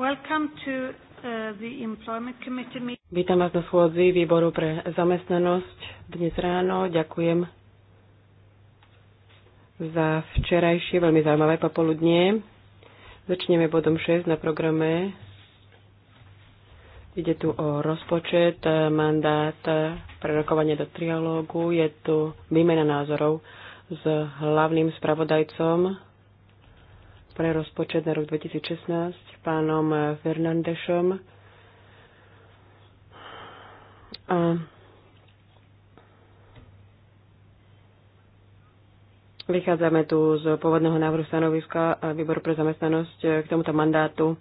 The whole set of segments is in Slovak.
Welcome to uh, the Employment Committee meeting. Vítam vás na schôdzi výboru pre zamestnanosť dnes ráno. Ďakujem za včerajšie veľmi zaujímavé popoludnie. Začneme bodom 6 na programe. Ide tu o rozpočet, mandát, prerokovanie do trialógu. Je tu výmena názorov s hlavným spravodajcom pre rozpočet na rok 2016 pánom Fernandešom. A vychádzame tu z pôvodného návrhu stanoviska Výboru pre zamestnanosť k tomuto mandátu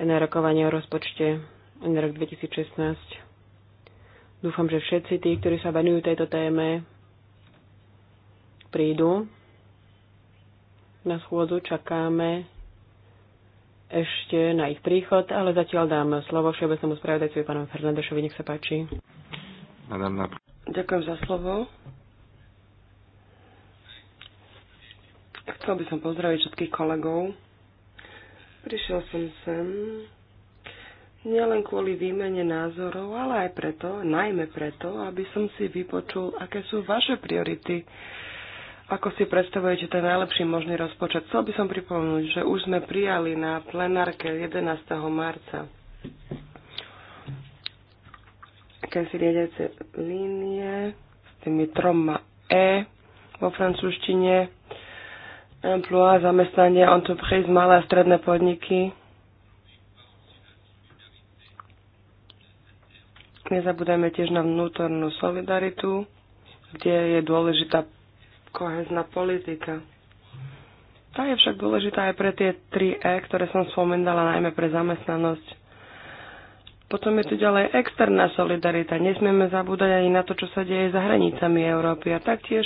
na rokovanie o rozpočte na rok 2016. Dúfam, že všetci tí, ktorí sa venujú tejto téme, prídu na schôdzu čakáme ešte na ich príchod, ale zatiaľ dám slovo všeobecnému spravodajcovi pánovi Fernandešovi, nech sa páči. Ďakujem za slovo. Chcel by som pozdraviť všetkých kolegov. Prišiel som sem nielen kvôli výmene názorov, ale aj preto, najmä preto, aby som si vypočul, aké sú vaše priority ako si predstavujete ten najlepší možný rozpočet? Chcel by som pripomenúť, že už sme prijali na plenárke 11. marca akési riadiace línie s tými troma E vo francúzštine, emploi, zamestnanie, entreprise, malé a stredné podniky. Nezabúdajme tiež na vnútornú solidaritu, kde je dôležitá kohezná politika. Tá je však dôležitá aj pre tie 3E, ktoré som spomínala, najmä pre zamestnanosť. Potom je tu ďalej externá solidarita. Nesmieme zabúdať ani na to, čo sa deje za hranicami Európy a taktiež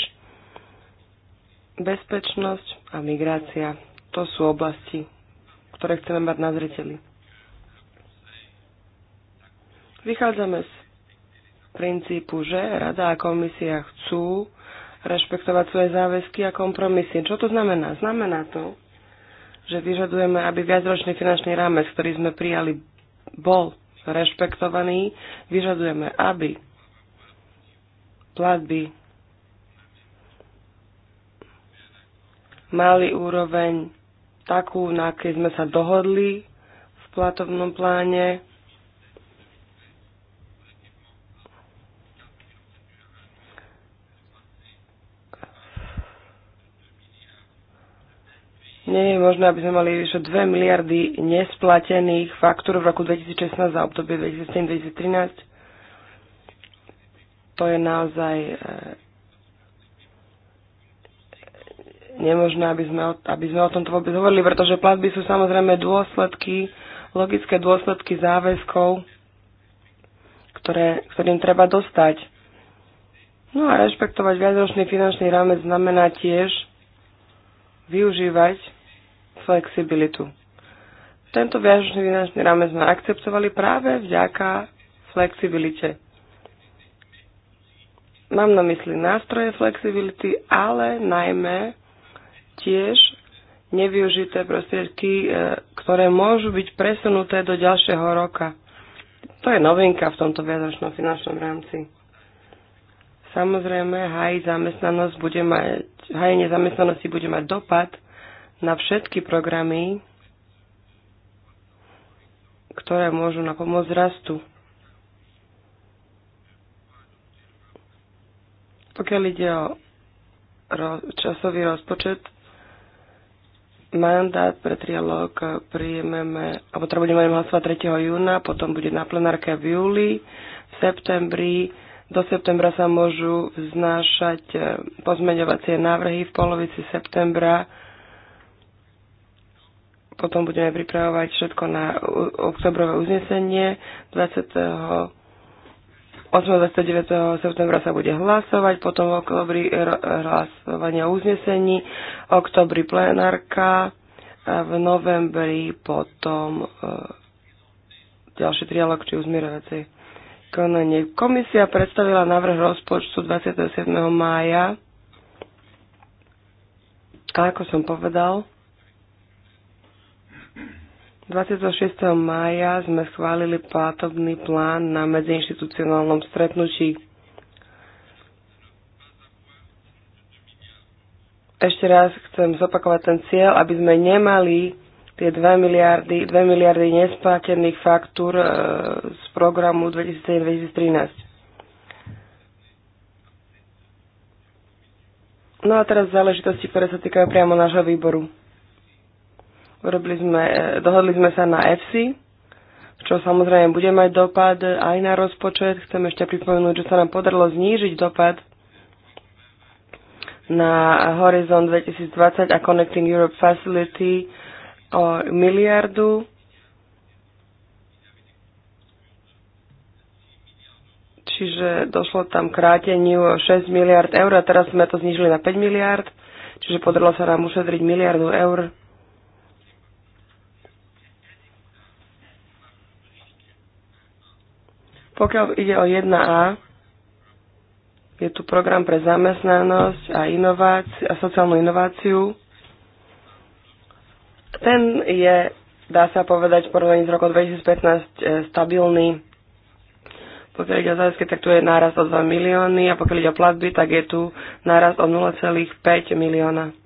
bezpečnosť a migrácia. To sú oblasti, ktoré chceme mať na zreteli. Vychádzame z princípu, že Rada a komisia chcú rešpektovať svoje záväzky a kompromisy. Čo to znamená? Znamená to, že vyžadujeme, aby viacročný finančný rámec, ktorý sme prijali, bol rešpektovaný. Vyžadujeme, aby platby mali úroveň takú, na akej sme sa dohodli v platovnom pláne. Nie je možné, aby sme mali vyše 2 miliardy nesplatených faktúr v roku 2016 za obdobie 2007-2013. To je naozaj eh, nemožné, aby sme, o, aby sme o tomto vôbec hovorili, pretože platby sú samozrejme dôsledky, logické dôsledky záväzkov, ktoré, ktorým treba dostať. No a rešpektovať viacročný finančný rámec znamená tiež využívať flexibilitu. Tento viažný finančný rámec sme akceptovali práve vďaka flexibilite. Mám na mysli nástroje flexibility, ale najmä tiež nevyužité prostriedky, e, ktoré môžu byť presunuté do ďalšieho roka. To je novinka v tomto viacročnom finančnom rámci. Samozrejme, haj zamestnanosti bude mať, haj nezamestnanosti bude mať dopad na všetky programy, ktoré môžu na pomoc rastu. Pokiaľ ide o časový rozpočet, mandát pre trialog príjmeme, alebo teda budeme hlasovať 3. júna, potom bude na plenárke v júli, v septembri, do septembra sa môžu vznášať eh, pozmeňovacie návrhy, v polovici septembra potom budeme pripravovať všetko na oktobrové uznesenie. 20. 8. 29. septembra sa bude hlasovať, potom v oktobri hlasovanie o uznesení, oktobri plenárka, v novembri potom e, ďalší trialog či uzmierovacie konanie. Komisia predstavila návrh rozpočtu 27. mája. A ako som povedal, 26. mája sme schválili platobný plán na medziinstitucionálnom stretnutí. Ešte raz chcem zopakovať ten cieľ, aby sme nemali tie 2 miliardy, 2 miliardy nesplatených faktúr e, z programu 2007-2013. No a teraz záležitosti, ktoré sa týkajú priamo nášho výboru. Urobili sme, e, dohodli sme sa na FC, čo samozrejme bude mať dopad aj na rozpočet. Chcem ešte pripomenúť, že sa nám podarilo znížiť dopad na Horizon 2020 a Connecting Europe Facility o miliardu. Čiže došlo tam kráteniu 6 miliard eur a teraz sme to znižili na 5 miliard, čiže podarilo sa nám ušetriť miliardu eur Pokiaľ ide o 1A, je tu program pre zamestnanosť a, inováci- a sociálnu inováciu. Ten je, dá sa povedať, v porovnaní z roku 2015 stabilný. Pokiaľ ide o záväzky, tak tu je nárast o 2 milióny a pokiaľ ide o platby, tak je tu nárast o 0,5 milióna.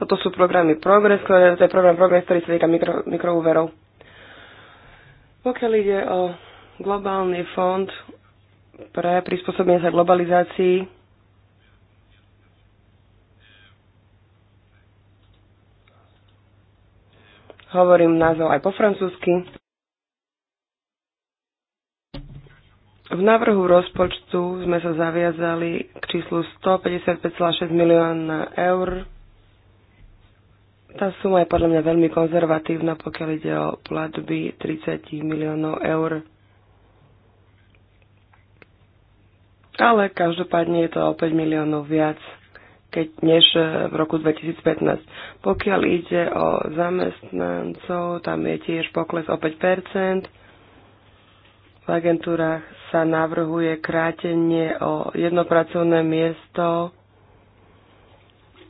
Toto sú programy Progress, ktoré, to je program Progress, ktorý sa týka mikro, mikroúverov. Pokiaľ ide o globálny fond pre prispôsobenie sa globalizácii, hovorím názov aj po francúzsky. V návrhu rozpočtu sme sa zaviazali k číslu 155,6 milióna eur tá suma je podľa mňa veľmi konzervatívna, pokiaľ ide o platby 30 miliónov eur. Ale každopádne je to o 5 miliónov viac keď, než eh, v roku 2015. Pokiaľ ide o zamestnancov, tam je tiež pokles o 5 V agentúrach sa navrhuje krátenie o jedno pracovné miesto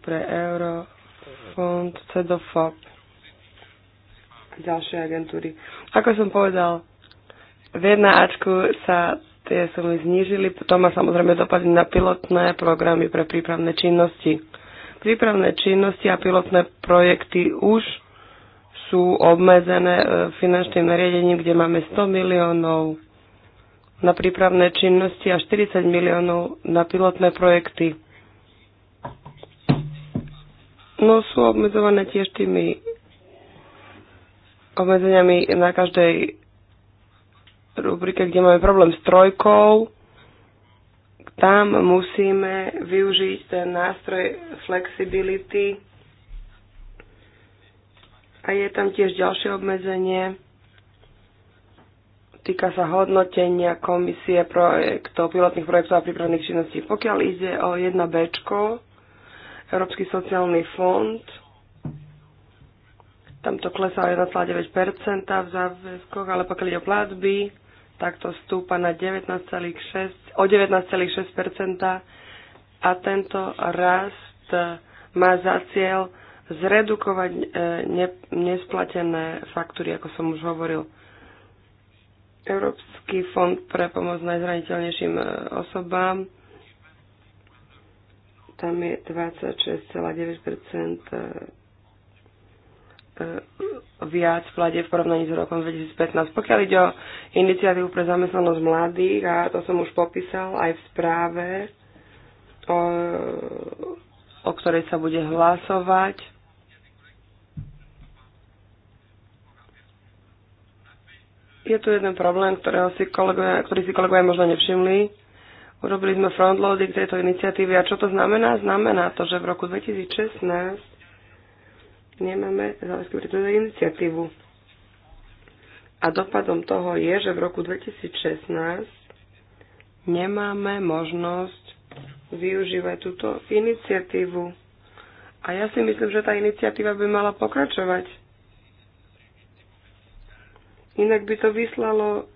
pre euro fond, CEDOFOP, ďalšie agentúry. Ako som povedal, v jedna Ačku sa tie sumy znížili, to má samozrejme dopady na pilotné programy pre prípravné činnosti. Prípravné činnosti a pilotné projekty už sú obmedzené e, finančným nariadením, kde máme 100 miliónov na prípravné činnosti a 40 miliónov na pilotné projekty. No sú obmedzované tiež tými obmedzeniami na každej rubrike, kde máme problém s trojkou. Tam musíme využiť ten nástroj flexibility. A je tam tiež ďalšie obmedzenie. Týka sa hodnotenia komisie projektov, pilotných projektov a prípravných činností. Pokiaľ ide o 1B, Európsky sociálny fond, tam to klesá 1,9% v záväzkoch, ale pokiaľ ide o platby, tak to stúpa na 19,6, o 19,6% a tento rast má za cieľ zredukovať e, ne, nesplatené faktúry, ako som už hovoril. Európsky fond pre pomoc najzraniteľnejším e, osobám tam je 26,9% e, e, viac v plade v porovnaní s rokom 2015. Pokiaľ ide o iniciatívu pre zamestnanosť mladých, a to som už popísal aj v správe, o, o ktorej sa bude hlasovať, je tu jeden problém, ktorého si kolegovia, ktorý si kolegovia možno nevšimli. Urobili sme frontloading tejto iniciatívy. A čo to znamená? Znamená to, že v roku 2016 nemáme záväzky pre túto iniciatívu. A dopadom toho je, že v roku 2016 nemáme možnosť využívať túto iniciatívu. A ja si myslím, že tá iniciatíva by mala pokračovať. Inak by to vyslalo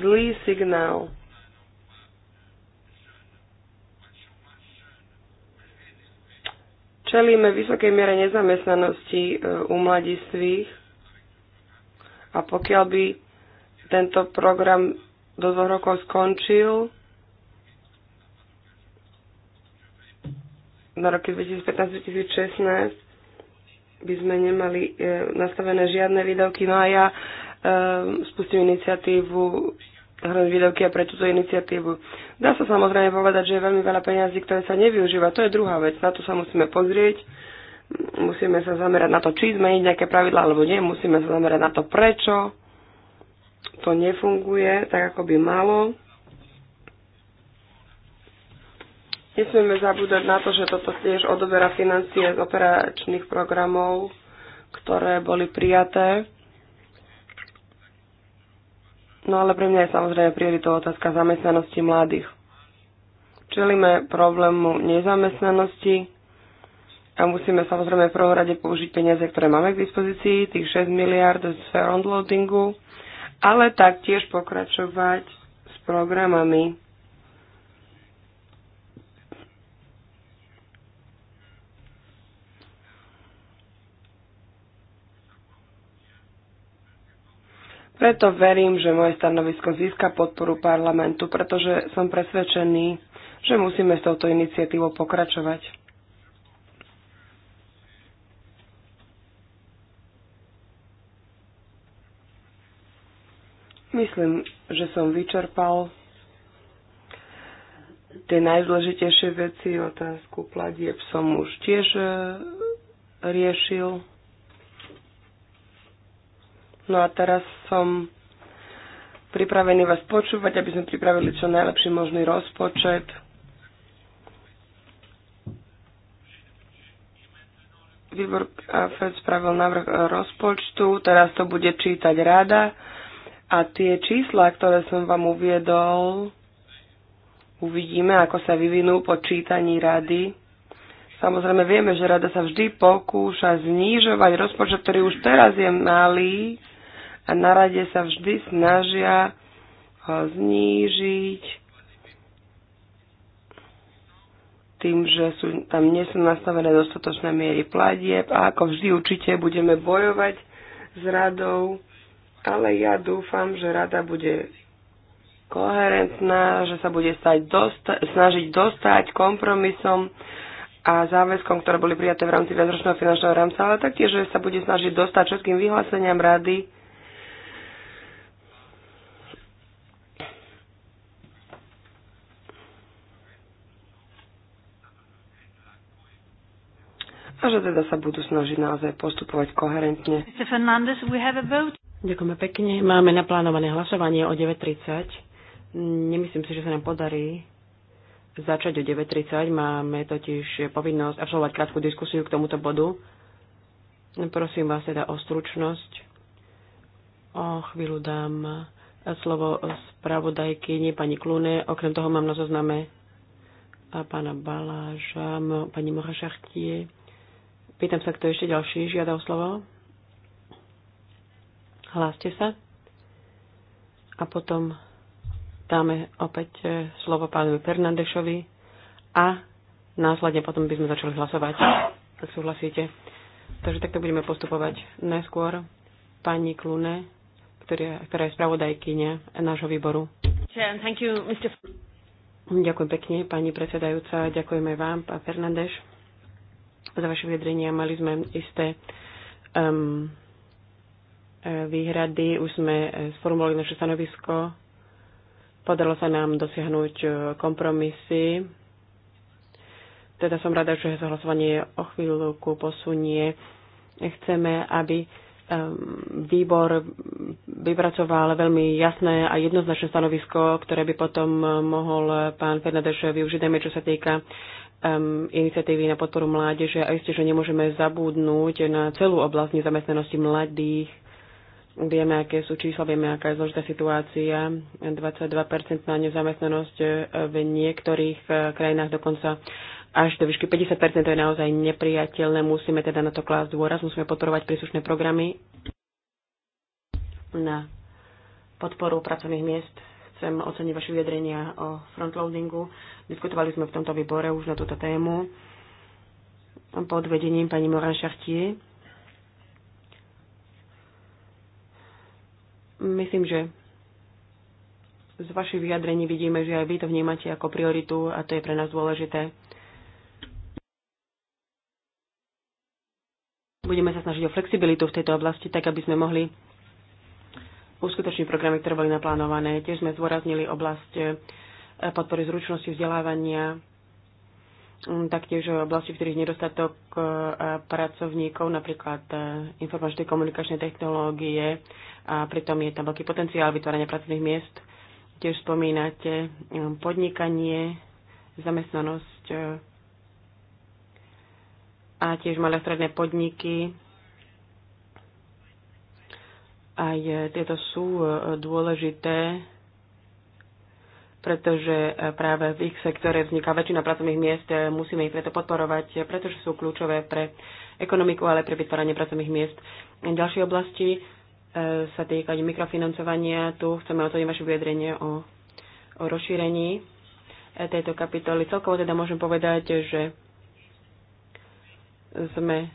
zlý signál čelíme vysokej miere nezamestnanosti e, u mladistvých a pokiaľ by tento program do dvoch rokov skončil, na roky 2015-2016 by sme nemali e, nastavené žiadne výdavky. No a ja e, spustím iniciatívu zahrnúť výdavky a pre túto iniciatívu. Dá sa samozrejme povedať, že je veľmi veľa peniazí, ktoré sa nevyužíva. To je druhá vec. Na to sa musíme pozrieť. Musíme sa zamerať na to, či zmeniť nejaké pravidla alebo nie. Musíme sa zamerať na to, prečo to nefunguje tak, ako by malo. Nesmieme zabúdať na to, že toto tiež odoberá financie z operačných programov, ktoré boli prijaté No ale pre mňa je samozrejme prioritou otázka zamestnanosti mladých. Čelíme problému nezamestnanosti a musíme samozrejme v prvom rade použiť peniaze, ktoré máme k dispozícii, tých 6 miliard z frontloadingu, ale taktiež pokračovať s programami Preto verím, že moje stanovisko získa podporu parlamentu, pretože som presvedčený, že musíme s touto iniciatívou pokračovať. Myslím, že som vyčerpal tie najdôležitejšie veci, otázku platieb som už tiež eh, riešil. No a teraz som pripravený vás počúvať, aby sme pripravili čo najlepší možný rozpočet. Výbor FED spravil návrh rozpočtu, teraz to bude čítať rada a tie čísla, ktoré som vám uviedol, uvidíme, ako sa vyvinú po čítaní rady. Samozrejme vieme, že rada sa vždy pokúša znižovať rozpočet, ktorý už teraz je malý, a na rade sa vždy snažia ho e, znížiť tým, že sú, tam nie sú nastavené dostatočné miery pladieb a ako vždy určite budeme bojovať s radou, ale ja dúfam, že rada bude koherentná, že sa bude stať dosta- snažiť dostať kompromisom a záväzkom, ktoré boli prijaté v rámci viacročného finančného rámca, ale taktiež, že sa bude snažiť dostať všetkým vyhláseniam rady a že teda sa budú snažiť naozaj postupovať koherentne. Ďakujeme pekne. Máme naplánované hlasovanie o 9.30. Nemyslím si, že sa nám podarí začať o 9.30. Máme totiž povinnosť absolvovať krátku diskusiu k tomuto bodu. Prosím vás teda o stručnosť. O chvíľu dám slovo spravodajky nie pani Klune. Okrem toho mám na zozname a pána Baláža, pani Mohašachtie. Pýtam sa, kto ešte ďalší žiada o slovo. Hláste sa. A potom dáme opäť e, slovo pánovi Fernandešovi a následne potom by sme začali hlasovať, ak súhlasíte. Takže takto budeme postupovať najskôr pani Klune, ktorá, ktorá je spravodajkyňa nášho výboru. Ďakujem pekne, pani predsedajúca. Ďakujeme vám, pán Fernandeš za vaše vyjadrenia. Mali sme isté um, e, výhrady, už sme e, sformulovali naše stanovisko. Podarilo sa nám dosiahnuť e, kompromisy. Teda som rada, že sa hlasovanie o chvíľku posunie. Chceme, aby um, výbor vypracoval veľmi jasné a jednoznačné stanovisko, ktoré by potom mohol pán Fernandeš využiť, najmä čo sa týka um, iniciatívy na podporu mládeže a isté, že nemôžeme zabúdnúť na celú oblasť nezamestnanosti mladých. Vieme, aké sú čísla, vieme, aká je zložitá situácia. 22 na nezamestnanosť eh, v niektorých eh, krajinách dokonca až do výšky 50% to je naozaj nepriateľné. Musíme teda na to klásť dôraz, musíme podporovať príslušné programy na podporu pracovných miest chcem oceniť vaše vyjadrenia o frontloadingu. Diskutovali sme v tomto výbore už na túto tému pod vedením pani Moran Šartie. Myslím, že z vašich vyjadrení vidíme, že aj vy to vnímate ako prioritu a to je pre nás dôležité. Budeme sa snažiť o flexibilitu v tejto oblasti, tak aby sme mohli uskutoční programy, ktoré boli naplánované. Tiež sme zdôraznili oblasť e, podpory zručnosti vzdelávania, taktiež oblasti, v ktorých nedostatok e, pracovníkov, napríklad e, informačné komunikačné technológie a pritom je tam veľký potenciál vytvárania pracovných miest. Tiež spomínate podnikanie, zamestnanosť a tiež malé stredné podniky, aj e, tieto sú e, dôležité, pretože e, práve v ich sektore vzniká väčšina pracovných miest, musíme ich preto podporovať, pretože sú kľúčové pre ekonomiku, ale pre vytváranie pracovných miest. Ďalšie oblasti sa týkajú mikrofinancovania. Tu chceme oceniť vaše vyjadrenie o, o rozšírení tejto kapitoly. Celkovo teda môžem povedať, že sme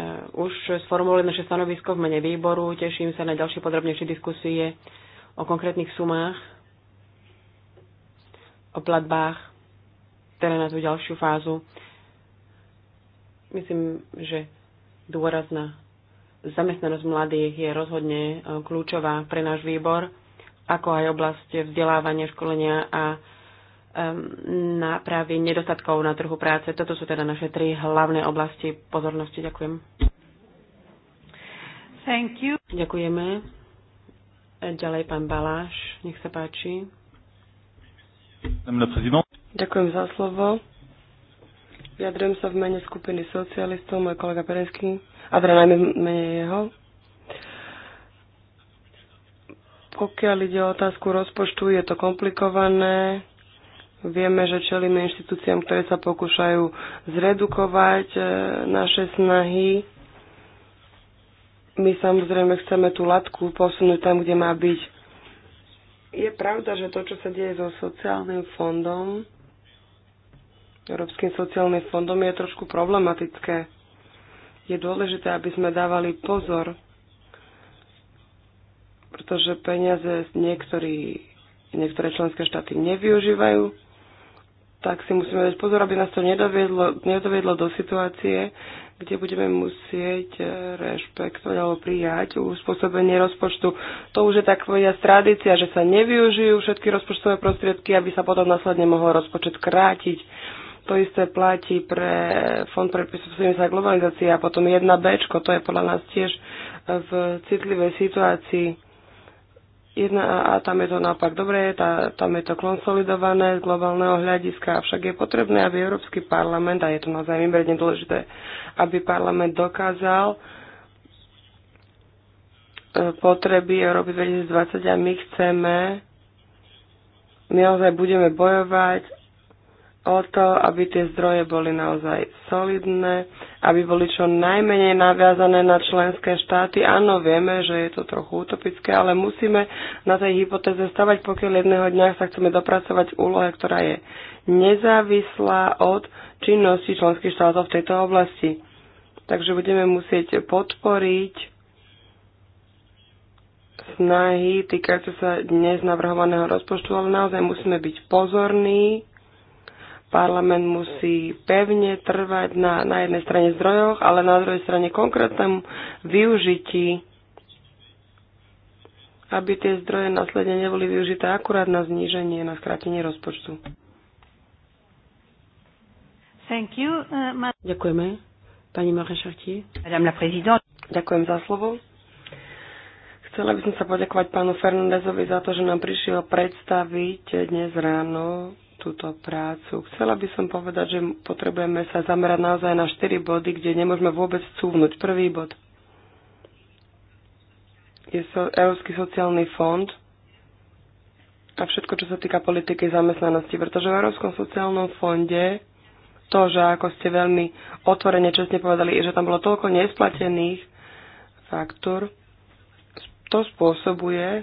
Eh, už sformulujem naše stanovisko v mene výboru. Teším sa na ďalšie podrobnejšie diskusie o konkrétnych sumách, o platbách, teda na tú ďalšiu fázu. Myslím, že dôraz na zamestnanosť mladých je rozhodne eh, kľúčová pre náš výbor, ako aj oblasť vzdelávania, školenia a nápravy nedostatkov na trhu práce. Toto sú teda naše tri hlavné oblasti pozornosti. Ďakujem. Thank you. Ďakujeme. Ďalej pán Baláš, nech sa páči. Ďakujem za slovo. Vyjadrujem sa v mene skupiny socialistov, môj kolega Perenský, a teda najmä v mene jeho. Pokiaľ ide o otázku rozpočtu, je to komplikované Vieme, že čelíme inštitúciám, ktoré sa pokúšajú zredukovať e, naše snahy. My samozrejme chceme tú latku posunúť tam, kde má byť. Je pravda, že to, čo sa deje so sociálnym fondom, Európskym sociálnym fondom, je trošku problematické. Je dôležité, aby sme dávali pozor, pretože peniaze niektorí, niektoré členské štáty nevyužívajú tak si musíme dať pozor, aby nás to nedoviedlo, nedoviedlo do situácie, kde budeme musieť eh, rešpektovať alebo prijať uspôsobenie rozpočtu. To už je tak povedať tradícia, že sa nevyužijú všetky rozpočtové prostriedky, aby sa potom následne mohol rozpočet krátiť. To isté platí pre Fond pre sa globalizácie a potom 1B, to je podľa nás tiež v citlivej situácii Jedna, a a tam je to naopak dobré, tá, tam je to konsolidované z globálneho hľadiska, avšak je potrebné, aby Európsky parlament, a je to naozaj mimredne dôležité, aby parlament dokázal e, potreby Európy 2020 a my chceme, my naozaj budeme bojovať o to, aby tie zdroje boli naozaj solidné, aby boli čo najmenej naviazané na členské štáty. Áno, vieme, že je to trochu utopické, ale musíme na tej hypotéze stavať, pokiaľ jedného dňa sa chceme dopracovať k úlohe, ktorá je nezávislá od činnosti členských štátov v tejto oblasti. Takže budeme musieť podporiť snahy týkajúce sa dnes navrhovaného rozpočtu, ale naozaj musíme byť pozorní Parlament musí pevne trvať na, na jednej strane zdrojoch, ale na druhej strane konkrétnemu využití, aby tie zdroje následne neboli využité akurát na zníženie, na skrátenie rozpočtu. Thank you, uh, ma- Ďakujeme. Pani Maréšartier. Madame la présidente. Ďakujem za slovo. Chcela by som sa poďakovať pánu Fernandezovi za to, že nám prišiel predstaviť dnes ráno túto prácu. Chcela by som povedať, že potrebujeme sa zamerať naozaj na 4 body, kde nemôžeme vôbec cúvnuť. Prvý bod je so, Európsky sociálny fond a všetko, čo sa týka politiky zamestnanosti, pretože v Európskom sociálnom fonde to, že ako ste veľmi otvorene, čestne povedali, že tam bolo toľko nesplatených faktúr, to spôsobuje,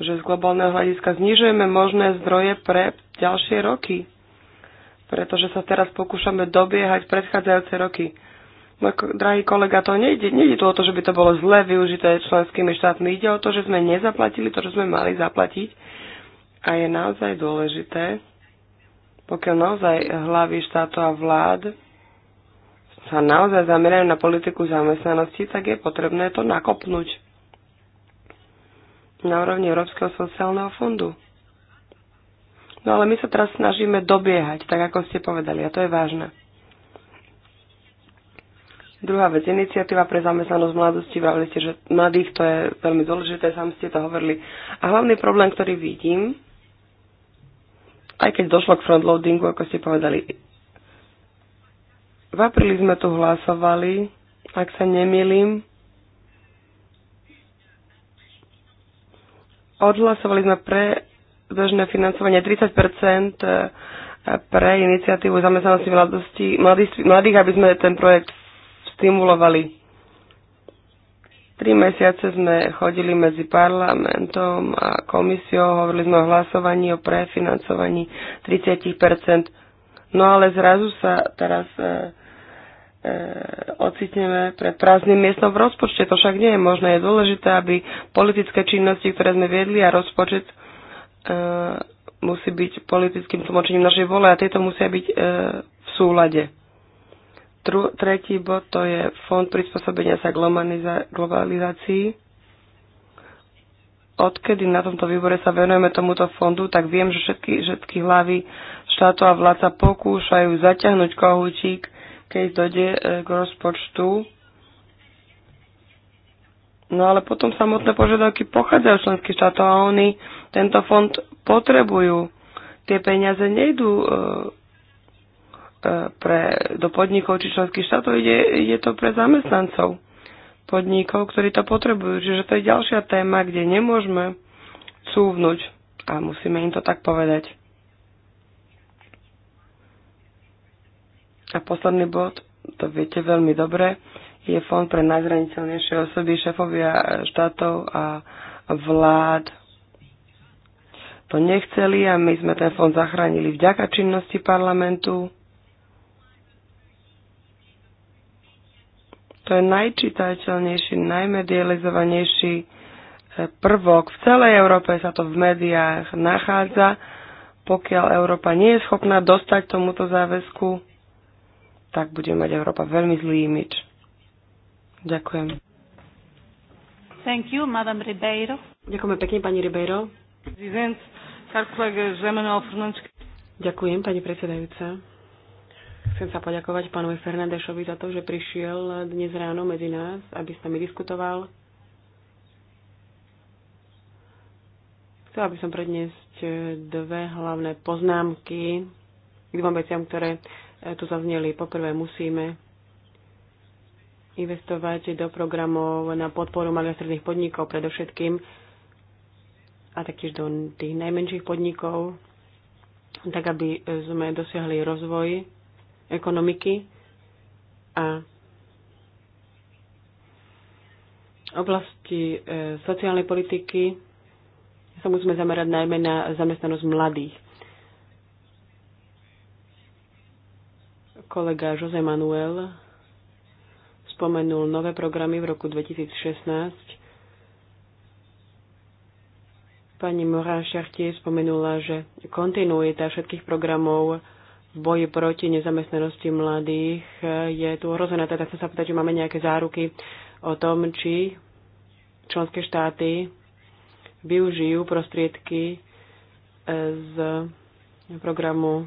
že z globálneho hľadiska znižujeme možné zdroje pre ďalšie roky, pretože sa teraz pokúšame dobiehať predchádzajúce roky. Môj drahý kolega, to nejde, nejde tu o to, že by to bolo zle využité členskými štátmi. Ide o to, že sme nezaplatili to, čo sme mali zaplatiť. A je naozaj dôležité, pokiaľ naozaj hlavy štátu a vlád sa naozaj zamerajú na politiku zamestnanosti, tak je potrebné to nakopnúť na úrovni Európskeho sociálneho fondu. No ale my sa teraz snažíme dobiehať, tak ako ste povedali, a to je vážne. Druhá vec, iniciatíva pre zamestnanosť mladosti. Vravili ste, že mladých to je veľmi dôležité, sám ste to hovorili. A hlavný problém, ktorý vidím, aj keď došlo k frontloadingu, ako ste povedali, v apríli sme tu hlasovali, ak sa nemýlim, Odhlasovali sme pre bežné financovanie 30 e, pre iniciatívu zamestnanosti mladosti, mladých, aby sme ten projekt stimulovali. Tri mesiace sme chodili medzi parlamentom a komisiou, hovorili sme o hlasovaní, o prefinancovaní 30%. No ale zrazu sa teraz e, E, ocitneme pred prázdnym miestom v rozpočte. To však nie je možné. Je dôležité, aby politické činnosti, ktoré sme viedli a rozpočet e, musí byť politickým tlmočením našej vole a tieto musia byť e, v súlade. Tru, tretí bod to je Fond prispôsobenia sa globalizácii. Odkedy na tomto výbore sa venujeme tomuto fondu, tak viem, že všetky, všetky hlavy štátov a vlád sa pokúšajú zaťahnuť kohúčik keď dojde e, k rozpočtu. No ale potom samotné požiadavky pochádzajú členských štátov a oni tento fond potrebujú. Tie peniaze nejdú e, e, pre, do podnikov či členských štátov, ide, ide to pre zamestnancov podnikov, ktorí to potrebujú. Čiže to je ďalšia téma, kde nemôžeme cúvnuť a musíme im to tak povedať. A posledný bod, to viete veľmi dobre, je fond pre najzraniteľnejšie osoby, šefovia štátov a vlád to nechceli a my sme ten fond zachránili vďaka činnosti parlamentu. To je najčitateľnejší, najmedializovanejší eh, prvok. V celej Európe sa to v médiách nachádza. Pokiaľ Európa nie je schopná dostať tomuto záväzku, tak bude mať Európa veľmi zlý imič. Ďakujem. Thank you, Madam Ribeiro. Ďakujeme pekne, pani Ribeiro. Ďakujem, pani predsedajúca. Chcem sa poďakovať pánovi Fernandešovi za to, že prišiel dnes ráno medzi nás, aby s nami diskutoval. Chcela by som predniesť dve hlavné poznámky k dvom veciam, ktoré E, tu zazneli. Poprvé musíme investovať do programov na podporu malých a stredných podnikov predovšetkým a taktiež do tých najmenších podnikov, tak aby sme dosiahli rozvoj ekonomiky a oblasti e, sociálnej politiky sa musíme zamerať najmä na zamestnanosť mladých. Kolega Jose Manuel spomenul nové programy v roku 2016. Pani Morán Chartier spomenula, že kontinuita všetkých programov v boji proti nezamestnanosti mladých je tu ohrozená. Teda chcem sa pýtať, či máme nejaké záruky o tom, či členské štáty využijú prostriedky e, z programu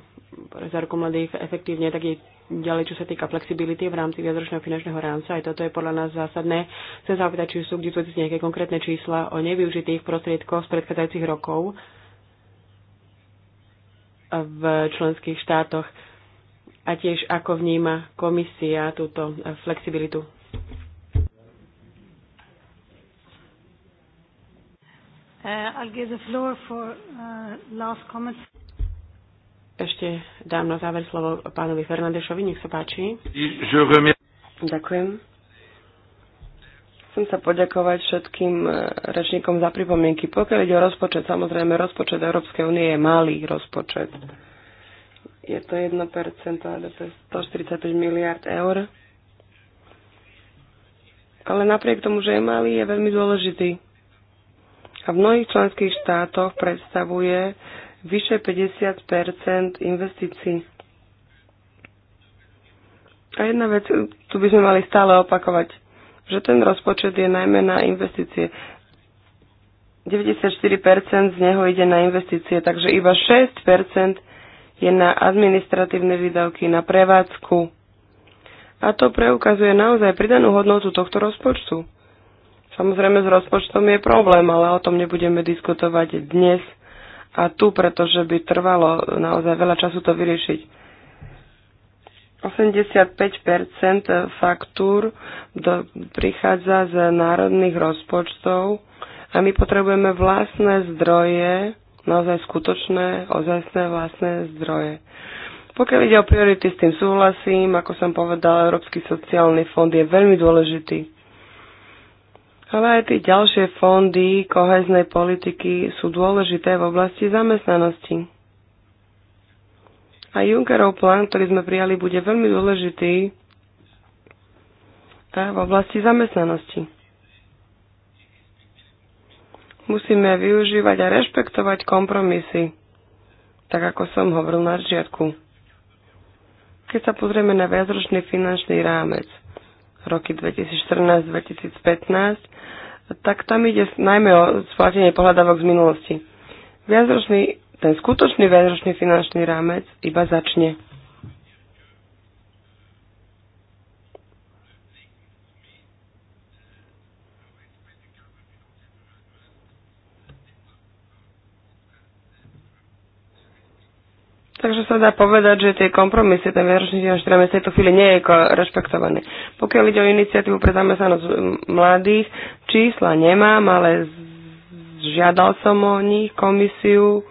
pre záruku mladých efektívne, tak je Ďalej, čo sa týka flexibility v rámci viacročného finančného rámca, aj toto je podľa nás zásadné. Chcem sa opýtať, či sú k dispozícii nejaké konkrétne čísla o nevyužitých prostriedkoch z predchádzajúcich rokov v členských štátoch a tiež ako vníma komisia túto flexibilitu. Uh, I'll give the floor for uh, last comments. Ešte dám na záver slovo pánovi Fernandešovi, nech sa páči. Ďakujem. Chcem sa poďakovať všetkým eh, rečníkom za pripomienky. Pokiaľ ide o rozpočet, samozrejme rozpočet Európskej únie je malý rozpočet. Je to 1% to je 145 miliard eur. Ale napriek tomu, že je malý, je veľmi dôležitý. A v mnohých členských štátoch predstavuje vyše 50 investícií. A jedna vec, tu by sme mali stále opakovať, že ten rozpočet je najmä na investície. 94% z neho ide na investície, takže iba 6% je na administratívne výdavky, na prevádzku. A to preukazuje naozaj pridanú hodnotu tohto rozpočtu. Samozrejme, s rozpočtom je problém, ale o tom nebudeme diskutovať dnes a tu, pretože by trvalo naozaj veľa času to vyriešiť. 85 faktúr do, prichádza z národných rozpočtov a my potrebujeme vlastné zdroje, naozaj skutočné, ozajstné vlastné zdroje. Pokiaľ ide o priority, s tým súhlasím. Ako som povedala, Európsky sociálny fond je veľmi dôležitý. Ale aj tie ďalšie fondy koheznej politiky sú dôležité v oblasti zamestnanosti. A Junckerov plán, ktorý sme prijali, bude veľmi dôležitý v oblasti zamestnanosti. Musíme využívať a rešpektovať kompromisy, tak ako som hovoril na začiatku. Keď sa pozrieme na viacročný finančný rámec, roky 2014-2015, tak tam ide najmä o splatenie pohľadávok z minulosti. Viacročný, ten skutočný viacročný finančný rámec iba začne. Takže sa dá povedať, že tie kompromisy, ten výročný finančný 4 v tejto chvíli nie je rešpektovaný. Pokiaľ ide o iniciatívu pre zamestnanosť mladých, čísla nemám, ale žiadal som o nich komisiu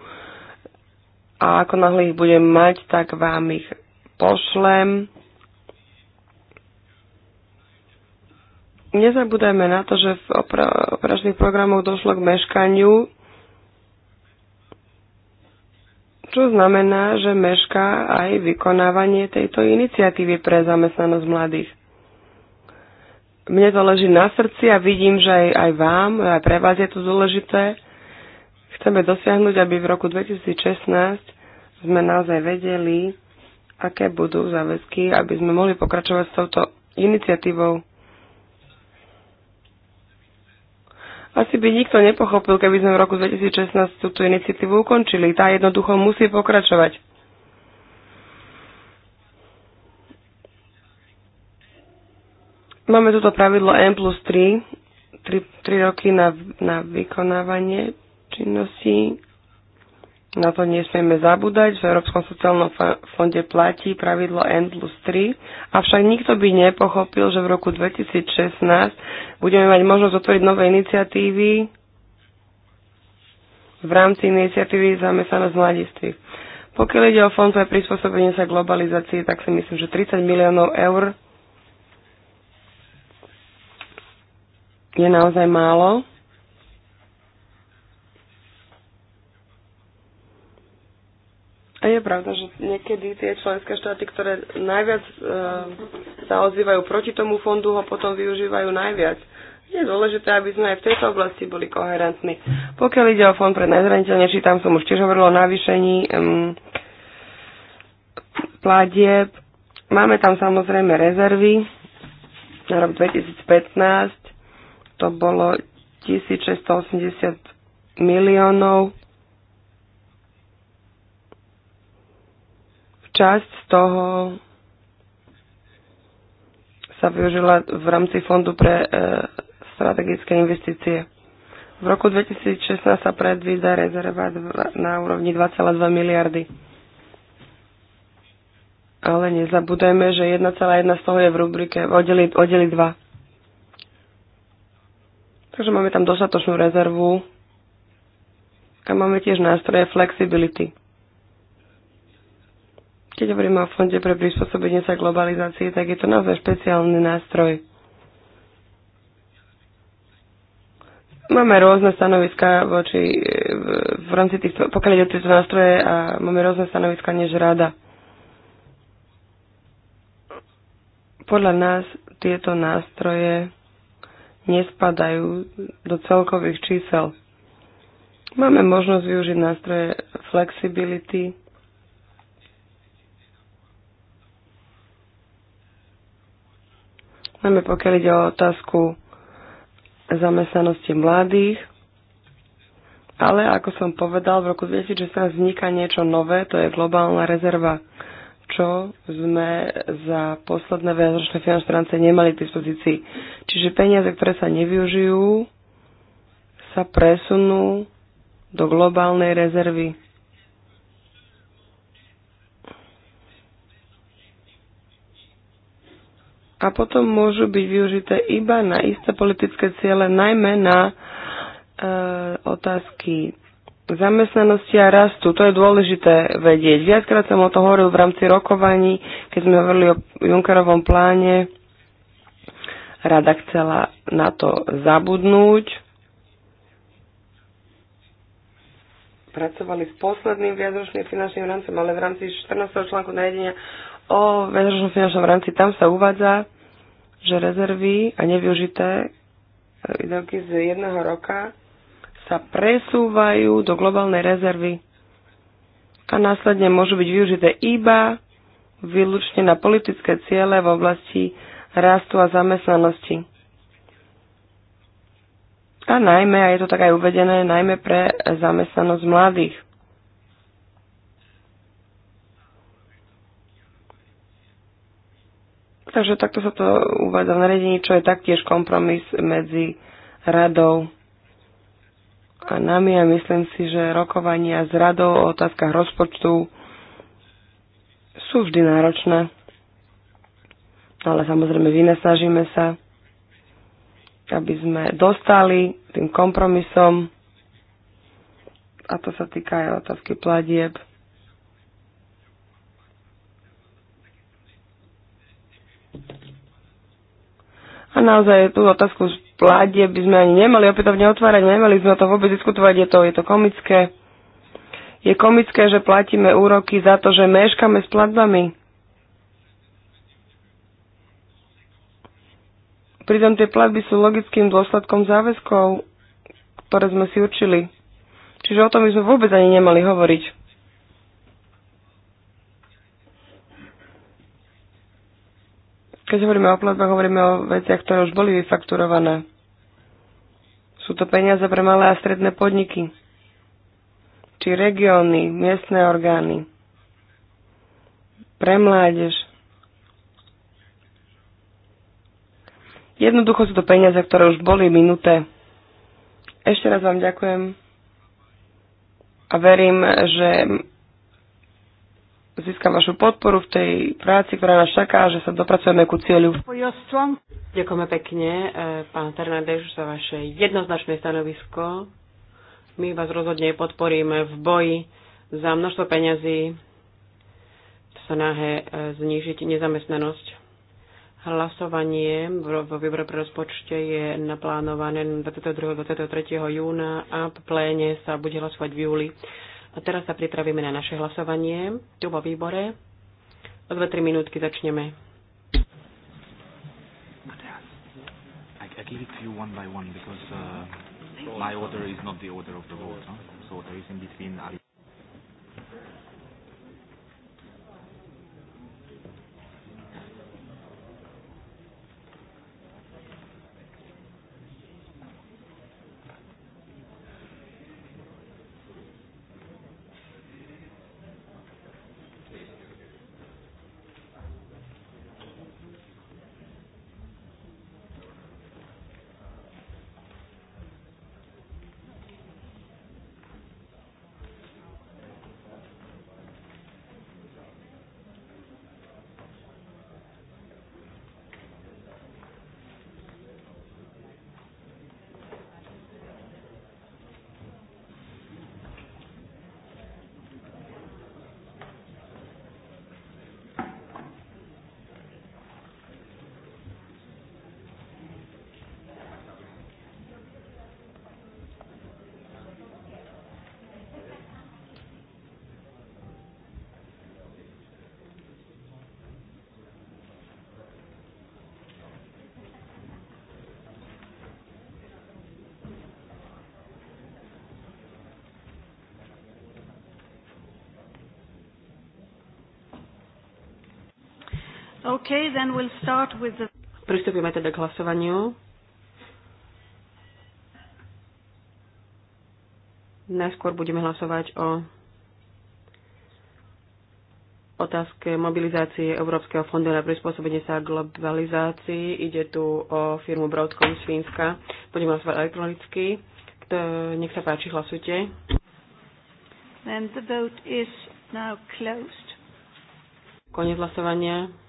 a ako náhle ich budem mať, tak vám ich pošlem. Nezabúdajme na to, že v operačných programoch došlo k meškaniu čo znamená, že mešká aj vykonávanie tejto iniciatívy pre zamestnanosť mladých. Mne to leží na srdci a vidím, že aj, aj vám, aj pre vás je to dôležité. Chceme dosiahnuť, aby v roku 2016 sme naozaj vedeli, aké budú záväzky, aby sme mohli pokračovať s touto iniciatívou. Asi by nikto nepochopil, keby sme v roku 2016 túto iniciatívu ukončili. Tá jednoducho musí pokračovať. Máme toto pravidlo N plus 3, 3, 3 roky na, na vykonávanie činností na to nesmieme zabúdať, v Európskom sociálnom fonde platí pravidlo N plus 3, avšak nikto by nepochopil, že v roku 2016 budeme mať možnosť otvoriť nové iniciatívy v rámci iniciatívy zamestnanosť mladiství. Pokiaľ ide o fond pre prispôsobenie sa globalizácii, tak si myslím, že 30 miliónov eur je naozaj málo. A je pravda, že niekedy tie členské štáty, ktoré najviac e, sa ozývajú proti tomu fondu, ho potom využívajú najviac. Je dôležité, aby sme aj v tejto oblasti boli koherentní. Pokiaľ ide o fond pre najzraniteľnejší, tam som už tiež hovorila o navýšení um, pladieb. Máme tam samozrejme rezervy na rok 2015. To bolo 1680 miliónov Časť z toho sa využila v rámci Fondu pre e, strategické investície. V roku 2016 sa predvída rezerva na úrovni 2,2 miliardy. Ale nezabudujeme, že 1,1 z toho je v rubrike oddeli 2. Takže máme tam dostatočnú rezervu a máme tiež nástroje flexibility. Keď hovoríme o fonde pre prispôsobenie sa globalizácii, tak je to naozaj špeciálny nástroj. Máme rôzne stanoviska voči, v, v rámci týchto, pokiaľ ide o tieto nástroje a máme rôzne stanoviska než rada. Podľa nás tieto nástroje nespadajú do celkových čísel. Máme možnosť využiť nástroje flexibility, najmä pokiaľ ide o otázku zamestnanosti mladých. Ale ako som povedal, v roku 2016 vzniká niečo nové, to je globálna rezerva, čo sme za posledné viacročné finančné rámce nemali k dispozícii. Čiže peniaze, ktoré sa nevyužijú, sa presunú do globálnej rezervy. a potom môžu byť využité iba na isté politické ciele, najmä na e, otázky zamestnanosti a rastu. To je dôležité vedieť. Viackrát som o tom hovoril v rámci rokovaní, keď sme hovorili o Junkerovom pláne. Rada chcela na to zabudnúť. Pracovali s posledným viacročným finančným rámcom, ale v rámci 14. článku najedenia o väzročnom finančnom rámci, tam sa uvádza, že rezervy a nevyužité e, výdavky z jedného roka sa presúvajú do globálnej rezervy a následne môžu byť využité iba výlučne na politické ciele v oblasti rastu a zamestnanosti. A najmä, a je to tak aj uvedené, najmä pre zamestnanosť mladých. Takže takto sa to uvádza v nariadení, čo je taktiež kompromis medzi radou a nami a myslím si, že rokovania s radou o otázkach rozpočtu sú vždy náročné. Ale samozrejme vynasnažíme sa, aby sme dostali tým kompromisom a to sa týka aj otázky platieb naozaj tú otázku pládie by sme ani nemali opätovne otvárať, nemali sme o tom vôbec diskutovať, je to, je to komické. Je komické, že platíme úroky za to, že meškame s platbami. Pritom tie platby sú logickým dôsledkom záväzkov, ktoré sme si určili. Čiže o tom by sme vôbec ani nemali hovoriť. Keď hovoríme o platbách, hovoríme o veciach, ktoré už boli vyfakturované. Sú to peniaze pre malé a stredné podniky, či regióny, miestne orgány, pre mládež. Jednoducho sú to peniaze, ktoré už boli minuté. Ešte raz vám ďakujem a verím, že získam vašu podporu v tej práci, ktorá nás čaká, že sa dopracujeme ku cieľu. Ďakujeme pekne, e, pán Fernández, za vaše jednoznačné stanovisko. My vás rozhodne podporíme v boji za množstvo peňazí v snahe e, znížiť nezamestnanosť. Hlasovanie vo výbore pre rozpočte je naplánované 22. 23. júna a v pléne sa bude hlasovať v júli. A teraz sa pripravíme na naše hlasovanie tu vo výbore. O 2-3 minútky začneme. I give it to you one by one because uh, my order is not the order of the vote, huh? so there is in between. Okay, then we'll start with the... teda k hlasovaniu. Najskôr budeme hlasovať o otázke mobilizácie Európskeho fondu na prispôsobenie sa globalizácii. Ide tu o firmu Broadcom z Fínska. Budeme hlasovať elektronicky. Kto, nech sa páči, hlasujte. And the vote is now closed. Konec hlasovania.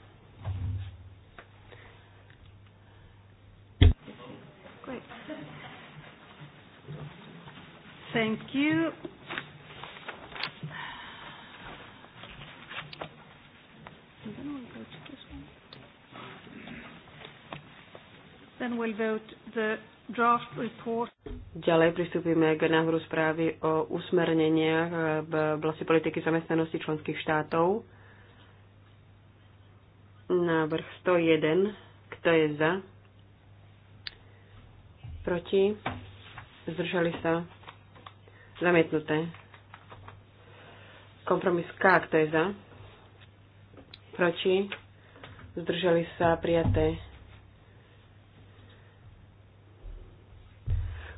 Ďalej pristúpime k návrhu správy o usmerneniach v oblasti politiky zamestnanosti členských štátov. Návrh 101. Kto je za? Proti? Zdržali sa? Zamietnuté. Kompromis K. Kto je za? Proti? Zdržali sa? Prijaté.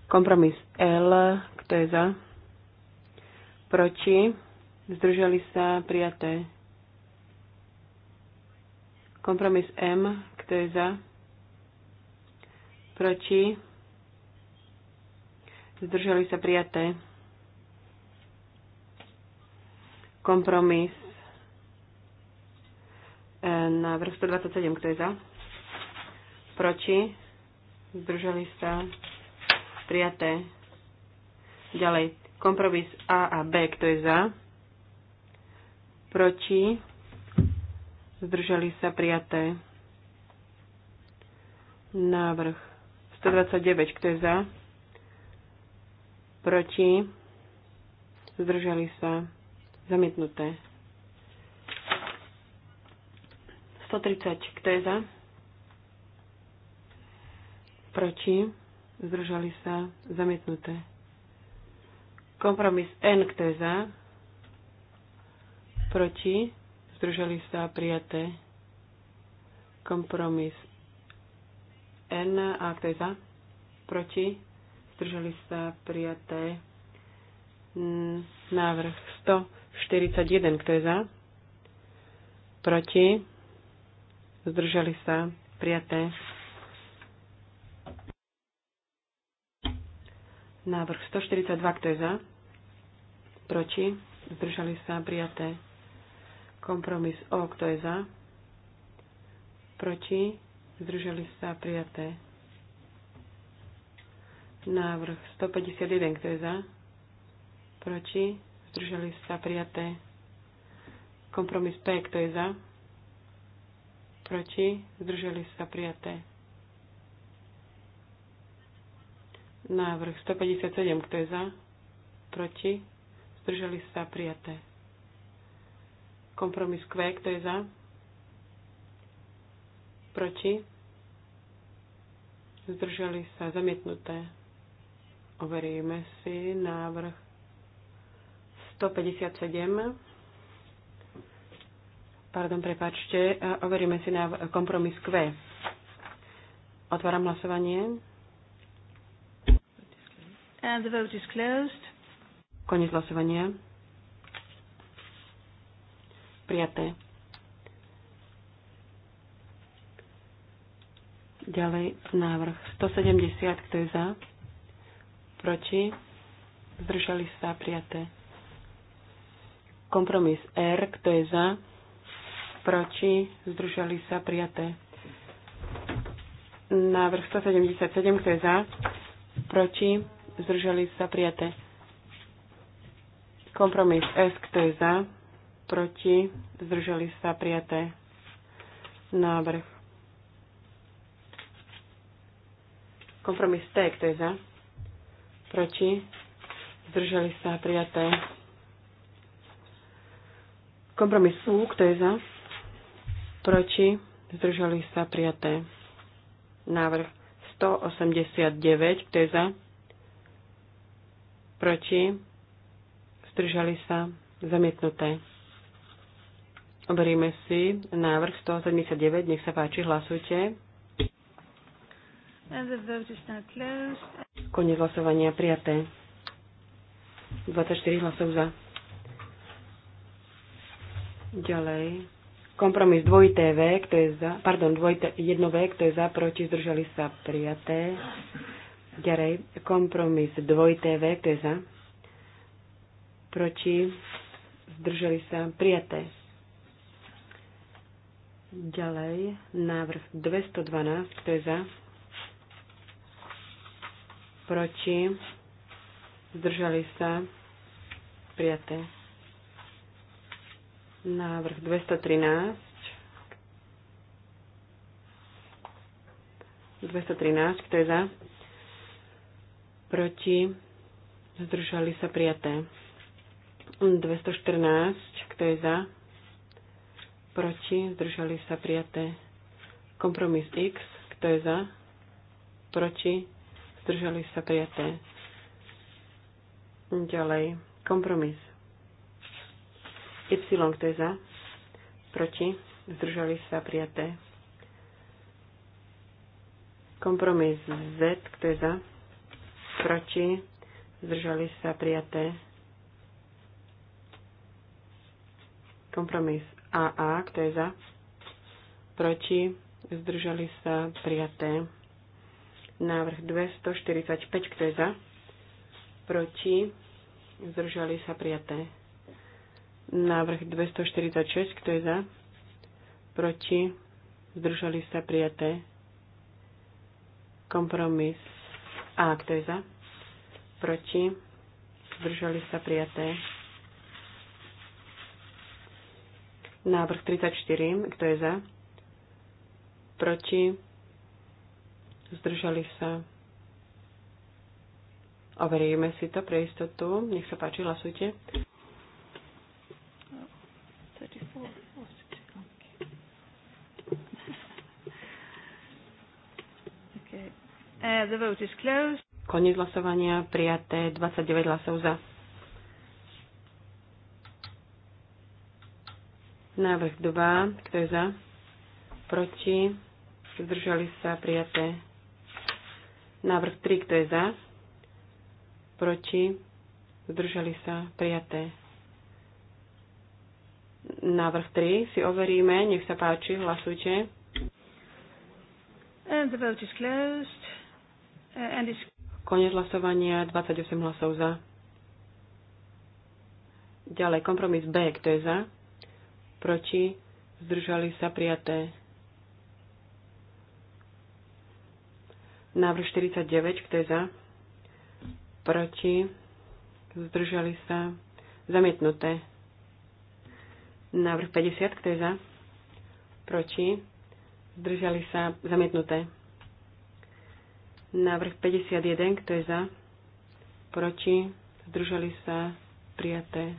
Kompromis L, kto je za? Proti? Zdržali sa prijaté. Kompromis M, kto je za? Proti? Zdržali sa prijaté. Kompromis vrch 127, kto je za? Proti? Zdržali sa Prijaté. Ďalej. Kompromis A a B. Kto je za? Proti. Zdržali sa prijaté. Návrh. 129. Kto je za? Proti. Zdržali sa. Zamietnuté. 130. Kto je za? Proti zdržali sa, zamietnuté. Kompromis N, kto je za, proti, zdržali sa, prijaté. Kompromis N, a kto je za, proti, zdržali sa, prijaté. Návrh 141, kto je za, proti, zdržali sa, prijaté. Návrh 142, kto je za? Proti? Zdržali sa prijaté. Kompromis O, kto je za? Proti? Zdržali sa prijaté. Návrh 151, kto je za? Proti? Zdržali sa prijaté. Kompromis P, kto je za? Proti? Zdržali sa prijaté. Návrh 157. Kto je za? Proti? Zdržali sa prijaté. Kompromis Q. Kto je za? Proti? Zdržali sa zamietnuté. Overíme si návrh 157. Pardon, prepačte. Overíme si na kompromis Q. Otváram hlasovanie. And the vote is closed. Koniec hlasovania. Prijaté. Ďalej návrh 170, kto je za? Proti? Zdržali sa prijaté. Kompromis R, kto je za? Proti? Zdržali sa prijaté. Návrh 177, kto je za? Proti? zdržali sa prijaté. Kompromis S, kto je za, proti, zdržali sa prijaté. Návrh. Kompromis T, kto je za, proti, zdržali sa prijaté. Kompromis U, kto je za, proti, zdržali sa prijaté. Návrh 189, kto je za, proti, zdržali sa, zamietnuté. Oberíme si návrh 179, nech sa páči, hlasujte. Konec hlasovania prijaté. 24 hlasov za. Ďalej. Kompromis 2, V, kto je za, pardon, dvojité, jedno V, kto je za, proti, zdržali sa prijaté. Ďalej, kompromis dvojité V, to je za. Proti, zdrželi sa, prijaté. Ďalej, návrh 212, kto je za? Proti, zdržali sa, prijaté. Návrh 213, 213, kto je za? proti, zdržali sa prijaté. 214, kto je za, proti, zdržali sa prijaté. Kompromis X, kto je za, proti, zdržali sa prijaté. Ďalej, kompromis. Y, kto je za, proti, zdržali sa prijaté. Kompromis Z, kto je za, proti, zdržali sa prijaté. Kompromis AA, kto je za, proti, zdržali sa prijaté. Návrh 245, kto je za, proti, zdržali sa prijaté. Návrh 246, kto je za, proti, zdržali sa prijaté. Kompromis a kto je za? Proti? Zdržali sa prijaté. Návrh 34. Kto je za? Proti? Zdržali sa. Overíme si to pre istotu. Nech sa páči, hlasujte. Uh, the vote is closed. Koniec hlasovania prijaté 29 hlasov za. Návrh 2. Kto je za? Proti? Zdržali sa prijaté. Návrh 3. Kto je za? Proti? Zdržali sa prijaté. Návrh 3 si overíme. Nech sa páči, hlasujte. And the vote is closed. Konec hlasovania, 28 hlasov za. Ďalej, kompromis B, kto je za? Proti? Zdržali sa prijaté. Návrh 49, kto je za? Proti? Zdržali sa. Zamietnuté. Návrh 50, kto je za? Proti? Zdržali sa. Zamietnuté. Návrh 51, kto je za? Proti? Zdržali sa? Prijaté.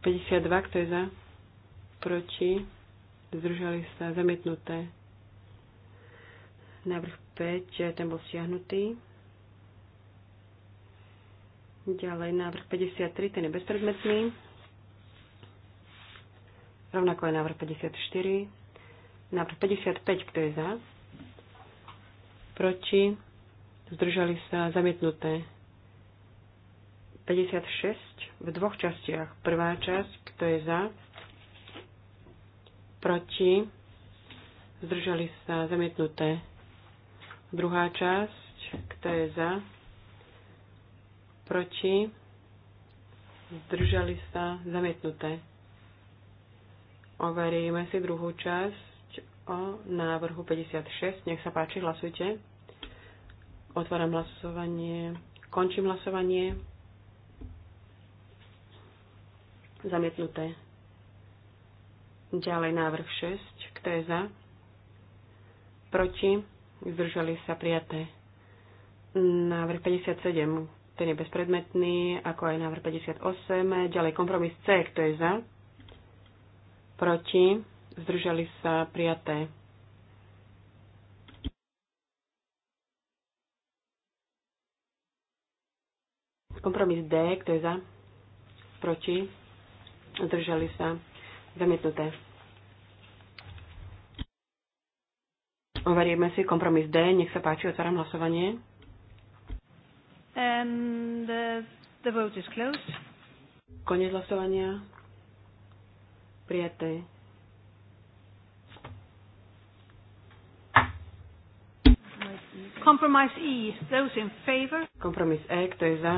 52, kto je za? Proti? Zdržali sa? Zamietnuté. Návrh 5, ten bol stiahnutý. Ďalej návrh 53, ten je bezpredmetný. Rovnako je návrh 54. Návrh 55, kto je za? proti, zdržali sa zamietnuté. 56 v dvoch častiach. Prvá časť, kto je za, proti, zdržali sa zamietnuté. Druhá časť, kto je za, proti, zdržali sa zamietnuté. Overíme si druhú časť o návrhu 56. Nech sa páči, hlasujte. Otváram hlasovanie. Končím hlasovanie. Zamietnuté. Ďalej návrh 6. Kto je za? Proti? Zdržali sa prijaté. Návrh 57. Ten je bezpredmetný, ako aj návrh 58. Ďalej kompromis C. Kto je za? Proti? Zdržali sa prijaté Kompromis D, kto je za? Proti? Zdržali sa? Zamietnuté. Overieme si kompromis D. Nech sa páči, otváram hlasovanie. And the, the vote is closed. Konec hlasovania. Prijaté. Compromise E. Those in favor. Kompromis E. Kto je za?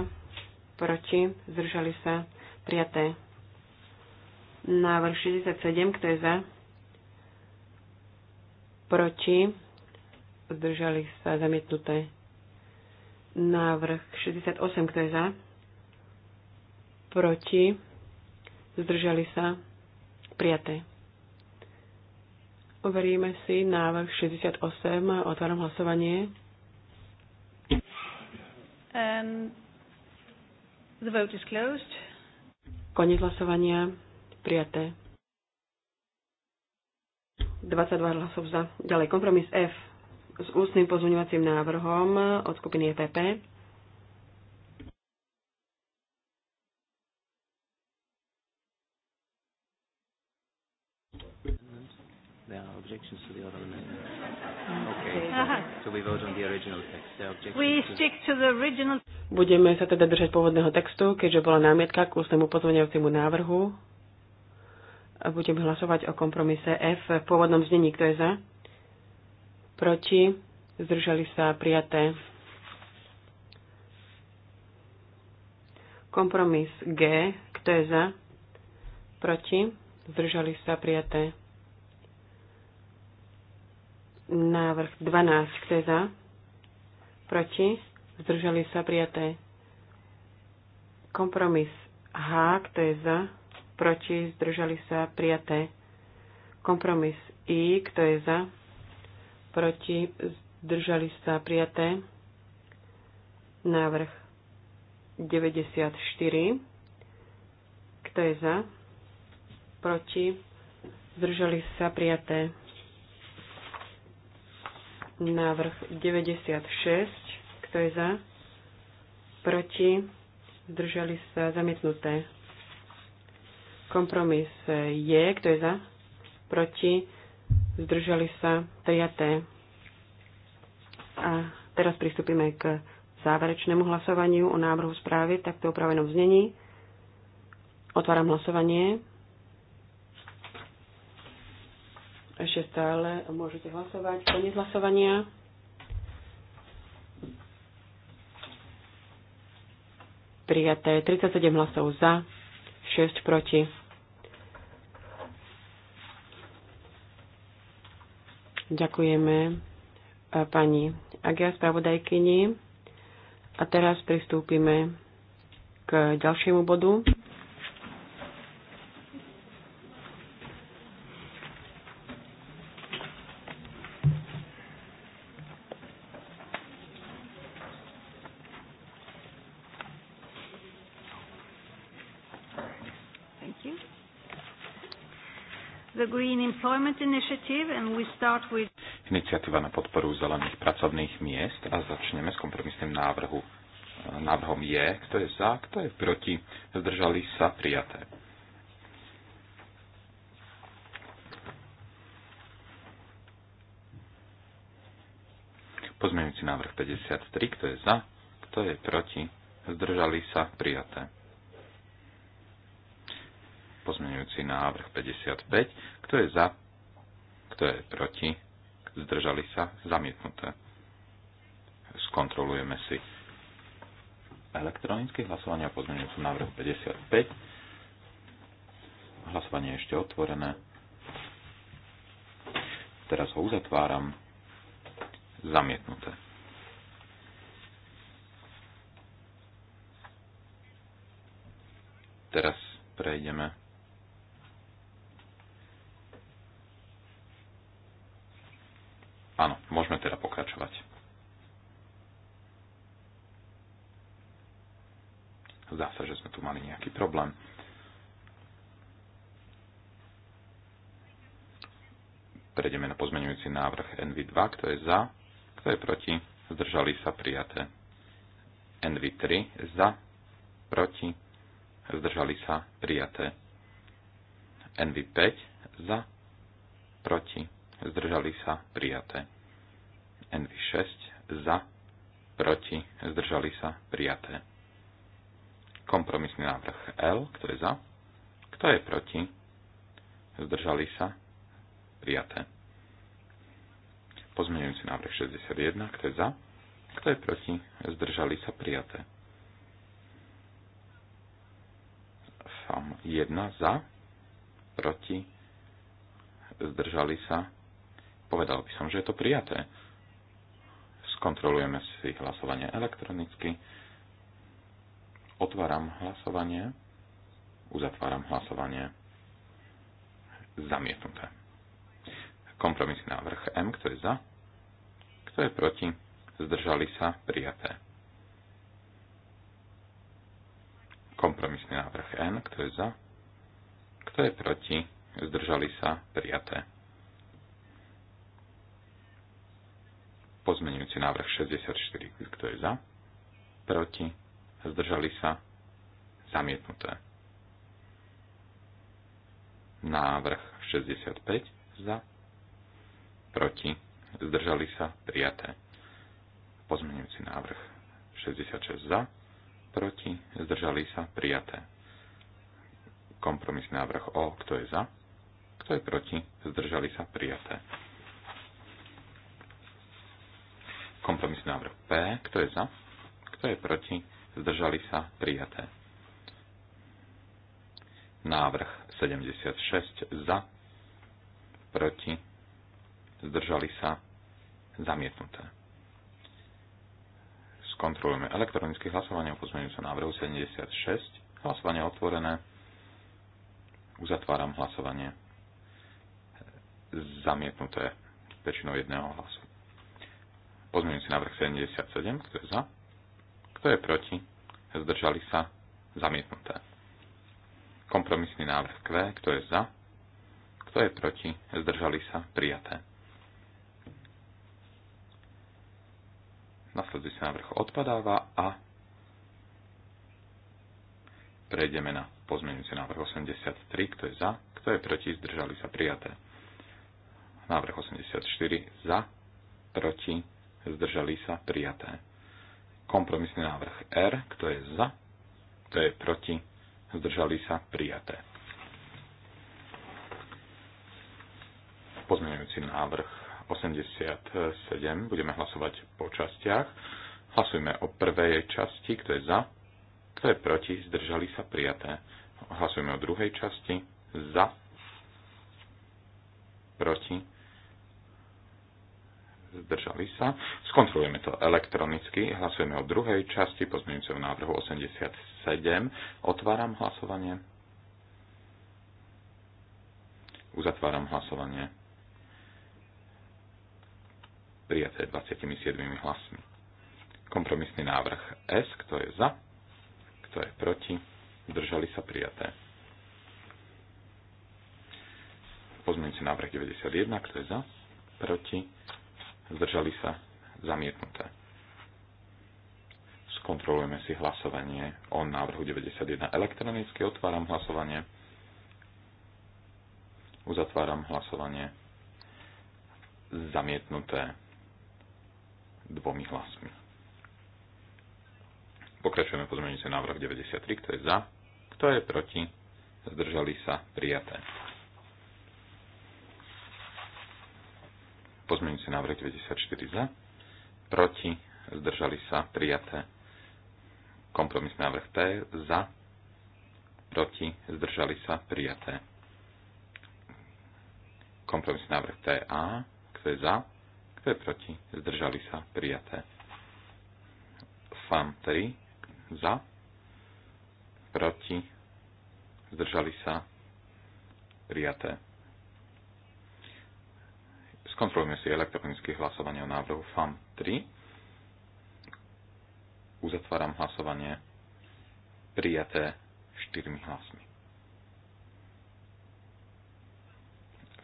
proti, zdržali sa, prijaté. Návrh 67, kto je za, proti, zdržali sa, zamietnuté. Návrh 68, kto je za, proti, zdržali sa, prijaté. Overíme si návrh 68, otváram hlasovanie. And um, The vote is closed. Konec hlasovania. Prijaté. 22 hlasov za. Ďalej kompromis F s ústnym pozmeňovacím návrhom od skupiny EPP. Okay. Uh -huh. So we vote on the original text. We stick to the original text. Budeme sa teda držať pôvodného textu, keďže bola námietka k ústnemu pozvaniaciemu návrhu. Budeme hlasovať o kompromise F v pôvodnom znení. Kto je za? Proti? Zdržali sa prijaté. Kompromis G. Kto je za? Proti? Zdržali sa prijaté. Návrh 12. Kto je za? Proti? zdržali sa prijaté. Kompromis H, kto je za, proti, zdržali sa prijaté. Kompromis I, kto je za, proti, zdržali sa prijaté. Návrh 94, kto je za, proti, zdržali sa prijaté. Návrh 96, kto je za? Proti? Zdržali sa zamietnuté. Kompromis e, je. Kto je za? Proti? Zdržali sa prijaté. A teraz pristúpime k záverečnému hlasovaniu o návrhu správy takto upravenom znení. Otváram hlasovanie. Ešte stále môžete hlasovať. Koniec hlasovania. Prijaté 37 hlasov za, 6 proti. Ďakujeme e, pani Agia spravodajkyni. A teraz pristúpime k ďalšiemu bodu. the Green Employment Initiative and we start with... Iniciatíva na podporu zelených pracovných miest a začneme s kompromisným návrhu. E, návrhom je, kto je za, kto je proti, zdržali sa prijaté. Pozmeňujúci návrh 53, kto je za, kto je proti, zdržali sa prijaté pozmeňujúci návrh 55. Kto je za? Kto je proti? Zdržali sa? Zamietnuté. Skontrolujeme si elektronické hlasovanie o pozmeňujúci návrh 55. Hlasovanie je ešte otvorené. Teraz ho uzatváram. Zamietnuté. Teraz prejdeme Áno, môžeme teda pokračovať. Zdá sa, že sme tu mali nejaký problém. Prejdeme na pozmeňujúci návrh NV2, kto je za, kto je proti, zdržali sa prijaté. NV3 za, proti, zdržali sa prijaté. NV5 za, proti, zdržali sa, prijaté. NV6 za, proti, zdržali sa, prijaté. Kompromisný návrh L, kto je za, kto je proti, zdržali sa, prijaté. Pozmeňujúci návrh 61, kto je za, kto je proti, zdržali sa, prijaté. FAM 1 za, proti, zdržali sa, Povedal by som, že je to prijaté. Skontrolujeme si hlasovanie elektronicky. Otváram hlasovanie. Uzatváram hlasovanie. Zamietnuté. Kompromisný návrh M, kto je za? Kto je proti? Zdržali sa? Prijaté. Kompromisný návrh N, kto je za? Kto je proti? Zdržali sa? Prijaté. Pozmenujúci návrh 64. Kto je za? Proti? Zdržali sa? Zamietnuté. Návrh 65. Za? Proti? Zdržali sa? Prijaté. Pozmenujúci návrh 66. Za? Proti? Zdržali sa? Prijaté. Kompromisný návrh O. Kto je za? Kto je proti? Zdržali sa? Prijaté Kompromisný návrh P. Kto je za? Kto je proti? Zdržali sa? Prijaté. Návrh 76 za, proti, zdržali sa, zamietnuté. Skontrolujeme elektronické hlasovanie o sa návrhu 76. Hlasovanie otvorené. Uzatváram hlasovanie. Zamietnuté väčšinou jedného hlasu. Pozmeňujúci návrh 77, kto je za? Kto je proti? Zdržali sa? Zamietnuté. Kompromisný návrh Q, kto je za? Kto je proti? Zdržali sa? Prijaté. Nasledujúci návrh odpadáva a prejdeme na pozmeňujúci návrh 83, kto je za, kto je proti, zdržali sa prijaté. Návrh 84 za, proti, zdržali sa, prijaté. Kompromisný návrh R, kto je za, kto je proti, zdržali sa, prijaté. Pozmeňujúci návrh 87 budeme hlasovať po častiach. Hlasujme o prvej časti, kto je za, kto je proti, zdržali sa, prijaté. Hlasujme o druhej časti, za, proti, zdržali sa. Skontrolujeme to elektronicky, hlasujeme o druhej časti pozmeňujúceho návrhu 87. Otváram hlasovanie. Uzatváram hlasovanie. Prijaté 27 hlasmi. Kompromisný návrh S, kto je za, kto je proti, zdržali sa prijaté. Pozmeňujúci návrh 91, kto je za, proti, zdržali sa, zamietnuté. Skontrolujeme si hlasovanie o návrhu 91 elektronicky, otváram hlasovanie, uzatváram hlasovanie, zamietnuté dvomi hlasmi. Pokračujeme pozmeňujúci návrh 93, kto je za, kto je proti, zdržali sa, prijaté. Pozmeňujúci návrh 94 za. Proti. Zdržali sa. Prijaté. Kompromisný návrh T. Za. Proti. Zdržali sa. Prijaté. Kompromisný návrh TA. Kto je za? Kto je proti? Zdržali sa. Prijaté. FAM 3. Za. Proti. Zdržali sa. Prijaté skontrolujme si elektronické hlasovanie o návrhu FAM 3. Uzatváram hlasovanie prijaté 4 hlasmi.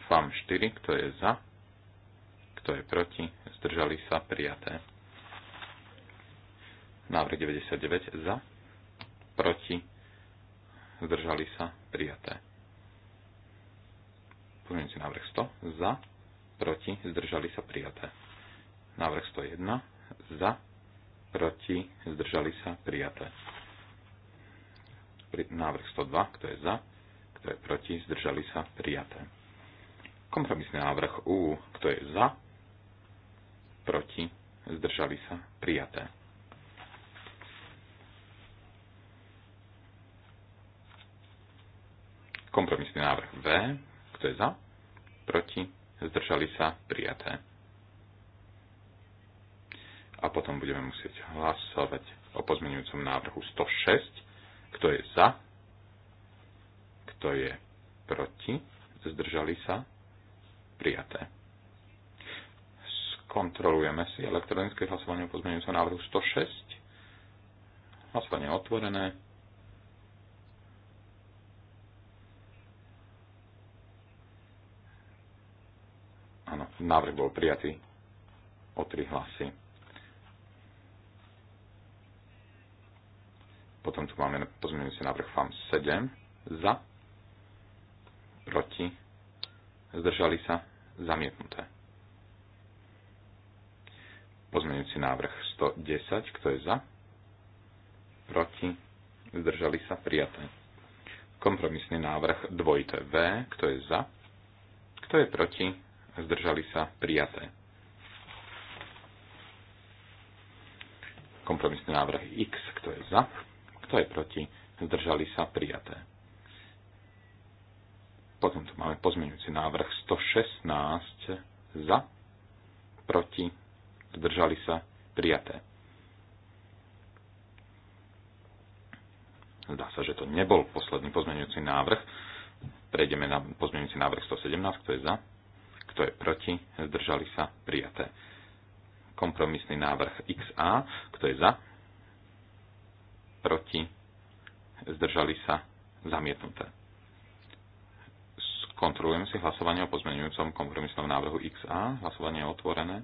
FAM 4, kto je za, kto je proti, zdržali sa, prijaté. Návrh 99, za, proti, zdržali sa, prijaté. Pozmeňujúci návrh 100, za, proti, zdržali sa prijaté. Návrh 101 za, proti, zdržali sa prijaté. Návrh 102, kto je za, kto je proti, zdržali sa prijaté. Kompromisný návrh U, kto je za, proti, zdržali sa prijaté. Kompromisný návrh V, kto je za, proti, zdržali sa, prijaté. A potom budeme musieť hlasovať o pozmeňujúcom návrhu 106, kto je za, kto je proti, zdržali sa, prijaté. Skontrolujeme si elektronické hlasovanie o pozmeňujúcom návrhu 106. Hlasovanie otvorené. Áno, návrh bol prijatý o tri hlasy. Potom tu máme pozmeňujúci návrh FAM 7 za, proti, zdržali sa, zamietnuté. Pozmeňujúci návrh 110, kto je za, proti, zdržali sa, prijaté. Kompromisný návrh dvojité V, kto je za, kto je proti, zdržali sa, prijaté. Kompromisný návrh X, kto je za, kto je proti, zdržali sa, prijaté. Potom tu máme pozmeňujúci návrh 116 za, proti, zdržali sa, prijaté. Zdá sa, že to nebol posledný pozmeňujúci návrh. Prejdeme na pozmeňujúci návrh 117, kto je za, kto je proti, zdržali sa, prijaté. Kompromisný návrh XA, kto je za, proti, zdržali sa, zamietnuté. Kontrolujem si hlasovanie o pozmenujúcom kompromisnom návrhu XA. Hlasovanie je otvorené.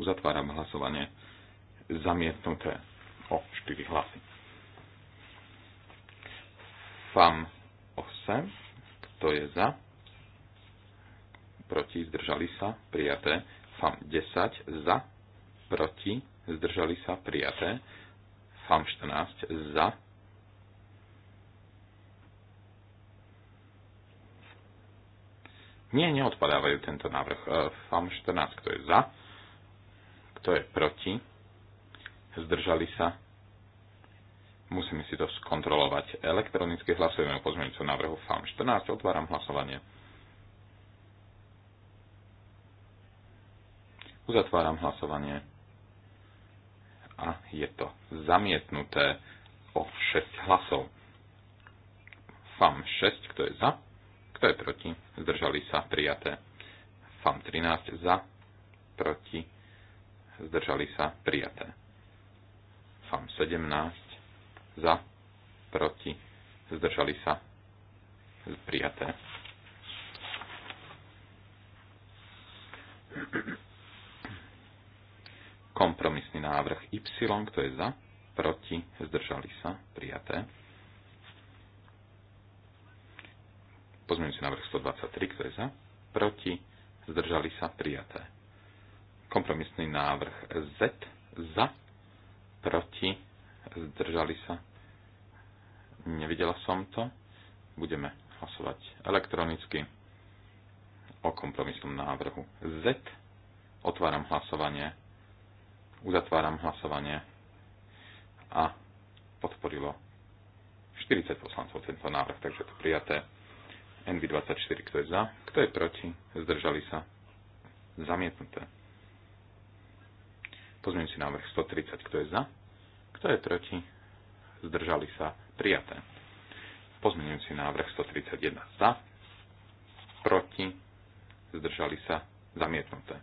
Uzatváram hlasovanie zamietnuté o 4 hlasy. FAM 8. Kto je za? proti, zdržali sa, prijaté. FAM 10 za, proti, zdržali sa, prijaté. FAM 14 za, Nie, neodpadávajú tento návrh. E, FAM 14, kto je za, kto je proti, zdržali sa. Musíme si to skontrolovať. Elektronicky hlasujeme o pozmeňujúcom návrhu FAM 14. Otváram hlasovanie. Uzatváram hlasovanie. A je to zamietnuté o 6 hlasov. FAM 6, kto je za, kto je proti, zdržali sa prijaté. FAM 13 za, proti, zdržali sa prijaté. FAM 17 za, proti, zdržali sa prijaté. Kompromisný návrh Y, kto je za, proti, zdržali sa, prijaté. Pozmeňujúci návrh 123, kto je za, proti, zdržali sa, prijaté. Kompromisný návrh Z, za, proti, zdržali sa, nevidela som to. Budeme hlasovať elektronicky o kompromisnom návrhu Z. Otváram hlasovanie. Uzatváram hlasovanie. A podporilo 40 poslancov tento návrh, takže to prijaté. NV24, kto je za, kto je proti, zdržali sa, zamietnuté. si návrh 130, kto je za, kto je proti, zdržali sa, prijaté. si návrh 131 za, proti, zdržali sa, zamietnuté.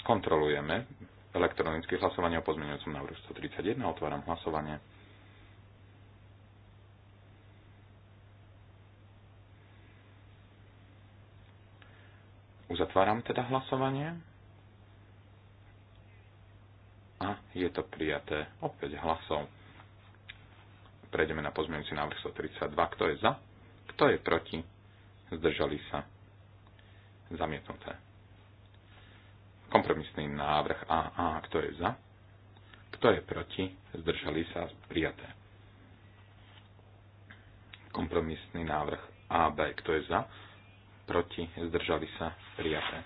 Skontrolujeme Elektronické hlasovanie o pozmeňujúcom návrhu 131. Otváram hlasovanie. Uzatváram teda hlasovanie. A je to prijaté opäť hlasov. Prejdeme na pozmeňujúci návrh 132. Kto je za? Kto je proti? Zdržali sa. Zamietnuté. Kompromisný návrh AA. Kto je za? Kto je proti? Zdržali sa prijaté. Kompromisný návrh AB. Kto je za? Proti? Zdržali sa prijaté.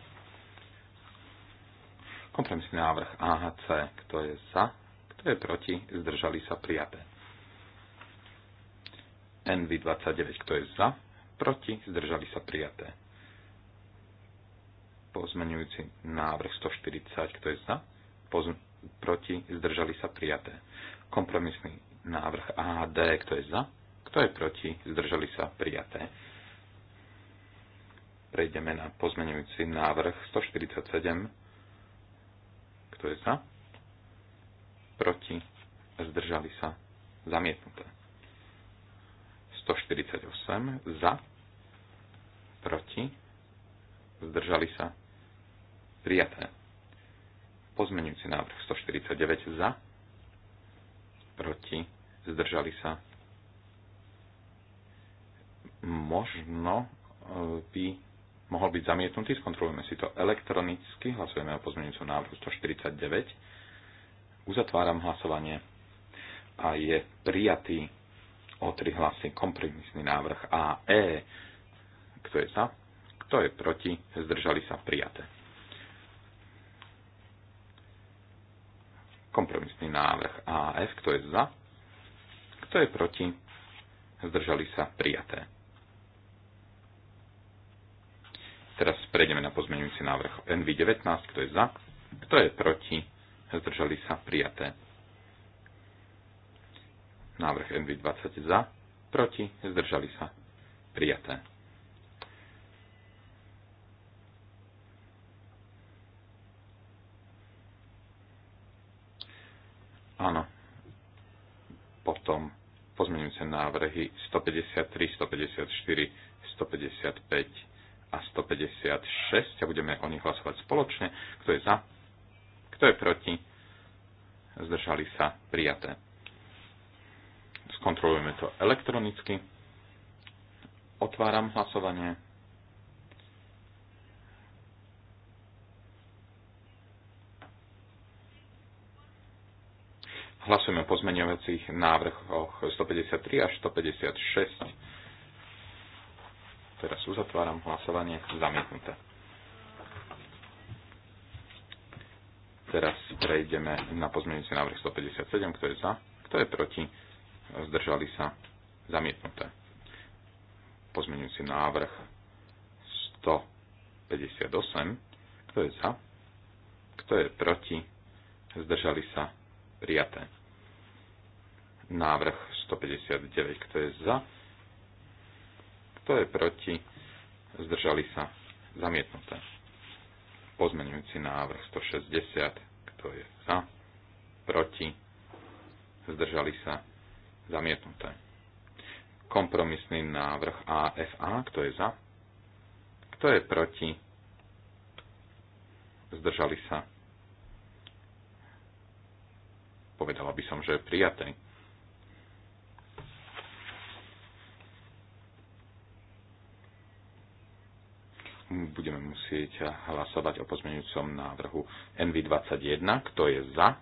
Kompromisný návrh AHC. Kto je za? Kto je proti? Zdržali sa prijaté. NV29. Kto je za? Proti? Zdržali sa prijaté. Pozmenujúci návrh 140, kto je za? Pozm- proti, zdržali sa prijaté. Kompromisný návrh AD, kto je za? Kto je proti, zdržali sa prijaté. Prejdeme na pozmenujúci návrh 147. Kto je za? Proti, zdržali sa zamietnuté. 148 za, proti, zdržali sa Prijaté. Pozmenujúci návrh 149 za. Proti. Zdržali sa. Možno e, by mohol byť zamietnutý. Skontrolujeme si to elektronicky. Hlasujeme o pozmenujúcom návrhu 149. Uzatváram hlasovanie a je prijatý o tri hlasy kompromisný návrh AE. Kto je za? Kto je proti? Zdržali sa prijaté. Kompromisný návrh AF, kto je za, kto je proti, zdržali sa prijaté. Teraz prejdeme na pozmeňujúci návrh NV19, kto je za, kto je proti, zdržali sa prijaté. Návrh NV20 za, proti, zdržali sa prijaté. Áno. Potom pozmeňujúce návrhy 153, 154, 155 a 156 a budeme o nich hlasovať spoločne. Kto je za? Kto je proti? Zdržali sa prijaté. Skontrolujeme to elektronicky. Otváram hlasovanie. Hlasujeme o pozmeňovacích návrhoch 153 až 156. Teraz uzatváram hlasovanie zamietnuté. Teraz prejdeme na pozmeňujúci návrh 157, kto je za, kto je proti, zdržali sa zamietnuté. Pozmeňujúci návrh 158, kto je za, kto je proti, zdržali sa Prijaté. Návrh 159. Kto je za? Kto je proti? Zdržali sa. Zamietnuté. Pozmenujúci návrh 160. Kto je za? Proti? Zdržali sa. Zamietnuté. Kompromisný návrh AFA. Kto je za? Kto je proti? Zdržali sa povedala by som, že je Budeme musieť hlasovať o pozmeňujúcom návrhu NV21. Kto je za?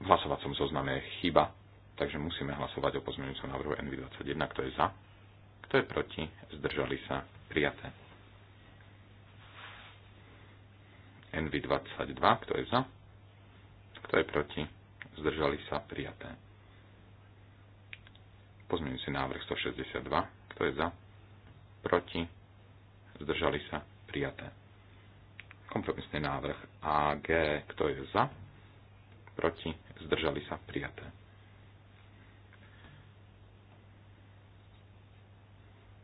V hlasovacom zozname je chyba, takže musíme hlasovať o pozmeňujúcom návrhu NV21. Kto je za? Kto je proti? Zdržali sa? Prijaté. NV22. Kto je za? Kto je proti? Zdržali sa prijaté. si návrh 162. Kto je za? Proti? Zdržali sa prijaté. Kompromisný návrh AG. Kto je za? Proti? Zdržali sa prijaté.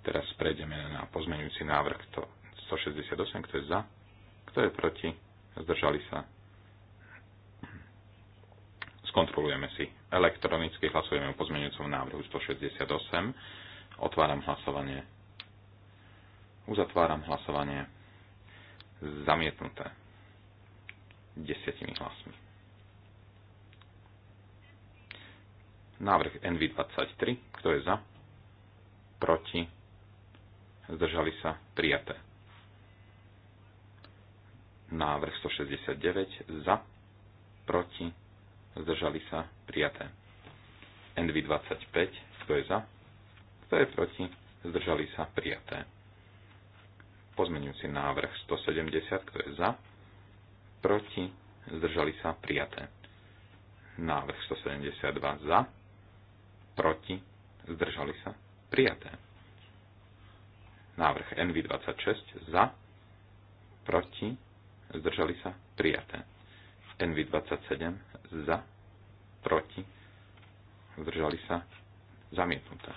Teraz prejdeme na pozmeňujúci návrh 168. Kto je za? Kto je proti? Zdržali sa. Skontrolujeme si. Elektronicky hlasujeme o pozmeňujúcom návrhu 168. Otváram hlasovanie. Uzatváram hlasovanie. Zamietnuté. Desiatimi hlasmi. Návrh NV23. Kto je za? Proti? Zdržali sa? Prijaté. Návrh 169 za, proti, zdržali sa, prijaté. NV25, kto je za, kto je proti, zdržali sa, prijaté. si návrh 170, kto je za, proti, zdržali sa, prijaté. Návrh 172 za, proti, zdržali sa, prijaté. Návrh NV26 za, proti, zdržali sa, prijaté. NV27 za, proti, zdržali sa, zamietnuté.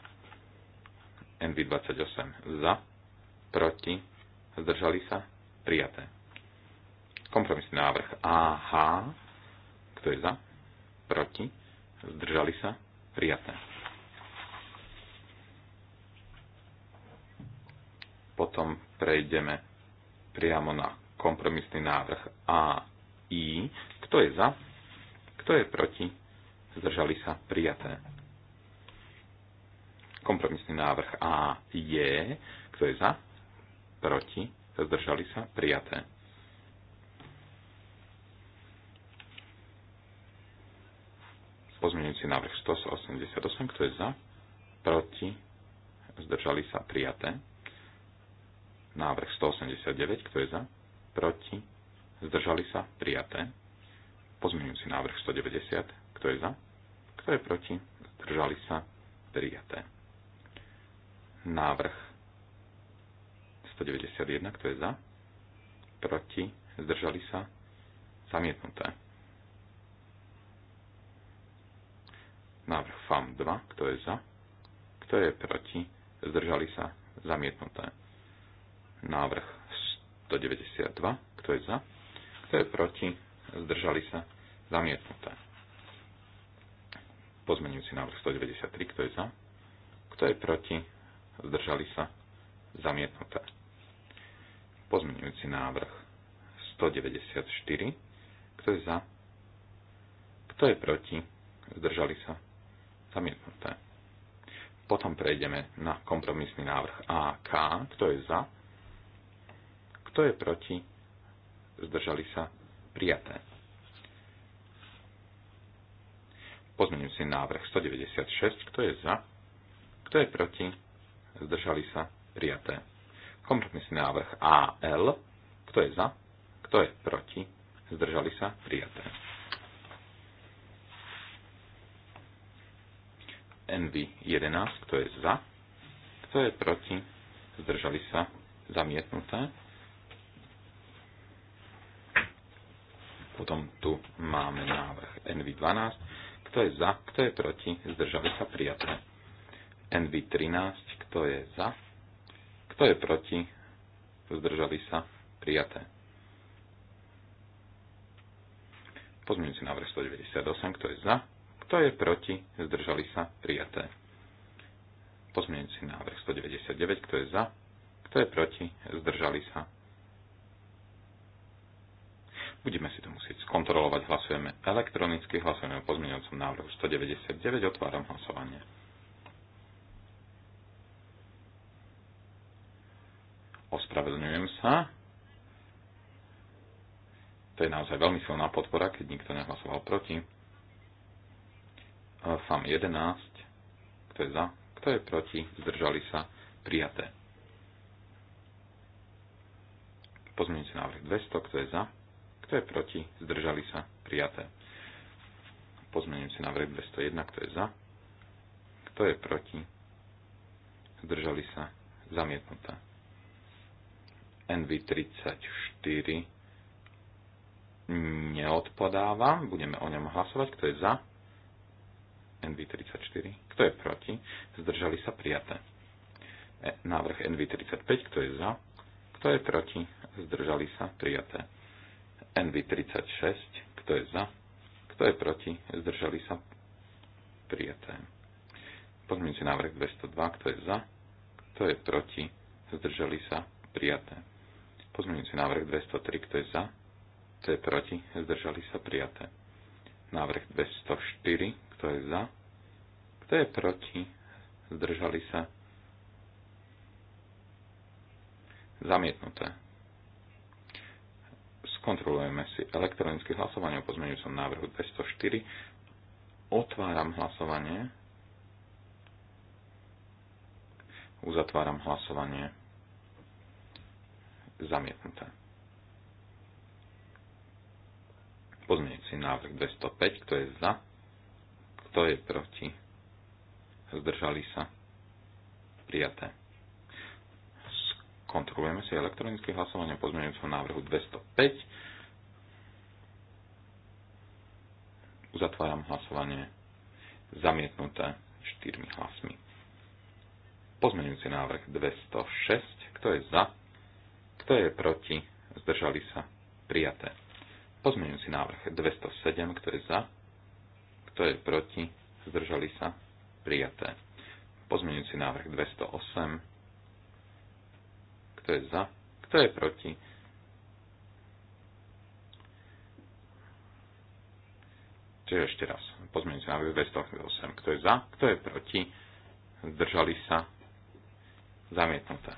NV28 za, proti, zdržali sa, prijaté. Kompromisný návrh AH, kto je za, proti, zdržali sa, prijaté. Potom prejdeme priamo na kompromisný návrh A, I. Kto je za? Kto je proti? Zdržali sa prijaté. Kompromisný návrh A je. Kto je za? Proti? Zdržali sa prijaté. Pozmeňujúci návrh 188. Kto je za? Proti? Zdržali sa prijaté. Návrh 189. Kto je za? proti, zdržali sa, prijaté. Pozmeňujúci návrh 190, kto je za, kto je proti, zdržali sa, prijaté. Návrh 191, kto je za, proti, zdržali sa, zamietnuté. Návrh FAM 2, kto je za, kto je proti, zdržali sa, zamietnuté. Návrh 192. Kto je za? Kto je proti? Zdržali sa? Zamietnuté. Pozmenujúci návrh 193. Kto je za? Kto je proti? Zdržali sa? Zamietnuté. Pozmenujúci návrh 194. Kto je za? Kto je proti? Zdržali sa? Zamietnuté. Potom prejdeme na kompromisný návrh AK. Kto je za? Kto je proti? Zdržali sa prijaté. Pozmením si návrh 196. Kto je za? Kto je proti? Zdržali sa prijaté. Kompromisný návrh AL. Kto je za? Kto je proti? Zdržali sa prijaté. NV11. Kto je za? Kto je proti? Zdržali sa zamietnuté. Potom tu máme návrh NV12. Kto je za, kto je proti, zdržali sa prijaté. NV13, kto je za, kto je proti, zdržali sa prijaté. Pozmeňujúci návrh 198, kto je za, kto je proti, zdržali sa prijaté. Pozmeňujúci návrh 199, kto je za, kto je proti, zdržali sa Budeme si to musieť skontrolovať. Hlasujeme elektronicky, hlasujeme o pozmeňovacom návrhu 199, otváram hlasovanie. Ospravedlňujem sa. To je naozaj veľmi silná podpora, keď nikto nehlasoval proti. FAM 11. Kto je za? Kto je proti? Zdržali sa? Prijaté. Pozmeňujúci návrh 200. Kto je za? Kto je proti? Zdržali sa? Prijaté. Pozmením si na návrh 201. Kto je za? Kto je proti? Zdržali sa? Zamietnuté. NV34 neodpadáva. Budeme o ňom hlasovať. Kto je za? NV34. Kto je proti? Zdržali sa prijaté. E, návrh NV35. Kto je za? Kto je proti? Zdržali sa prijaté NV36, kto je za, kto je proti, zdržali sa, prijaté. si návrh 202, kto je za, kto je proti, zdržali sa, prijaté. si návrh 203, kto je za, kto je proti, zdržali sa, prijaté. Návrh 204, kto je za, kto je proti, zdržali sa, zamietnuté. Skontrolujeme si elektronické hlasovanie o pozmeňujúcom návrhu 204. Otváram hlasovanie. Uzatváram hlasovanie. Zamietnuté. Pozmeňujúci návrh 205. Kto je za? Kto je proti? Zdržali sa? Prijaté. Kontrolujeme si elektronické hlasovanie po zmenujúcom návrhu 205. Uzatváram hlasovanie zamietnuté 4 hlasmi. Pozmeňujúci návrh 206. Kto je za? Kto je proti? Zdržali sa? Prijaté. Pozmeňujúci návrh 207. Kto je za? Kto je proti? Zdržali sa? Prijaté. Pozmeňujúci návrh 208. Kto je za? Kto je proti? Čiže ešte raz. Pozmeňte sa na 208. Kto je za? Kto je proti? Zdržali sa? Zamietnuté.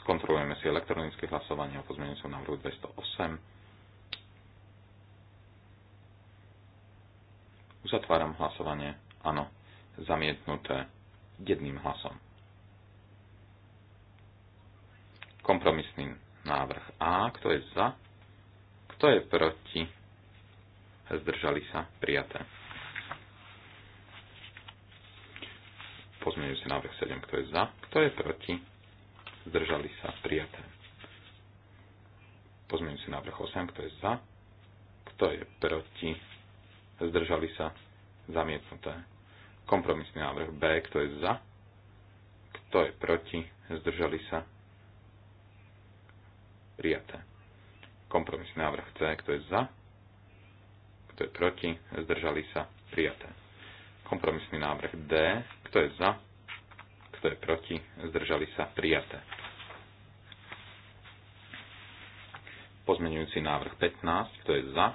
Skontrolujeme si elektronické hlasovanie o pozmeňujúcom návrhu 208. Uzatváram hlasovanie. Áno. Zamietnuté jedným hlasom. Kompromisný návrh A. Kto je za? Kto je proti? Zdržali sa? Prijaté. si návrh 7. Kto je za? Kto je proti? Zdržali sa? Prijaté. si návrh 8. Kto je za? Kto je proti? Zdržali sa? Zamietnuté. Kompromisný návrh B. Kto je za? Kto je proti? Zdržali sa? Prijaté. Kompromisný návrh C, kto je za, kto je proti, zdržali sa, prijaté. Kompromisný návrh D, kto je za, kto je proti, zdržali sa, prijaté. Pozmenujúci návrh 15, kto je za,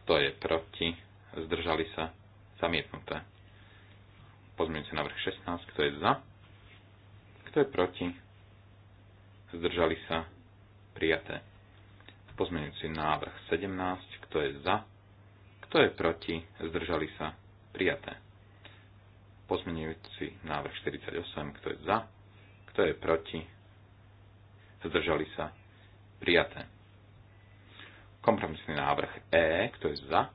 kto je proti, zdržali sa, zamietnuté. Pozmenujúci návrh 16, kto je za, kto je proti, zdržali sa, prijaté. Pozmeňujúci návrh 17, kto je za, kto je proti, zdržali sa, prijaté. Pozmeňujúci návrh 48, kto je za, kto je proti, zdržali sa, prijaté. Kompromisný návrh E, kto je za,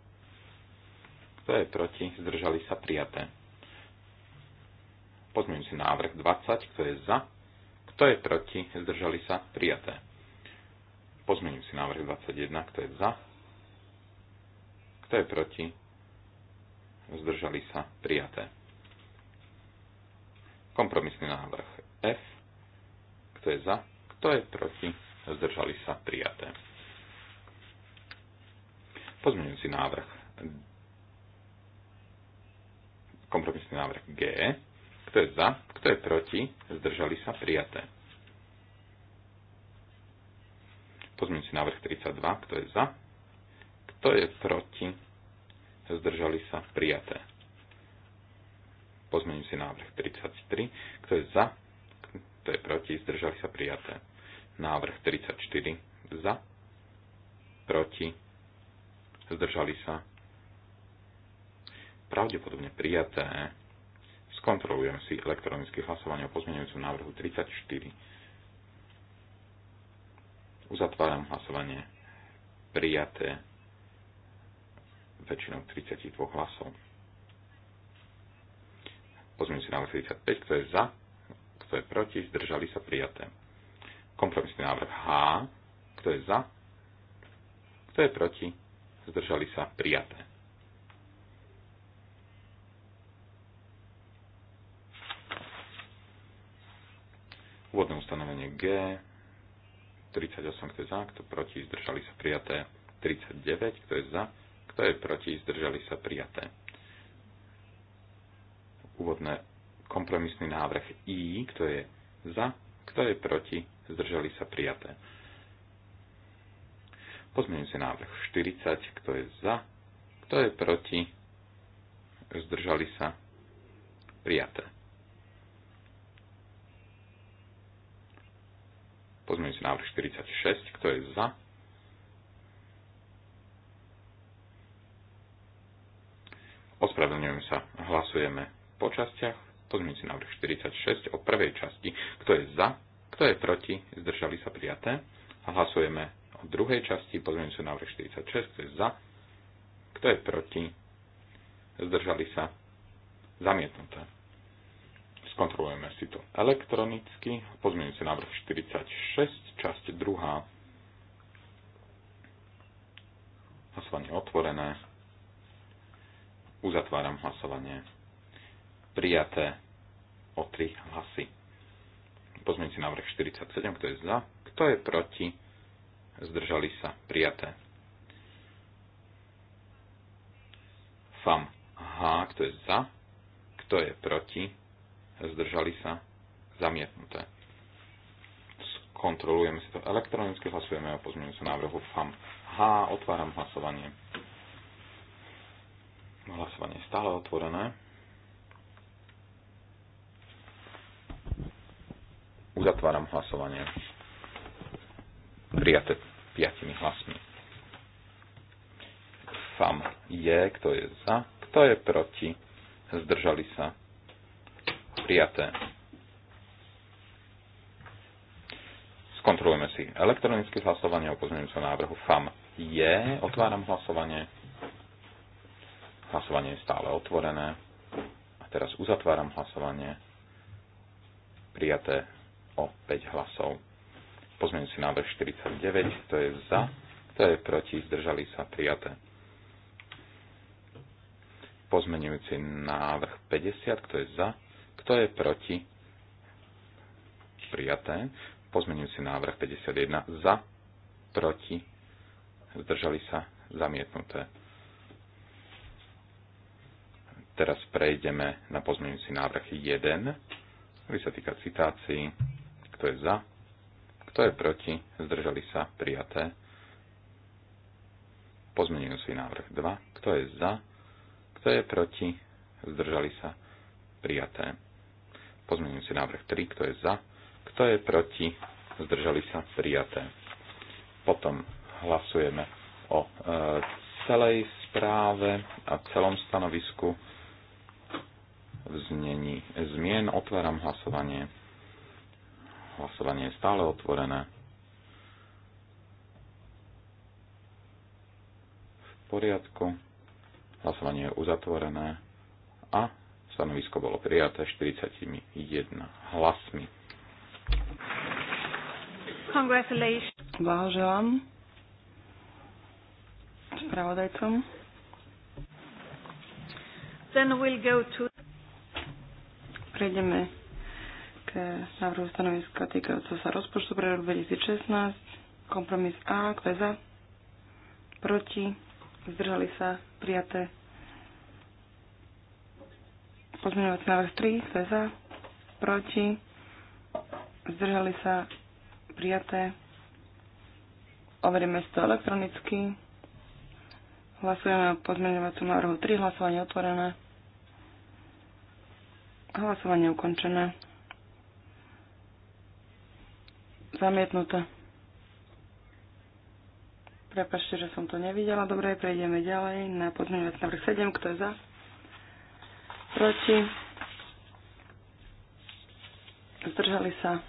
kto je proti, zdržali sa, prijaté. Pozmeňujúci návrh 20, kto je za, kto je proti? Zdržali sa? Prijaté. Pozmením si návrh 21. Kto je za? Kto je proti? Zdržali sa? Prijaté. Kompromisný návrh F. Kto je za? Kto je proti? Zdržali sa? Prijaté. Pozmením si návrh kompromisný návrh G. Kto je za? Kto je proti? Zdržali sa prijaté. si návrh 32. Kto je za? Kto je proti? Zdržali sa prijaté. Pozmením si návrh 33. Kto je za? Kto je proti? Zdržali sa prijaté. Návrh 34. Za? Proti? Zdržali sa? Pravdepodobne prijaté. Skontrolujem si elektronické hlasovanie o pozmeňujúcom návrhu 34. Uzatváram hlasovanie prijaté väčšinou 32 hlasov. Pozmeňujúci návrh 35, kto je za, kto je proti, zdržali sa prijaté. Kompromisný návrh H, kto je za, kto je proti, zdržali sa prijaté Úvodné ustanovenie G, 38, kto je za, kto proti, zdržali sa prijaté. 39, kto je za, kto je proti, zdržali sa prijaté. Úvodné kompromisný návrh I, kto je za, kto je proti, zdržali sa prijaté. Pozmeňujúci návrh 40, kto je za, kto je proti, zdržali sa prijaté. Pozmeňujúci návrh 46. Kto je za? Ospravedlňujem sa. Hlasujeme po častiach. Pozmeňujúci návrh 46 o prvej časti. Kto je za? Kto je proti? Zdržali sa prijaté. Hlasujeme o druhej časti. Pozmeňujúci návrh 46. Kto je za? Kto je proti? Zdržali sa. Zamietnuté skontrolujeme si to elektronicky. Pozmeňujúci návrh 46, časť 2. Hlasovanie otvorené. Uzatváram hlasovanie. Prijaté o 3 hlasy. Pozmeňujúci návrh 47, kto je za, kto je proti, zdržali sa, prijaté. FAM H, kto je za, kto je proti, zdržali sa, zamietnuté. Kontrolujeme si to elektronicky, hlasujeme o pozmeňujúcom návrhu FAM. H, otváram hlasovanie. Hlasovanie je stále otvorené. Uzatváram hlasovanie. Prijaté piatimi hlasmi. FAM je, kto je za, kto je proti, zdržali sa, prijaté. Skontrolujeme si elektronické hlasovanie o pozmeňujúcom návrhu FAM je. Otváram hlasovanie. Hlasovanie je stále otvorené. A teraz uzatváram hlasovanie. Prijaté o 5 hlasov. Pozmeňujúci návrh 49, kto je za, kto je proti, zdržali sa prijaté pozmenujúci návrh 50, kto je za, kto je proti? Prijaté. Pozmenujúci návrh 51 za, proti, zdržali sa, zamietnuté. Teraz prejdeme na pozmenujúci návrh 1, ktorý sa týka citácií. Kto je za? Kto je proti? Zdržali sa? Prijaté. Pozmenujúci návrh 2. Kto je za? Kto je proti? Zdržali sa? Prijaté. Pozmeňujúci návrh 3, kto je za, kto je proti, zdržali sa prijaté. Potom hlasujeme o e, celej správe a celom stanovisku v znení zmien. Otváram hlasovanie. Hlasovanie je stále otvorené. V poriadku. Hlasovanie je uzatvorené a Stanovisko bolo prijaté 41 hlasmi. Congratulations. Blahoželám spravodajcom. Then we'll go to... Prejdeme k návrhu stanoviska týkajúceho sa rozpočtu pre rok 2016. Kompromis A, kto je za? Proti? Zdržali sa? Prijaté? Pozmeňovací návrh 3, kto je za, proti, zdržali sa, prijaté. Overíme si to elektronicky. Hlasujeme o pozmeňovacom návrhu 3, hlasovanie otvorené. Hlasovanie ukončené. Zamietnuté. Prepašte, že som to nevidela. Dobre, prejdeme ďalej na pozmeňovací návrh 7. Kto je za? proti, zdržali sa,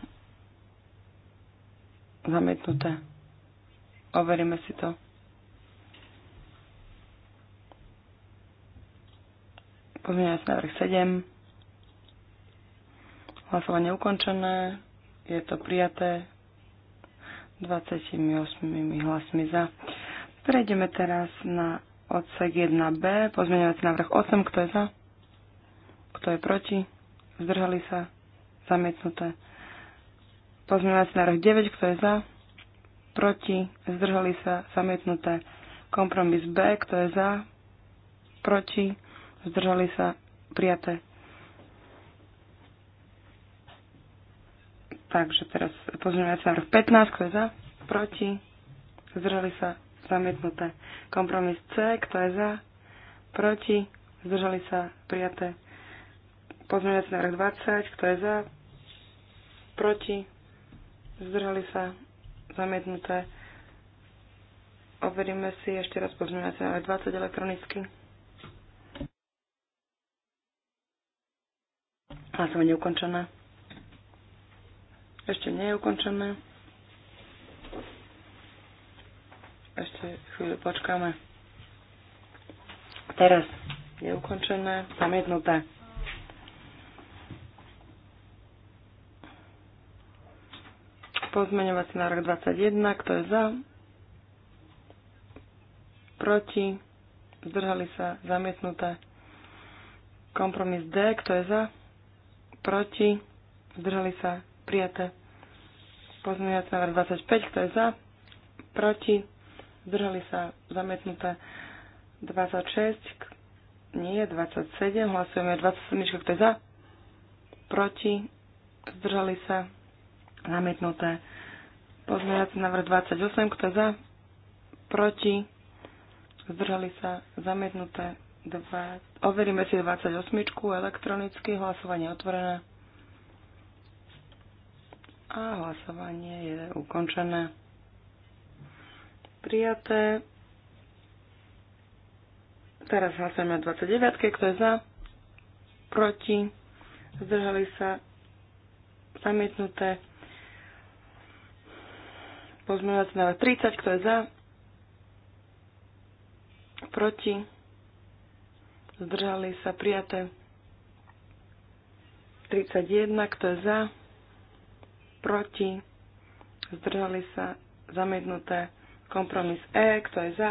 zamietnuté. Overíme si to. Pozmeňujúci návrh 7. Hlasovanie ukončené. Je to prijaté 28 hlasmi za. Prejdeme teraz na odsek 1b. Pozmeňovací návrh 8. Kto je za? Kto je proti? Zdržali sa? Zamietnuté. Pozmeňovací návrh 9. Kto je za? Proti? Zdržali sa? Zamietnuté. Kompromis B. Kto je za? Proti? Zdržali sa? Prijaté. Takže teraz pozmeňovací návrh 15. Kto je za? Proti? Zdržali sa? Zamietnuté. Kompromis C. Kto je za? Proti? Zdržali sa? Prijaté Pozmeňovací návrh 20, kto je za? Proti? Zdržali sa? Zamietnuté. Overíme si ešte raz pozmeňovací návrh 20 elektronicky. Hlasovanie ukončené. Ešte nie je ukončené. Ešte chvíľu počkáme. Teraz je ukončené, zamietnuté. Pozmeňovací návrh 21, kto je za? Proti? Zdržali sa? Zamietnuté. Kompromis D, kto je za? Proti? Zdržali sa? Prijaté. Pozmeňovací návrh 25, kto je za? Proti? Zdržali sa? Zamietnuté. 26, nie, 27, hlasujeme 27, kto je za? Proti? Zdržali sa? Zamietnuté. Pozmeňovací návrh 28, kto je za? Proti? Zdržali sa? Zamietnuté. Dva, overíme si 28 elektronicky, hlasovanie otvorené. A hlasovanie je ukončené. Prijaté. Teraz hlasujeme 29, kto je za? Proti? Zdržali sa? Zamietnuté. Pozmeňovací návrh 30, kto je za? Proti? Zdržali sa prijaté. 31, kto je za? Proti? Zdržali sa zamietnuté. Kompromis E, kto je za?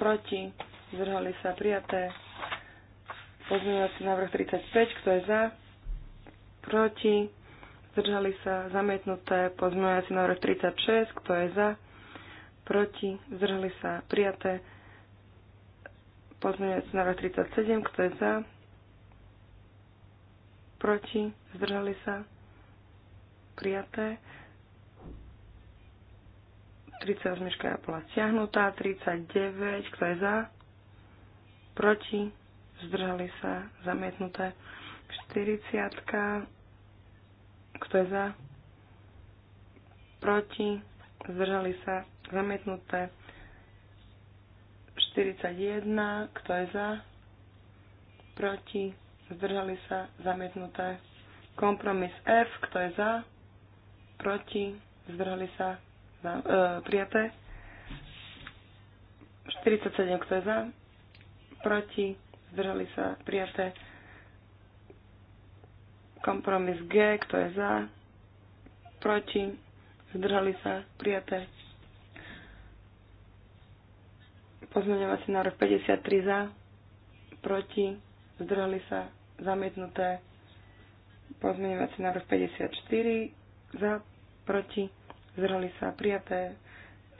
Proti? Zdržali sa prijaté. Pozmeňovací návrh 35, kto je za? Proti? Zdržali sa zamietnuté pozmeňovací návrh 36, kto je za, proti, zdržali sa prijaté pozmeňovací návrh 37, kto je za, proti, zdržali sa prijaté. 38 bola stiahnutá, 39, kto je za, proti, zdržali sa zamietnuté. 40 kto je za? Proti? Zdržali sa? Zamietnuté. 41. Kto je za? Proti? Zdržali sa? Zamietnuté. Kompromis F. Kto je za? Proti? Zdržali sa? Za, e, prijaté. 47. Kto je za? Proti? Zdržali sa? Prijaté. Kompromis G, kto je za, proti, zdržali sa, prijaté. Pozmeňovací návrh 53 za, proti, zdržali sa, zamietnuté. Pozmeňovací návrh 54 za, proti, zdržali sa, prijaté.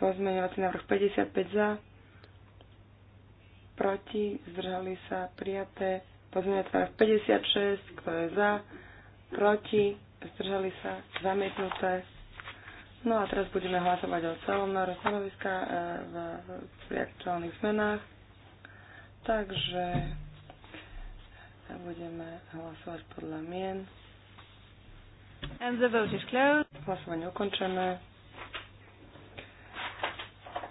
Pozmeňovací návrh 55 za, proti, zdržali sa, prijaté. Pozmeňovací návrh 56, kto je za, proti, zdržali sa, zamietnuté. No a teraz budeme hlasovať o celom návrhu stanoviska e, v, v aktuálnych zmenách. Takže budeme hlasovať podľa mien. And the vote is closed. Hlasovanie ukončené.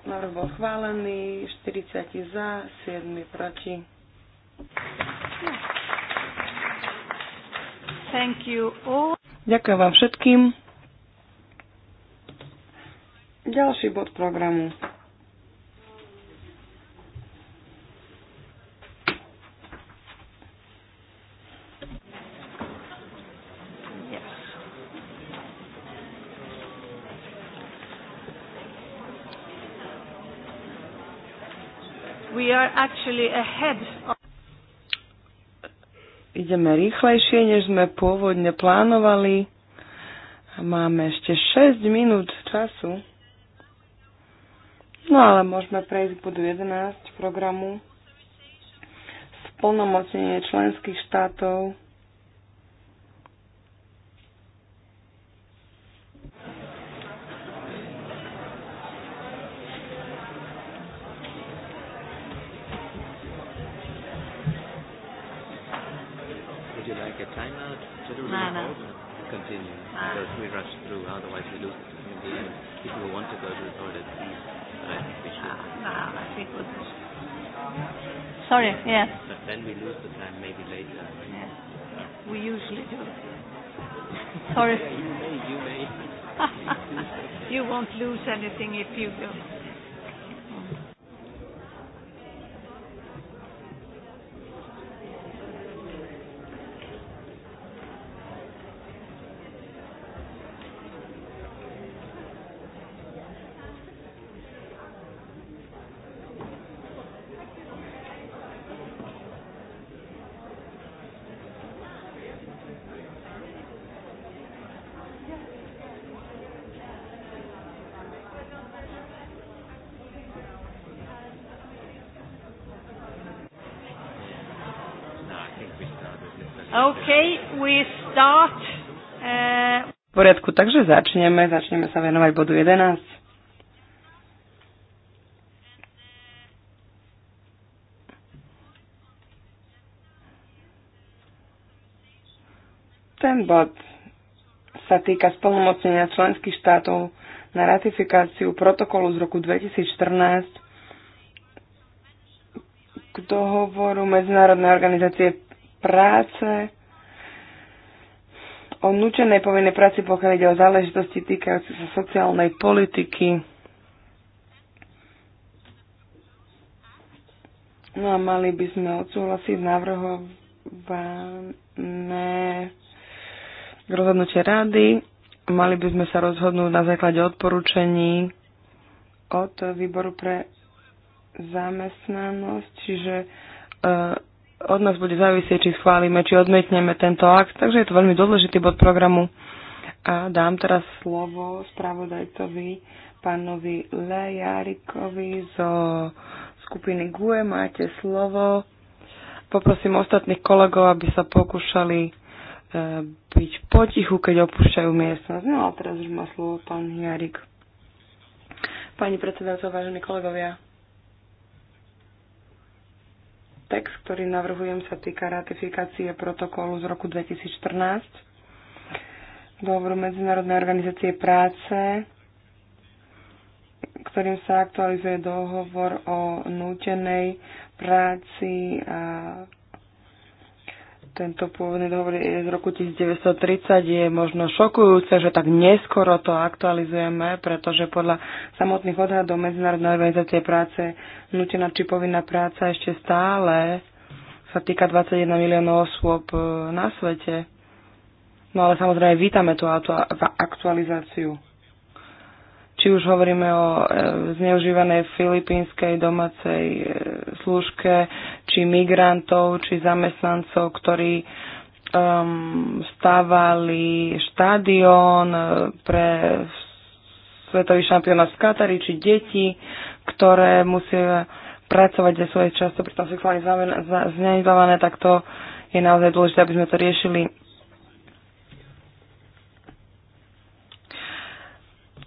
Návrh bol chválený, 40 za, 7 proti. Yeah. No. Thank you all. Ďakujem vám všetkým. Ďalší bod programu. We are actually ahead of ideme rýchlejšie, než sme pôvodne plánovali. Máme ešte 6 minút času. No ale môžeme prejsť k bodu 11 programu. Splnomocnenie členských štátov Sorry, yes. But then we lose the time maybe later. Yeah. We usually do. Sorry. You may. You, may. you won't lose anything if you do. Okay, we start. Uh... V poriadku, takže začneme. Začneme sa venovať bodu 11. Ten bod sa týka splnomocnenia členských štátov na ratifikáciu protokolu z roku 2014 k dohovoru Medzinárodnej organizácie práce, o nutenej povinnej práci, pokiaľ ide o záležitosti týkajúce sa sociálnej politiky. No a mali by sme odsúhlasiť navrhované rozhodnutie rady. Mali by sme sa rozhodnúť na základe odporúčení od výboru pre zamestnanosť, čiže e, od nás bude závisieť, či schválime, či odmietneme tento akt. Takže je to veľmi dôležitý bod programu. A dám teraz slovo spravodajcovi pánovi Lejarikovi zo skupiny GUE. Máte slovo. Poprosím ostatných kolegov, aby sa pokúšali e, byť potichu, keď opúšťajú miestnosť. No a teraz už má slovo pán Jarik. Pani predsedajúca, vážení kolegovia, Text, ktorý navrhujem, sa týka ratifikácie protokolu z roku 2014 dohovoru Medzinárodnej organizácie práce, ktorým sa aktualizuje dohovor o nútenej práci a tento pôvodný dohovor je z roku 1930. Je možno šokujúce, že tak neskoro to aktualizujeme, pretože podľa samotných odhadov Medzinárodnej organizácie práce nutená či povinná práca ešte stále sa týka 21 miliónov osôb eh, na svete. No ale samozrejme vítame tú aktualizáciu či už hovoríme o e, zneužívanej filipínskej domácej e, služke, či migrantov, či zamestnancov, ktorí um, stávali štadión e, pre svetový šampionát v Katari, či deti, ktoré musia pracovať, za svoje často pritom sexuálne zneužívané, tak to je naozaj dôležité, aby sme to riešili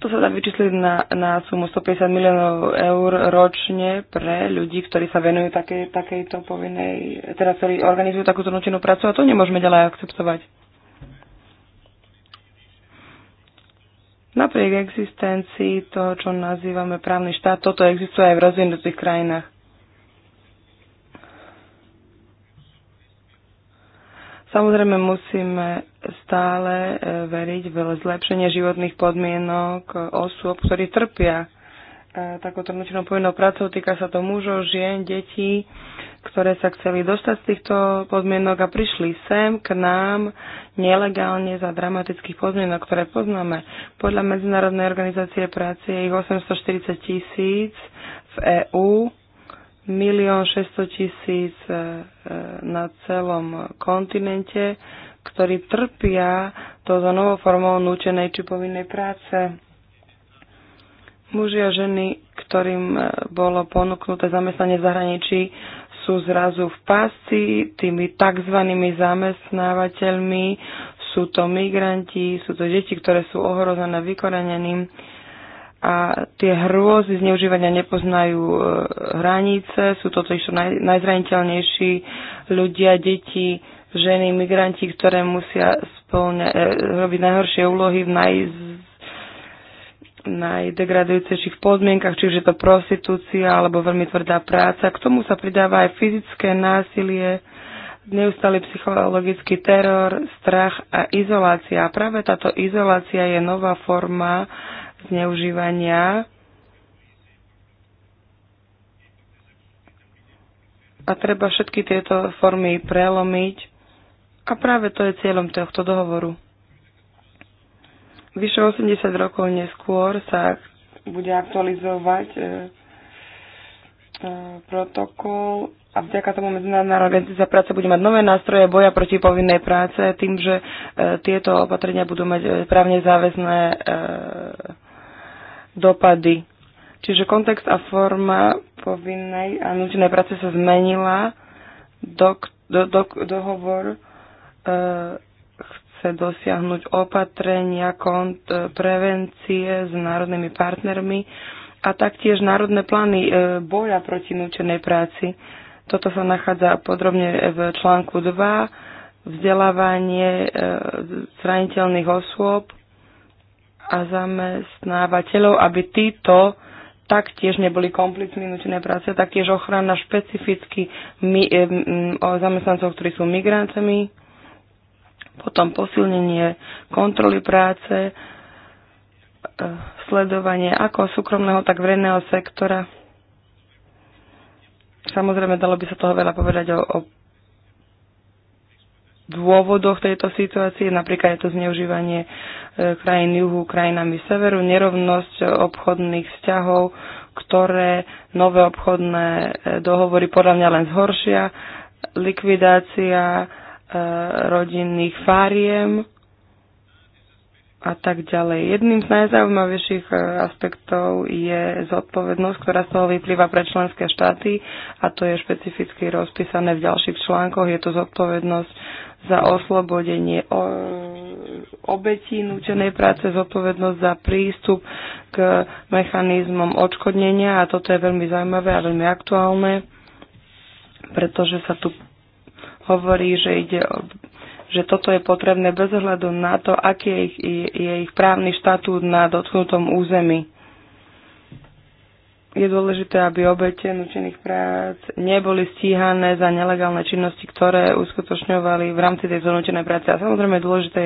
To sa dá vyčísliť na, na sumu 150 miliónov eur ročne pre ľudí, ktorí sa venujú také, takejto povinnej, teda ktorí organizujú takúto nutenú prácu a to nemôžeme ďalej akceptovať. Napriek existencii toho, čo nazývame právny štát, toto existuje aj v rozvinutých krajinách. Samozrejme musíme stále e, veriť v zlepšenie životných podmienok e, osôb, ktorí trpia e, takouto nočnou povinnou prácou. Týka sa to mužov, žien, detí, ktoré sa chceli dostať z týchto podmienok a prišli sem k nám nelegálne za dramatických podmienok, ktoré poznáme. Podľa Medzinárodnej organizácie práce je ich 840 tisíc v EÚ milión 600 tisíc e, e, na celom kontinente, ktorí trpia touto novou formou nútenej či povinnej práce. Muži a ženy, ktorým e, bolo ponúknuté zamestnanie v zahraničí, sú zrazu v pásci tými tzv. zamestnávateľmi, sú to migranti, sú to deti, ktoré sú ohrozené vykorenením a tie hrôzy zneužívania nepoznajú e, hranice, sú to sú naj, najzraniteľnejší ľudia, deti, ženy, migranti, ktoré musia spolne, e, robiť najhoršie úlohy v naj, najdegradujúcejších podmienkach, čiže to prostitúcia alebo veľmi tvrdá práca. K tomu sa pridáva aj fyzické násilie, neustály psychologický teror, strach a izolácia. A práve táto izolácia je nová forma zneužívania. A treba všetky tieto formy prelomiť a práve to je cieľom tohto dohovoru. Vyše 80 rokov neskôr sa bude aktualizovať e, e, protokol a vďaka tomu Medzinárodná organizácia práce bude mať nové nástroje boja proti povinnej práce tým, že e, tieto opatrenia budú mať e, právne záväzné e, dopady. Čiže kontext a forma povinnej a nutnej práce sa zmenila. Dok, do, do, dohovor e, chce dosiahnuť opatrenia kont, e, prevencie s národnými partnermi a taktiež národné plány e, boja proti nutenej práci. Toto sa nachádza podrobne v článku 2 vzdelávanie e, zraniteľných osôb a zamestnávateľov, aby títo taktiež neboli komplicmi nutené práce, taktiež ochrana špecificky my, e, o zamestnancov, ktorí sú migrantami, potom posilnenie kontroly práce, e, sledovanie ako súkromného, tak verejného sektora. Samozrejme, dalo by sa toho veľa povedať o, o dôvodoch tejto situácie, napríklad je to zneužívanie e, krajín juhu krajinami severu, nerovnosť obchodných vzťahov, ktoré nové obchodné e, dohovory podľa mňa len zhoršia, likvidácia e, rodinných fáriem, a tak ďalej. Jedným z najzaujímavejších e, aspektov je zodpovednosť, ktorá z toho vyplýva pre členské štáty a to je špecificky rozpísané v ďalších článkoch. Je to zodpovednosť za oslobodenie obetí nútenej práce, zodpovednosť za prístup k mechanizmom odškodnenia a toto je veľmi zaujímavé a veľmi aktuálne, pretože sa tu hovorí, že ide o že toto je potrebné bez ohľadu na to, aký je ich, je ich právny štatút na dotknutom území. Je dôležité, aby obete nutených prác neboli stíhané za nelegálne činnosti, ktoré uskutočňovali v rámci tej zonútenej práce. A samozrejme je dôležité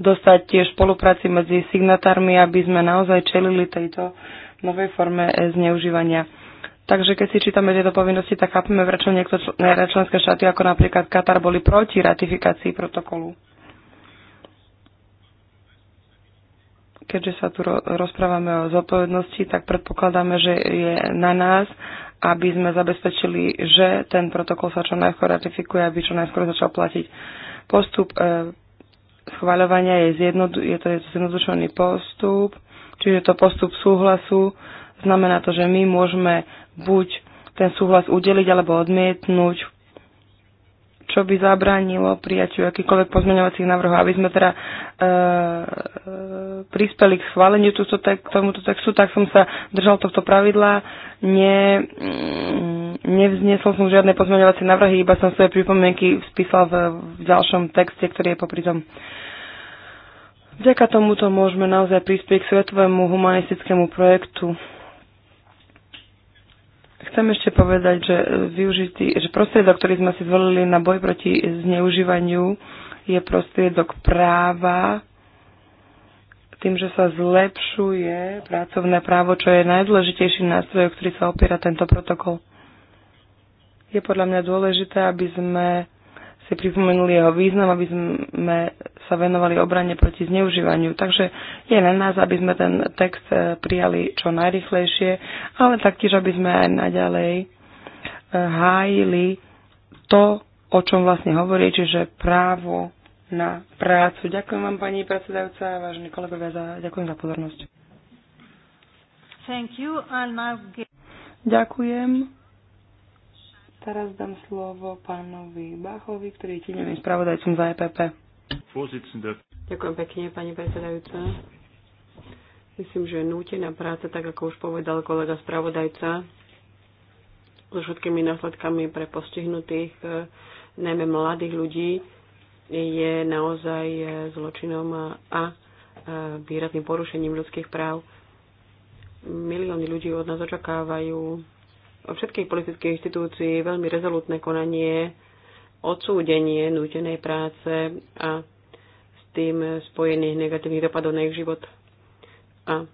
dostať tiež spolupráci medzi signatármi, aby sme naozaj čelili tejto novej forme e, zneužívania Takže keď si čítame tieto povinnosti, tak chápeme, prečo niektoré členské štáty, ako napríklad Katar, boli proti ratifikácii protokolu. Keďže sa tu rozprávame o zodpovednosti, tak predpokladáme, že je na nás, aby sme zabezpečili, že ten protokol sa čo najskôr ratifikuje, aby čo najskôr začal platiť. Postup e, schváľovania je, zjednodu, je to je zjednodušený postup, čiže to postup súhlasu, Znamená to, že my môžeme buď ten súhlas udeliť alebo odmietnúť, čo by zabránilo prijaťu akýkoľvek pozmeňovacích návrhov, aby sme teda e, e, prispeli k schváleniu túto tek, tomuto textu, tak som sa držal tohto pravidla. Ne, mm, nevznesol som žiadne pozmeňovacie návrhy, iba som svoje pripomienky spísal v, v ďalšom texte, ktorý je popri tom. Vďaka tomuto môžeme naozaj prispieť k svetovému humanistickému projektu Chcem ešte povedať, že, e, využitý, že prostriedok, ktorý sme si zvolili na boj proti zneužívaniu, je prostriedok práva, tým, že sa zlepšuje pracovné právo, čo je najdôležitejší nástroj, o ktorý sa opiera tento protokol. Je podľa mňa dôležité, aby sme si pripomenuli jeho význam, aby sme sa venovali obrane proti zneužívaniu. Takže je na nás, aby sme ten text eh, prijali čo najrychlejšie, ale taktiež, aby sme aj naďalej eh, hájili to, o čom vlastne hovorí, čiže právo na prácu. Ďakujem vám, pani predsedajúca, vážení kolegovia, za, ďakujem za pozornosť. Thank you. I'll now Ďakujem. Teraz dám slovo pánovi Bachovi, ktorý je tieňovým spravodajcom za EPP. Ďakujem pekne, pani predsedajúca. Myslím, že nútená práca, tak ako už povedal kolega spravodajca, so všetkými následkami pre postihnutých, eh, najmä mladých ľudí, je naozaj eh, zločinom a eh, výrazným porušením ľudských práv. Milióny ľudí od nás očakávajú všetkých politických inštitúcií veľmi rezolutné konanie, odsúdenie nútenej práce a s tým spojených negatívnych dopadov na ich život. A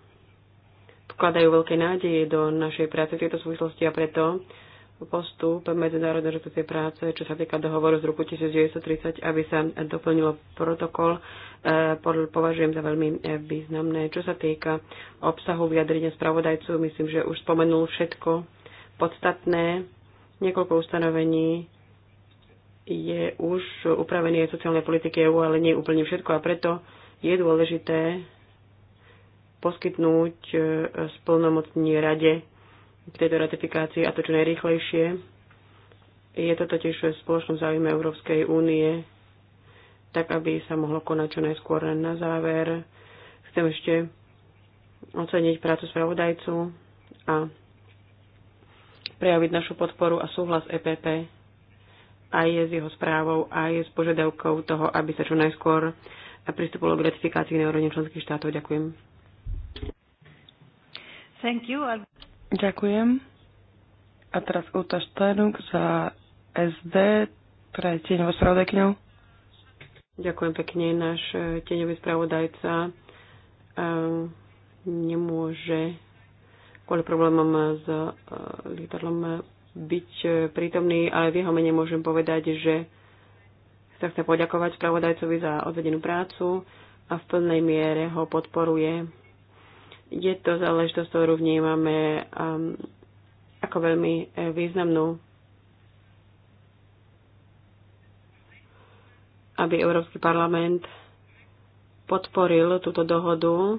vkladajú veľké nádeje do našej práce v tejto súvislosti a preto postup Medzinárodnej organizácie práce, čo sa týka dohovoru z roku 1930, aby sa doplnilo protokol, eh, považujem za veľmi eh, významné. Čo sa týka obsahu vyjadrenia spravodajcu, myslím, že už spomenul všetko, podstatné. Niekoľko ustanovení je už upravené aj sociálnej politiky EU, ale nie úplne všetko a preto je dôležité poskytnúť e, splnomocní rade k tejto ratifikácii a to čo najrýchlejšie. Je to totiž v spoločnom záujme Európskej únie, tak aby sa mohlo konať čo najskôr. Na záver chcem ešte oceniť prácu spravodajcu a prejaviť našu podporu a súhlas EPP aj je s jeho správou, aj s požiadavkou toho, aby sa čo najskôr pristúpilo k ratifikácii na úrovni členských štátov. Ďakujem. Thank you. Ďakujem. A teraz Uta Štenuk za SD, ktorá je tieňovou spravodajkňou. Ďakujem pekne. Náš eh, tieňový spravodajca um, nemôže kvôli problémom s e, lietadlom byť e, prítomný, ale v jeho mene môžem povedať, že sa chce poďakovať spravodajcovi za odvedenú prácu a v plnej miere ho podporuje. Je to záležitosť, ktorú vnímame um, ako veľmi e, významnú, aby Európsky parlament podporil túto dohodu.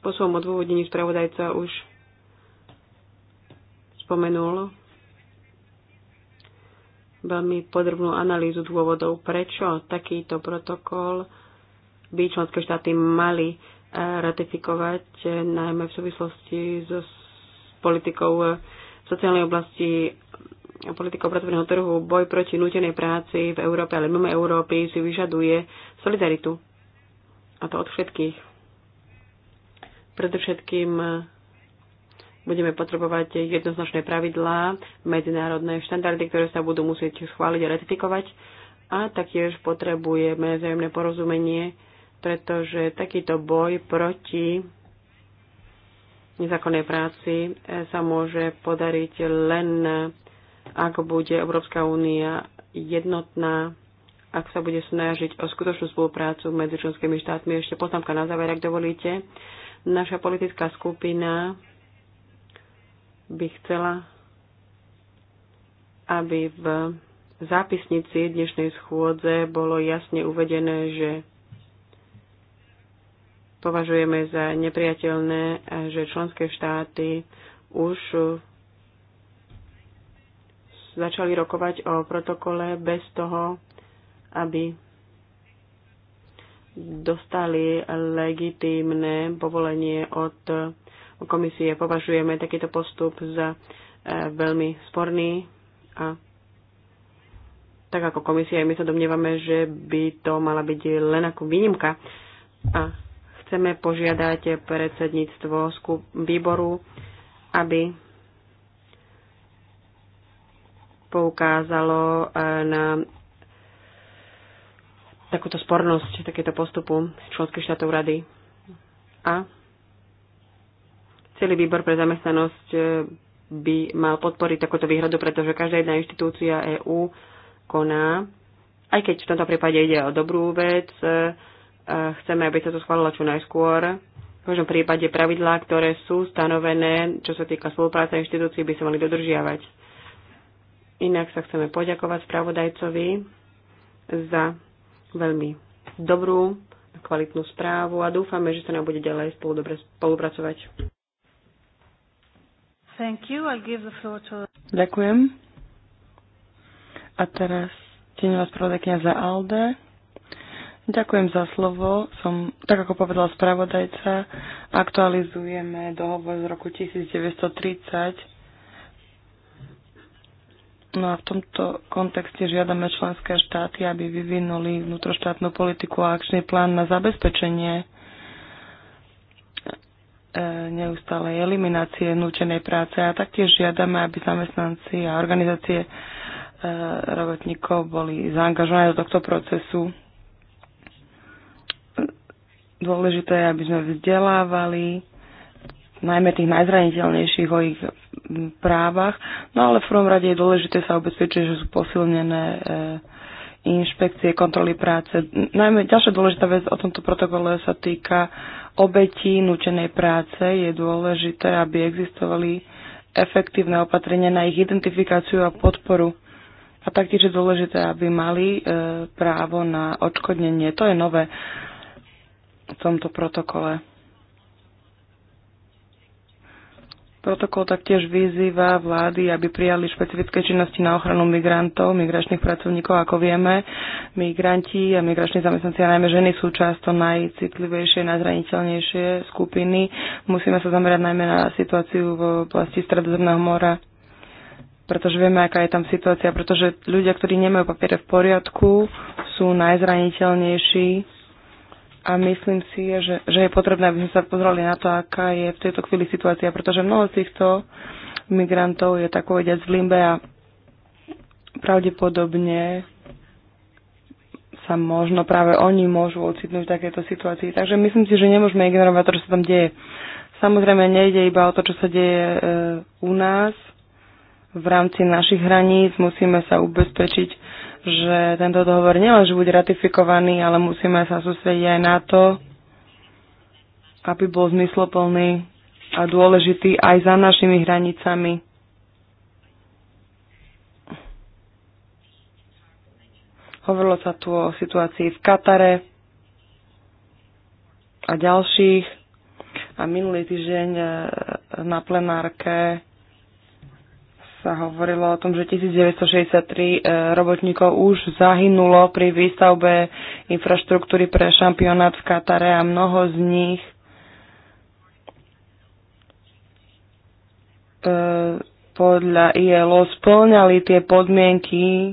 Po svojom odôvodnení spravodajca už spomenul veľmi podrobnú analýzu dôvodov, prečo takýto protokol by členské štáty mali e, ratifikovať, e, najmä v súvislosti so politikou e, v sociálnej oblasti politikou pracovného trhu, boj proti nutenej práci v Európe, ale mimo Európy si vyžaduje solidaritu. A to od všetkých. Predovšetkým budeme potrebovať jednoznačné pravidlá, medzinárodné štandardy, ktoré sa budú musieť schváliť a ratifikovať. A taktiež potrebujeme vzájomné porozumenie, pretože takýto boj proti nezákonnej práci e, sa môže podariť len, ak bude Európska únia jednotná, ak sa bude snažiť o skutočnú spoluprácu medzi členskými štátmi. Ešte poznámka na záver, ak dovolíte. Naša politická skupina by chcela, aby v zápisnici dnešnej schôdze bolo jasne uvedené, že považujeme za nepriateľné, že členské štáty už začali rokovať o protokole bez toho, aby dostali legitímne povolenie od komisie. Považujeme takýto postup za e, veľmi sporný a tak ako komisia, my sa domnievame, že by to mala byť len ako výnimka. A chceme požiadať predsedníctvo výboru, aby poukázalo e, na takúto spornosť takéto postupu členských štátov rady a Celý výbor pre zamestnanosť e, by mal podporiť takúto výhradu, pretože každá jedna inštitúcia EÚ koná, aj keď v tomto prípade ide o dobrú vec, e, e, chceme, aby sa to schválilo čo najskôr. V každom prípade pravidlá, ktoré sú stanovené, čo sa týka spolupráce inštitúcií, by sa mali dodržiavať. Inak sa chceme poďakovať spravodajcovi za veľmi dobrú, kvalitnú správu a dúfame, že sa nám bude ďalej spolu dobre spolupracovať. Thank you. I'll give the floor to... Ďakujem. A teraz tieňová spravodajkňa za ALDE. Ďakujem za slovo. Som, tak ako povedal spravodajca, aktualizujeme dohovor z roku 1930. No a v tomto kontexte žiadame členské štáty, aby vyvinuli vnútroštátnu politiku a akčný plán na zabezpečenie E, neustálej eliminácie núčenej práce a taktiež žiadame, aby zamestnanci a organizácie e, robotníkov boli zaangažované do tohto procesu. Dôležité je, aby sme vzdelávali najmä tých najzraniteľnejších o ich právach, no ale v prvom rade je dôležité sa ubezpečiť, že sú posilnené e, inšpekcie, kontroly práce. Najmä ďalšia dôležitá vec o tomto protokole sa týka obetí nučenej práce je dôležité, aby existovali efektívne opatrenia na ich identifikáciu a podporu. A taktiež je dôležité, aby mali e, právo na odškodnenie. To je nové v tomto protokole. Protokol taktiež vyzýva vlády, aby prijali špecifické činnosti na ochranu migrantov, migračných pracovníkov, ako vieme. Migranti a migrační zamestnanci, a najmä ženy, sú často najcitlivejšie, najzraniteľnejšie skupiny. Musíme sa zamerať najmä na situáciu v oblasti Stredozemného mora, pretože vieme, aká je tam situácia, pretože ľudia, ktorí nemajú papiere v poriadku, sú najzraniteľnejší a myslím si, že, že je potrebné, aby sme sa pozreli na to, aká je v tejto chvíli situácia, pretože mnoho z týchto migrantov je tak povediať v limbe a pravdepodobne sa možno práve oni môžu ocitnúť v takéto situácii. Takže myslím si, že nemôžeme ignorovať to, čo sa tam deje. Samozrejme, nejde iba o to, čo sa deje e, u nás v rámci našich hraníc. Musíme sa ubezpečiť, že tento dohovor nielenže bude ratifikovaný, ale musíme sa sústrediť aj na to, aby bol zmysloplný a dôležitý aj za našimi hranicami. Hovorilo sa tu o situácii v Katare a ďalších. A minulý týždeň eh, na plenárke sa hovorilo o tom, že 1963 e, robotníkov už zahynulo pri výstavbe infraštruktúry pre šampionát v Katare a mnoho z nich e, podľa ILO splňali tie podmienky e,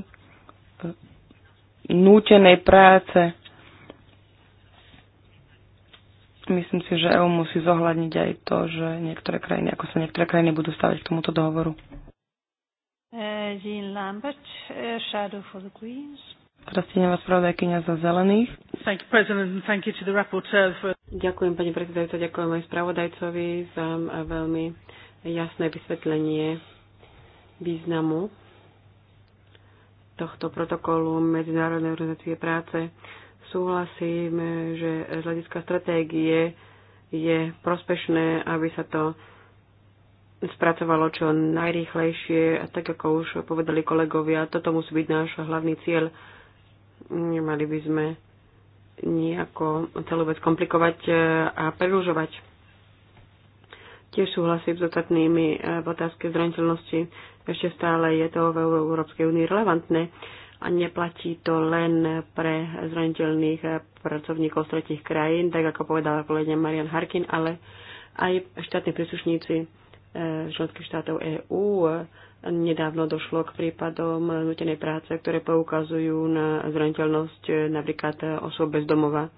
nútenej práce. Myslím si, že EU musí zohľadniť aj to, že niektoré krajiny, ako sa niektoré krajiny budú stavať k tomuto dohovoru. Eh, Jean Lambert, eh, Shadow for the Greens. Krastíňová spravodajkynia za zelených. Thank you, President, and thank you to the rapporteur for... Ďakujem, pani predsedajúca, ďakujem aj spravodajcovi za eh, veľmi jasné vysvetlenie významu tohto protokolu Medzinárodnej organizácie práce. Súhlasím, že z hľadiska stratégie je prospešné, aby sa to spracovalo čo najrýchlejšie a tak ako už povedali kolegovia, toto musí byť náš hlavný cieľ. Nemali by sme nejako celú vec komplikovať e, a predlžovať. Tiež súhlasím s ostatnými e, v otázke zraniteľnosti. Ešte stále je to v Európskej únii relevantné a neplatí to len pre zraniteľných e, pracovníkov z tretich krajín, tak ako povedala kolegyňa Marian Harkin, ale aj štátni príslušníci E, členských štátov EÚ. Nedávno došlo k prípadom nutenej práce, ktoré poukazujú na zraniteľnosť e, napríklad e, osôb bez domova,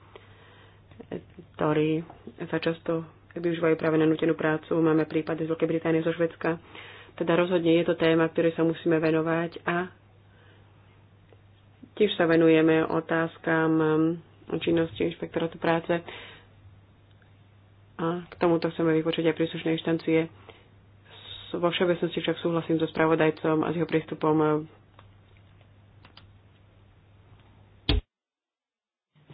ktorí sa často využívajú práve na nutenú prácu. Máme prípady z Veľkej Británie, zo Švedska. Teda rozhodne je to téma, ktoré sa musíme venovať a tiež sa venujeme otázkam činnosti inšpektorátu práce. A k tomuto chceme vypočuť aj príslušné inštancie. Vo všeobecnosti však súhlasím so spravodajcom a s jeho prístupom.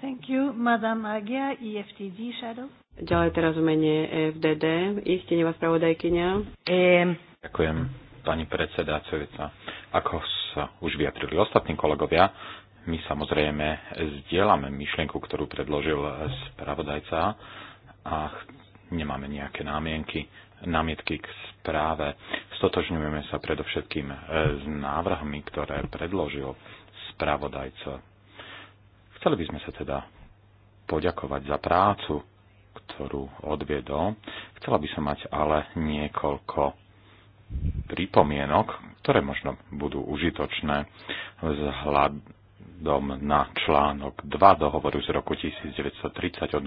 Thank you, Madame Agia, EFTD Shadow. Ďalej teraz mene e FDD, ich tenevá spravodajkynia. Um. Ďakujem, pani predsedácovica. Ako sa už vyjadrili ostatní kolegovia, my samozrejme zdieľame myšlienku, ktorú predložil spravodajca a nemáme nejaké námienky námietky k správe. Stotožňujeme sa predovšetkým e, s návrhmi, ktoré predložil spravodajca. Chceli by sme sa teda poďakovať za prácu, ktorú odviedol. Chcela by som mať ale niekoľko pripomienok, ktoré možno budú užitočné vzhľadom na článok 2 dohovoru z roku 1930 o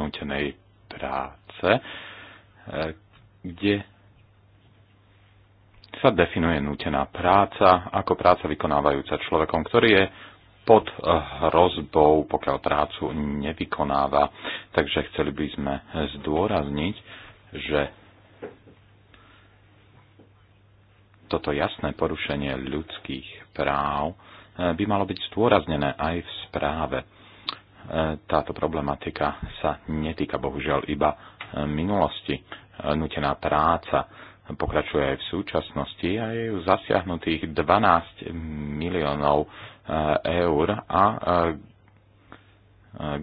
práce, e, kde sa definuje nútená práca ako práca vykonávajúca človekom, ktorý je pod hrozbou, pokiaľ prácu nevykonáva. Takže chceli by sme zdôrazniť, že toto jasné porušenie ľudských práv eh, by malo byť zdôraznené aj v správe. Eh, táto problematika sa netýka bohužiaľ iba minulosti nutená práca pokračuje aj v súčasnosti a je ju zasiahnutých 12 miliónov eh, eur a eh,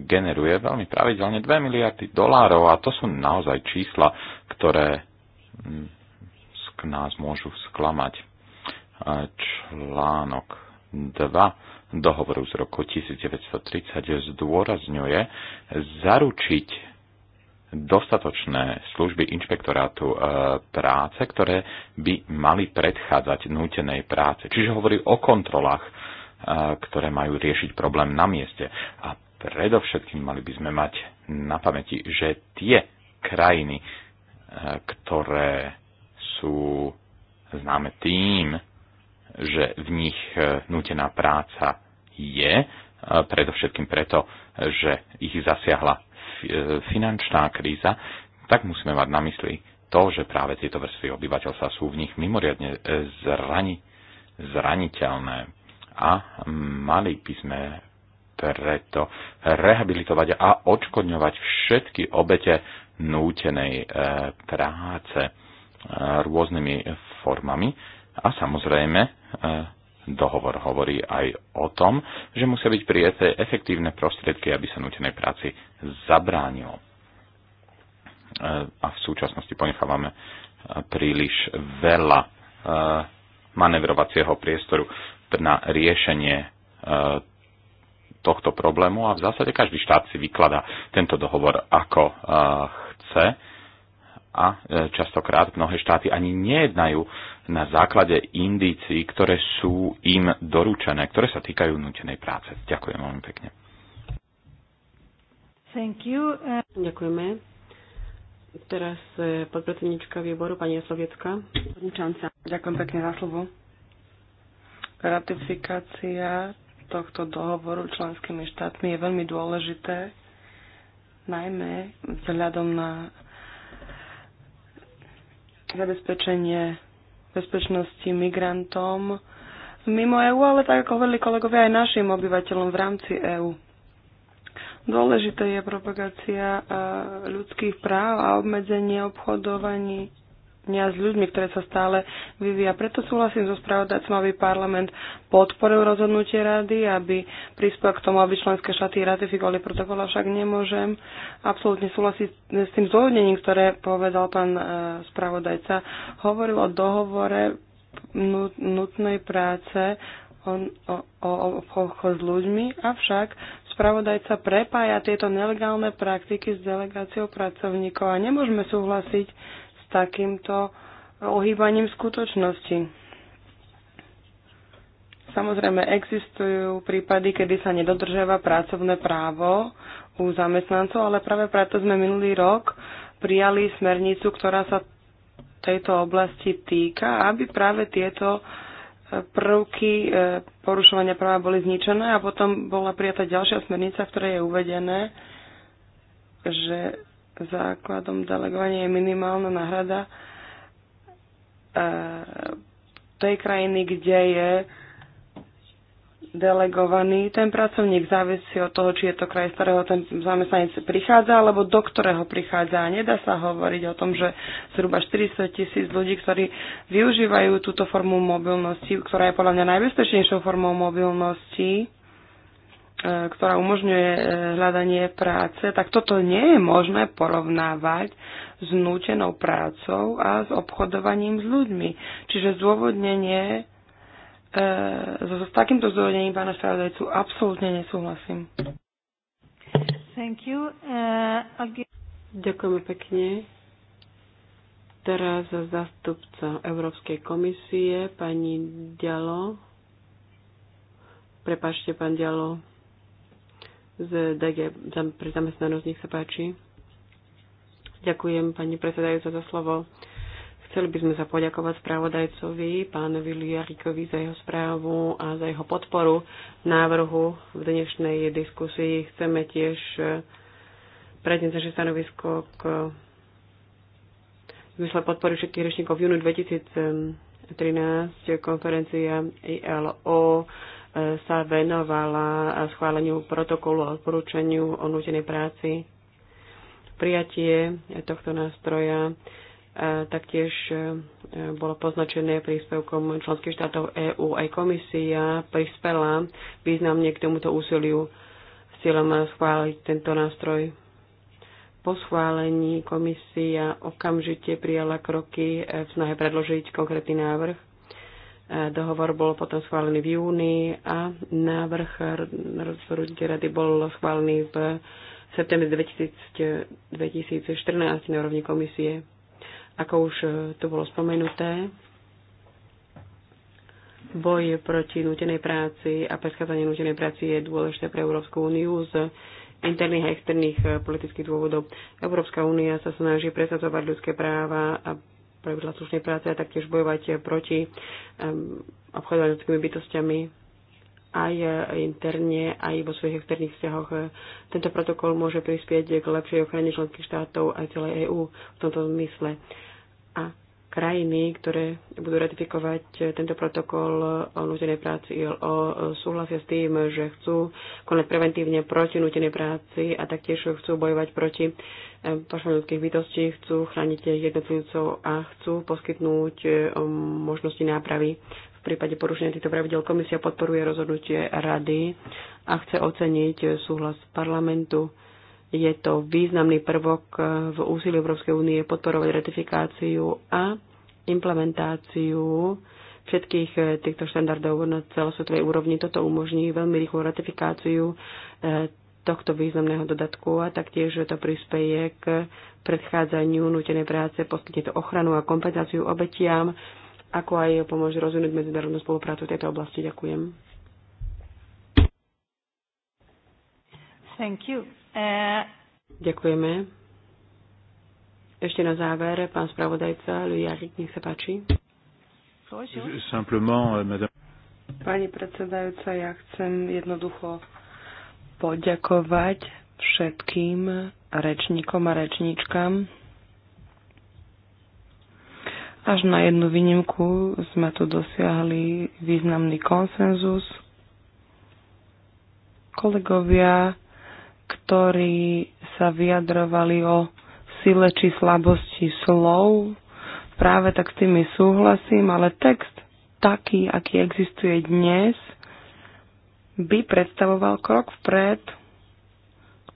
generuje veľmi pravidelne 2 miliardy dolárov a to sú naozaj čísla, ktoré hm, nás môžu sklamať. Eh, článok 2 dohovoru z roku 1930 zdôrazňuje zaručiť dostatočné služby inšpektorátu e, práce, ktoré by mali predchádzať nútenej práce. Čiže hovorí o kontrolách, e, ktoré majú riešiť problém na mieste. A predovšetkým mali by sme mať na pamäti, že tie krajiny, e, ktoré sú známe tým, že v nich nútená práca je, predovšetkým preto, že ich zasiahla E, finančná kríza, tak musíme mať na mysli to, že práve tieto vrstvy obyvateľstva sú v nich mimoriadne e, zrani, zraniteľné a mali by sme preto rehabilitovať a odškodňovať všetky obete nútenej e, práce rôznymi formami a samozrejme Dohovor hovorí aj o tom, že musia byť prijaté efektívne prostriedky, aby sa nutenej práci zabránilo. E, a v súčasnosti ponechávame e, príliš veľa e, manevrovacieho priestoru na riešenie tohto problému a v zásade každý štát si vykladá tento dohovor ako chce a častokrát mnohé štáty ani nejednajú na základe indícií, ktoré sú im doručené, ktoré sa týkajú nutenej práce. Ďakujem veľmi pekne. Thank you. Uh, Ďakujeme. Teraz eh, podpredsednička výboru, pani Sovietka. Ďakujem pekne za slovo. Ratifikácia tohto dohovoru členskými štátmi je veľmi dôležité, najmä vzhľadom na zabezpečenie bezpečnosti migrantom mimo EÚ, ale tak ako hovorili kolegovia aj našim obyvateľom v rámci EÚ. Dôležité je propagácia eh, ľudských práv a obmedzenie obchodovaní dňa s ľuďmi, ktoré sa stále vyvíja. Preto súhlasím so spravodajcom, aby parlament podporil rozhodnutie rady, aby prispel k tomu, aby členské štáty ratifikovali protokol, avšak nemôžem absolútne súhlasiť s tým zôvodnením, ktoré povedal pán e, spravodajca. Hovoril o dohovore nutnej práce on, o, o, o s ľuďmi, avšak spravodajca prepája tieto nelegálne praktiky s delegáciou pracovníkov a nemôžeme súhlasiť takýmto ohýbaním skutočnosti. Samozrejme, existujú prípady, kedy sa nedodržiava pracovné právo u zamestnancov, ale práve preto sme minulý rok prijali smernicu, ktorá sa tejto oblasti týka, aby práve tieto e, prvky e, porušovania práva boli zničené a potom bola prijatá ďalšia smernica, v ktorej je uvedené, že základom delegovania je minimálna náhrada e, tej krajiny, kde je delegovaný ten pracovník. Závisí od toho, či je to kraj, z ktorého ten zamestnanec prichádza, alebo do ktorého prichádza. A nedá sa hovoriť o tom, že zhruba 400 tisíc ľudí, ktorí využívajú túto formu mobilnosti, ktorá je podľa mňa najbezpečnejšou formou mobilnosti, E, ktorá umožňuje e, hľadanie práce, tak toto nie je možné porovnávať s nútenou prácou a s obchodovaním s ľuďmi. Čiže zôvodnenie, e, so, so, s takýmto zôvodnením pána spravodajcu absolútne nesúhlasím. Thank you. Uh, give... Ďakujeme pekne. Teraz za zastupca Európskej komisie, pani Dialo. Prepašte, pán dialo z DG pre zamestnanosť. Nech sa páči. Ďakujem pani predsedajúca za slovo. Chceli by sme sa poďakovať správodajcovi, pánovi Liarikovi za jeho správu a za jeho podporu návrhu v dnešnej diskusii. Chceme tiež eh, predniesť naše stanovisko k zmysle podpory všetkých rečníkov v júnu 2013 konferencia ILO sa venovala schváleniu protokolu a odporúčaniu o nutenej práci. Prijatie tohto nástroja e, taktiež e, bolo poznačené príspevkom členských štátov EÚ. Aj komisia prispela významne k tomuto úsiliu s cieľom schváliť tento nástroj. Po schválení komisia okamžite prijala kroky v snahe predložiť konkrétny návrh Dohovor bol potom schválený v júni a návrh rozhodnutia rady bol schválený v septembri 2014 na úrovni komisie. Ako už tu bolo spomenuté, boj proti nutenej práci a preskázanie nutenej práci je dôležité pre Európsku úniu z interných a externých politických dôvodov. Európska únia sa snaží presadzovať ľudské práva a pravidla slušnej práce a taktiež bojovať proti obchodovaniu s takými bytostiami aj interne, aj vo svojich externých vzťahoch. Tento protokol môže prispieť k lepšej ochrane členských štátov aj celej EÚ v tomto zmysle. A krajiny, ktoré budú ratifikovať eh, tento protokol o nutenej práci ILO, eh, súhlasia s tým, že chcú konať preventívne proti nutenej práci a taktiež chcú bojovať proti eh, pašovaniu ľudských bytostí, chcú chrániť jednotlivcov a chcú poskytnúť možnosti nápravy v prípade porušenia týchto pravidel. Komisia podporuje rozhodnutie rady a chce oceniť súhlas parlamentu je to významný prvok eh, v úsilí Európskej únie podporovať ratifikáciu a implementáciu všetkých eh, týchto štandardov na celosvetovej úrovni. Toto umožní veľmi rýchlu ratifikáciu eh, tohto významného dodatku a taktiež to prispieje k predchádzaniu nutenej práce, poskytne to ochranu a kompenzáciu obetiam, ako aj pomôže rozvinúť medzinárodnú spoluprácu v tejto oblasti. Ďakujem. Thank you. Eh, Ďakujeme. Ešte na záver, pán spravodajca Louis Jarik, nech sa páči. Euh, Pani predsedajúca, ja chcem jednoducho poďakovať všetkým rečníkom a rečníčkam. Až na jednu výnimku sme tu dosiahli významný konsenzus. Kolegovia ktorí sa vyjadrovali o sile či slabosti slov. Práve tak s tými súhlasím, ale text taký, aký existuje dnes, by predstavoval krok vpred,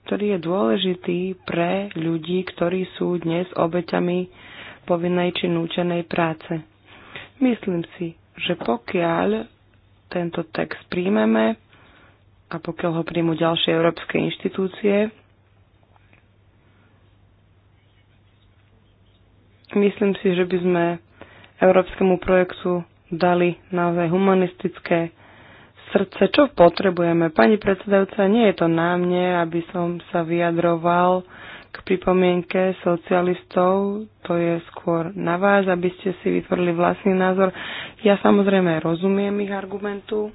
ktorý je dôležitý pre ľudí, ktorí sú dnes obeťami povinnej či núčenej práce. Myslím si, že pokiaľ tento text príjmeme, a pokiaľ ho príjmu ďalšie európske inštitúcie. Myslím si, že by sme európskemu projektu dali naozaj humanistické srdce, čo potrebujeme. Pani predsedajúca, nie je to na mne, aby som sa vyjadroval k pripomienke socialistov, to je skôr na vás, aby ste si vytvorili vlastný názor. Ja samozrejme rozumiem ich argumentu,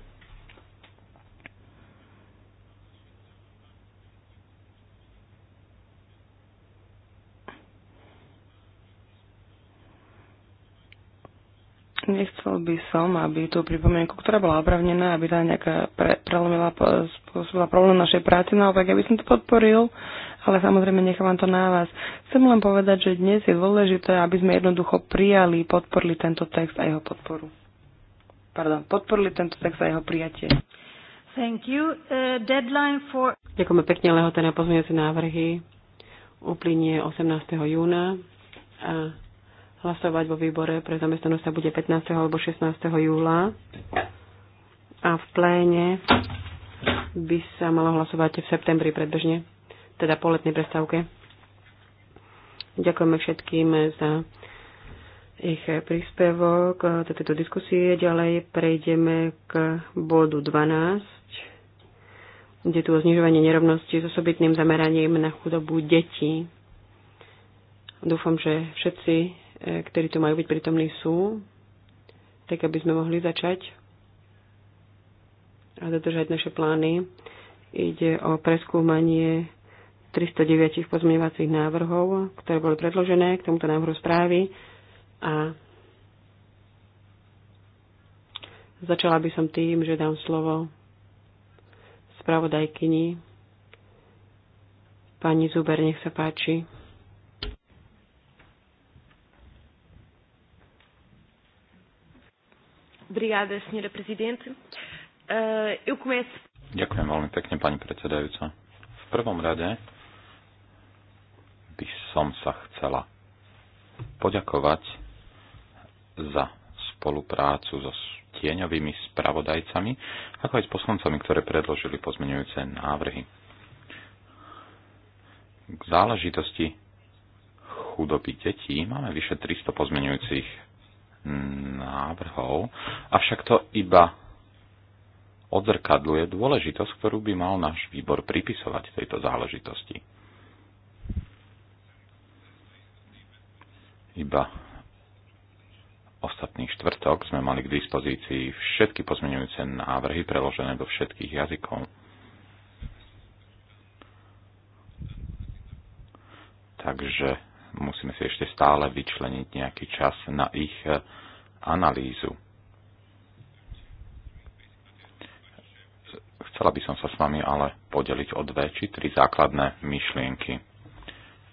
nechcel by som, aby tú pripomienku, ktorá bola opravnená, aby tá nejaká pre, prelomila, spôsobila problém našej práci, naopak aby som to podporil, ale samozrejme nechávam to na vás. Chcem len povedať, že dnes je dôležité, aby sme jednoducho prijali, podporili tento text a jeho podporu. Pardon, podporili tento text a jeho prijatie. Thank you. Uh, deadline for... Ďakujeme pekne, lehoté na pozmeňujúce návrhy uplynie 18. júna. A Hlasovať vo výbore pre zamestnanosť sa bude 15. alebo 16. júla a v pléne by sa malo hlasovať v septembri predbežne, teda po letnej prestávke. Ďakujeme všetkým za ich príspevok do tejto diskusie. Ďalej prejdeme k bodu 12. kde tu o znižovanie nerovnosti s osobitným zameraním na chudobu detí. Dúfam, že všetci E, ktorí tu majú byť prítomní, sú, tak aby sme mohli začať a dodržať naše plány. Ide o preskúmanie 309 pozmeňovacích návrhov, ktoré boli predložené k tomuto návrhu správy a začala by som tým, že dám slovo spravodajkyni. Pani Zuber, nech sa páči. Obrigada, senhora Presidente. Uh, eu começo... Ďakujem veľmi pekne, pani predsedajúca. V prvom rade by som sa chcela poďakovať za spoluprácu so tieňovými spravodajcami, ako aj s poslancami, ktoré predložili pozmeňujúce návrhy. K záležitosti chudoby detí máme vyše 300 pozmeňujúcich návrhov, avšak to iba odzrkadluje dôležitosť, ktorú by mal náš výbor pripisovať tejto záležitosti. Iba ostatný štvrtok sme mali k dispozícii všetky pozmeňujúce návrhy preložené do všetkých jazykov. Takže musíme si ešte stále vyčleniť nejaký čas na ich e, analýzu. Chcela by som sa s vami ale podeliť o dve či tri základné myšlienky.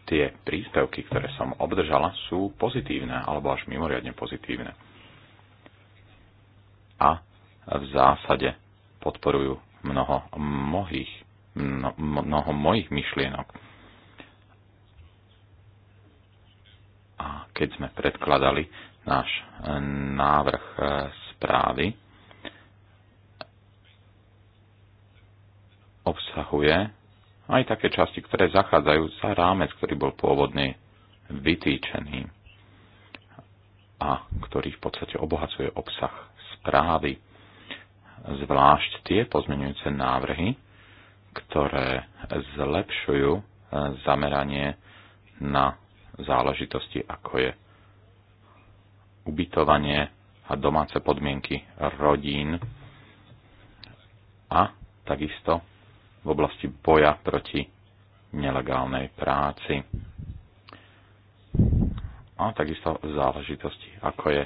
Tie príspevky, ktoré som obdržala, sú pozitívne alebo až mimoriadne pozitívne. A v zásade podporujú mnoho mnohých, mnoho mojich myšlienok a keď sme predkladali náš e, návrh e, správy, obsahuje aj také časti, ktoré zachádzajú za rámec, ktorý bol pôvodne vytýčený a ktorý v podstate obohacuje obsah správy. Zvlášť tie pozmenujúce návrhy, ktoré zlepšujú e, zameranie na záležitosti, ako je ubytovanie a domáce podmienky rodín a takisto v oblasti boja proti nelegálnej práci a takisto v záležitosti, ako je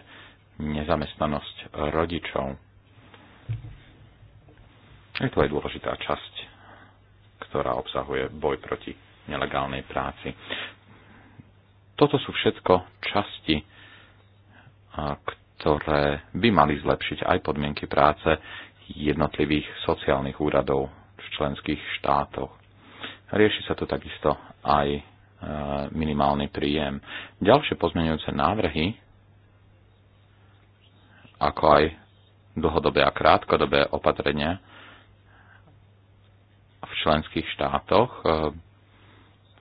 nezamestnanosť rodičov. Je to aj dôležitá časť, ktorá obsahuje boj proti nelegálnej práci. Toto sú všetko časti, ktoré by mali zlepšiť aj podmienky práce jednotlivých sociálnych úradov v členských štátoch. Rieši sa to takisto aj e, minimálny príjem. Ďalšie pozmeňujúce návrhy, ako aj dlhodobé a krátkodobé opatrenia v členských štátoch, e,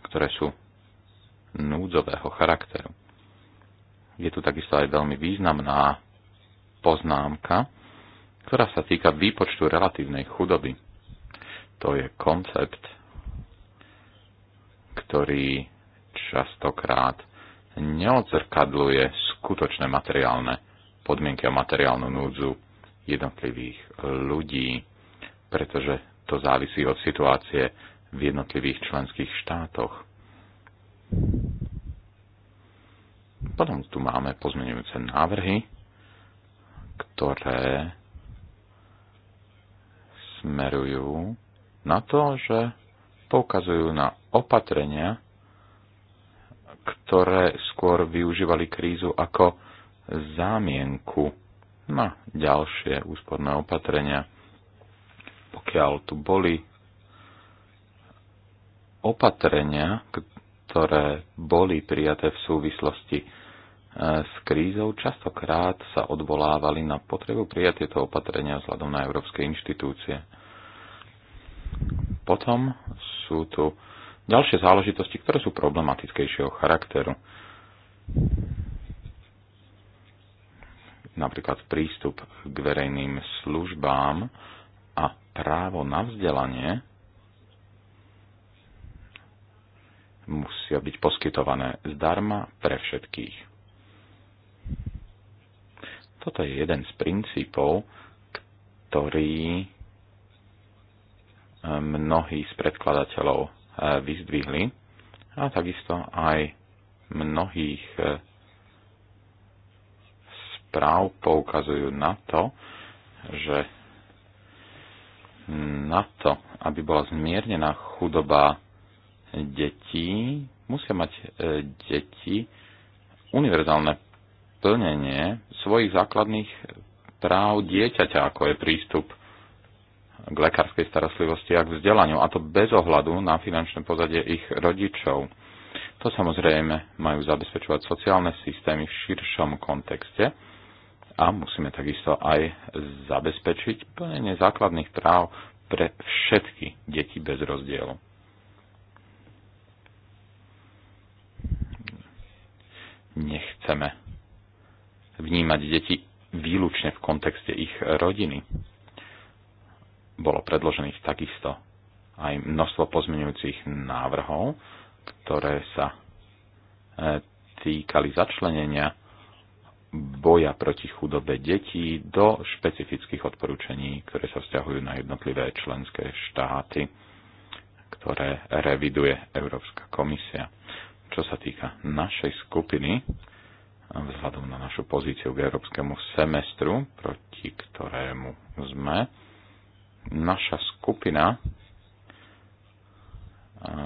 ktoré sú núdzového charakteru. Je tu takisto aj veľmi významná poznámka, ktorá sa týka výpočtu relatívnej chudoby. To je koncept, ktorý častokrát neodzrkadluje skutočné materiálne podmienky a materiálnu núdzu jednotlivých ľudí, pretože to závisí od situácie v jednotlivých členských štátoch. Potom tu máme pozmeňujúce návrhy, ktoré smerujú na to, že poukazujú na opatrenia, ktoré skôr využívali krízu ako zámienku na ďalšie úsporné opatrenia. Pokiaľ tu boli opatrenia, ktoré boli prijaté v súvislosti e, s krízou, častokrát sa odvolávali na potrebu prijať tieto opatrenia vzhľadom na európske inštitúcie. Potom sú tu ďalšie záležitosti, ktoré sú problematickejšieho charakteru. Napríklad prístup k verejným službám a právo na vzdelanie musia byť poskytované zdarma pre všetkých. Toto je jeden z princípov, ktorý eh, mnohí z predkladateľov eh, vyzdvihli a takisto aj mnohých eh, správ poukazujú na to, že na to, aby bola zmiernená chudoba detí, musia mať e, deti univerzálne plnenie svojich základných práv dieťaťa, ako je prístup k lekárskej starostlivosti a k vzdelaniu, a to bez ohľadu na finančné pozadie ich rodičov. To samozrejme majú zabezpečovať sociálne systémy v širšom kontexte a musíme takisto aj zabezpečiť plnenie základných práv pre všetky deti bez rozdielu. nechceme vnímať deti výlučne v kontexte ich rodiny. Bolo predložených takisto aj množstvo pozmeňujúcich návrhov, ktoré sa e, týkali začlenenia boja proti chudobe detí do špecifických odporúčení, ktoré sa vzťahujú na jednotlivé členské štáty, ktoré reviduje Európska komisia. Čo sa týka našej skupiny, vzhľadom na našu pozíciu k európskemu semestru, proti ktorému sme, naša skupina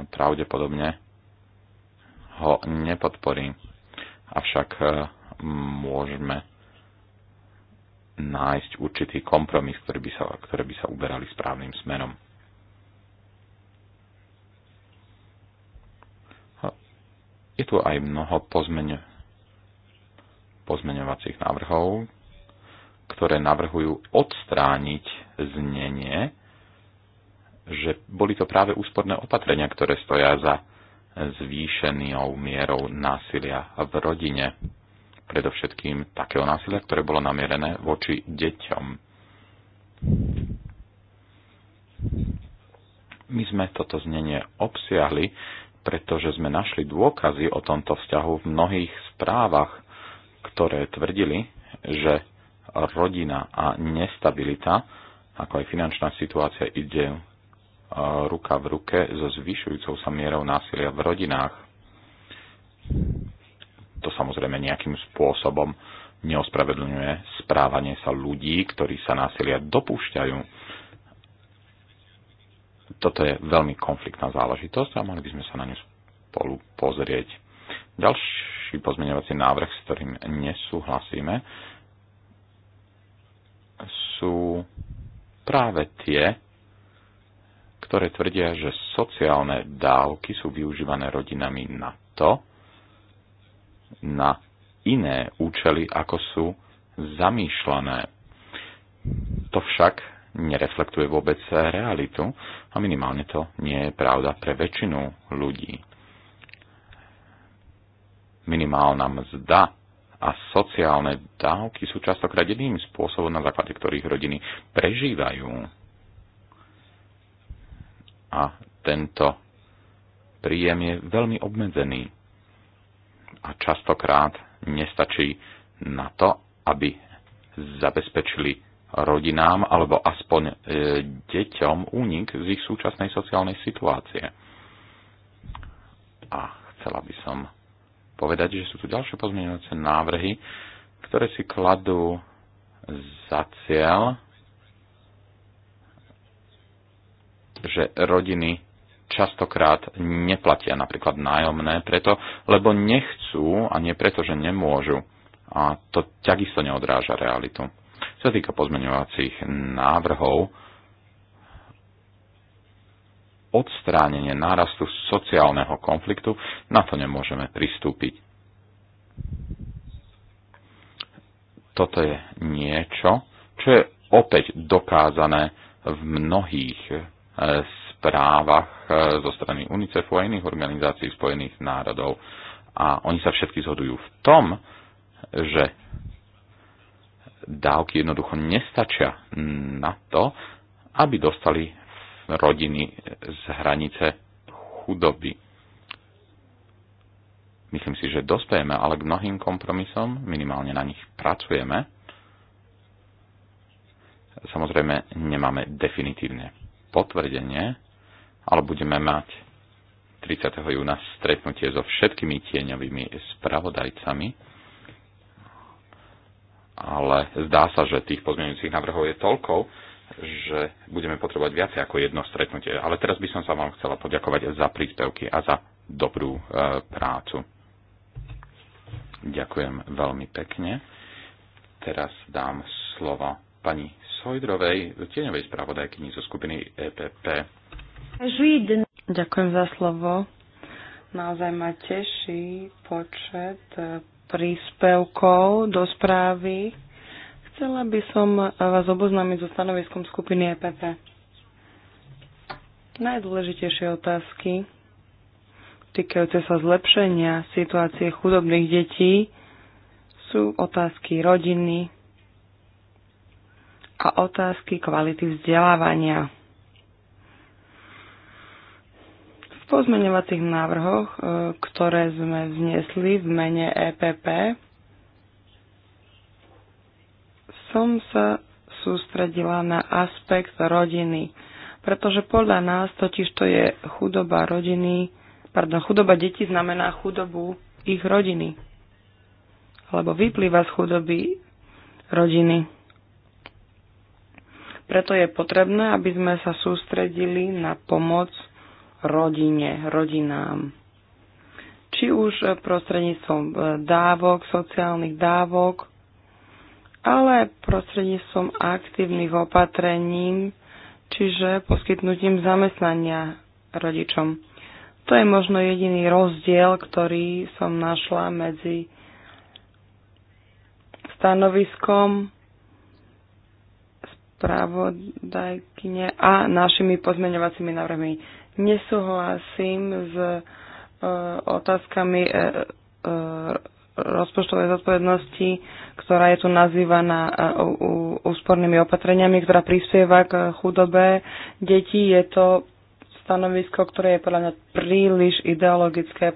pravdepodobne ho nepodporí. Avšak e, môžeme nájsť určitý kompromis, ktorý by sa, ktoré by sa uberali správnym smerom. Je tu aj mnoho pozmeň, pozmeňovacích návrhov, ktoré navrhujú odstrániť znenie, že boli to práve úsporné opatrenia, ktoré stoja za zvýšenou mierou násilia v rodine. Predovšetkým takého násilia, ktoré bolo namierené voči deťom. My sme toto znenie obsiahli pretože sme našli dôkazy o tomto vzťahu v mnohých správach, ktoré tvrdili, že rodina a nestabilita, ako aj finančná situácia, ide e, ruka v ruke so zvyšujúcou sa mierou násilia v rodinách. To samozrejme nejakým spôsobom neospravedlňuje správanie sa ľudí, ktorí sa násilia dopúšťajú toto je veľmi konfliktná záležitosť a mali by sme sa na ňu spolu pozrieť. Ďalší pozmeňovací návrh, s ktorým nesúhlasíme, sú práve tie, ktoré tvrdia, že sociálne dávky sú využívané rodinami na to, na iné účely, ako sú zamýšľané. To však nereflektuje vôbec realitu a minimálne to nie je pravda pre väčšinu ľudí. Minimálna mzda a sociálne dávky sú častokrát jedným spôsobom, na základe ktorých rodiny prežívajú. A tento príjem je veľmi obmedzený a častokrát nestačí na to, aby zabezpečili rodinám alebo aspoň e, deťom únik z ich súčasnej sociálnej situácie. A chcela by som povedať, že sú tu ďalšie pozmeňujúce návrhy, ktoré si kladú za cieľ, že rodiny častokrát neplatia napríklad nájomné preto, lebo nechcú a nie preto, že nemôžu. A to takisto neodráža realitu. Čo sa týka pozmeňovacích návrhov, odstránenie nárastu sociálneho konfliktu, na to nemôžeme pristúpiť. Toto je niečo, čo je opäť dokázané v mnohých e, správach e, zo strany UNICEFu a iných organizácií Spojených národov. A oni sa všetky zhodujú v tom, že dávky jednoducho nestačia na to, aby dostali rodiny z hranice chudoby. Myslím si, že dospejeme ale k mnohým kompromisom, minimálne na nich pracujeme. Samozrejme, nemáme definitívne potvrdenie, ale budeme mať 30. júna stretnutie so všetkými tieňovými spravodajcami ale zdá sa, že tých pozmeňujúcich návrhov je toľko, že budeme potrebovať viac ako jedno stretnutie. Ale teraz by som sa vám chcela poďakovať za príspevky a za dobrú e, prácu. Ďakujem veľmi pekne. Teraz dám slovo pani Sojdrovej, tieňovej spravodajkyni zo skupiny EPP. Ďakujem za slovo. Naozaj ma teší počet e, príspevkov do správy. Chcela by som vás oboznámiť so stanoviskom skupiny EPP. Najdôležitejšie otázky týkajúce sa zlepšenia situácie chudobných detí sú otázky rodiny a otázky kvality vzdelávania. pozmeňovacích návrhoch, e, ktoré sme vznesli v mene EPP, som sa sústredila na aspekt rodiny, pretože podľa nás totiž to je chudoba rodiny, pardon, chudoba detí znamená chudobu ich rodiny, alebo vyplýva z chudoby rodiny. Preto je potrebné, aby sme sa sústredili na pomoc rodine, rodinám. Či už prostredníctvom e, dávok, sociálnych dávok, ale prostredníctvom aktívnych opatrení, čiže poskytnutím zamestnania rodičom. To je možno jediný rozdiel, ktorý som našla medzi stanoviskom spravodajkyne a našimi pozmeňovacími návrhmi. Nesúhlasím s e, otázkami e, e, rozpočtovej zodpovednosti, ktorá je tu nazývaná úspornými opatreniami, ktorá prispieva k chudobe detí. Je to stanovisko, ktoré je podľa mňa príliš ideologické.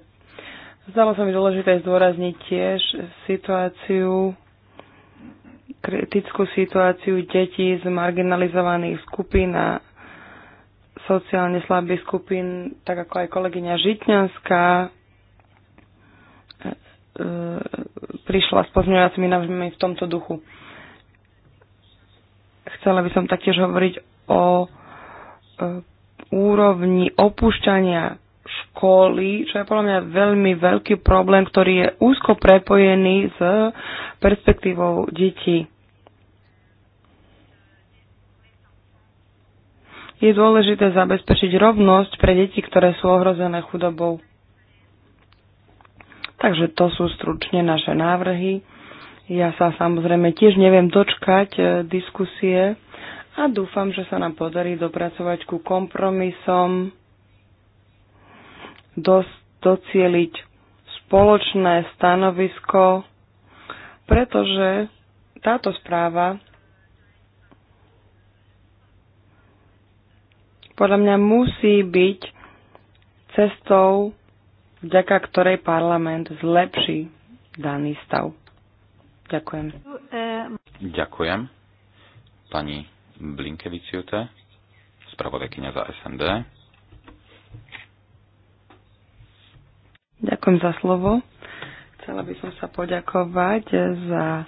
Zdalo sa mi dôležité zdôrazniť tiež situáciu, kritickú situáciu detí z marginalizovaných skupín a sociálne slabých skupín, tak ako aj kolegyňa Žitňanská e, e, prišla s pozmeňovacími návrhmi v tomto duchu. Chcela by som taktiež hovoriť o e, úrovni opúšťania školy, čo je podľa mňa veľmi veľký problém, ktorý je úzko prepojený s perspektívou detí. je dôležité zabezpečiť rovnosť pre deti, ktoré sú ohrozené chudobou. Takže to sú stručne naše návrhy. Ja sa samozrejme tiež neviem dočkať e, diskusie a dúfam, že sa nám podarí dopracovať ku kompromisom, dos, docieliť spoločné stanovisko, pretože táto správa podľa mňa musí byť cestou, vďaka ktorej parlament zlepší daný stav. Ďakujem. Ďakujem. Pani Blinkeviciute, spravodajkynia za SND. Ďakujem za slovo. Chcela by som sa poďakovať za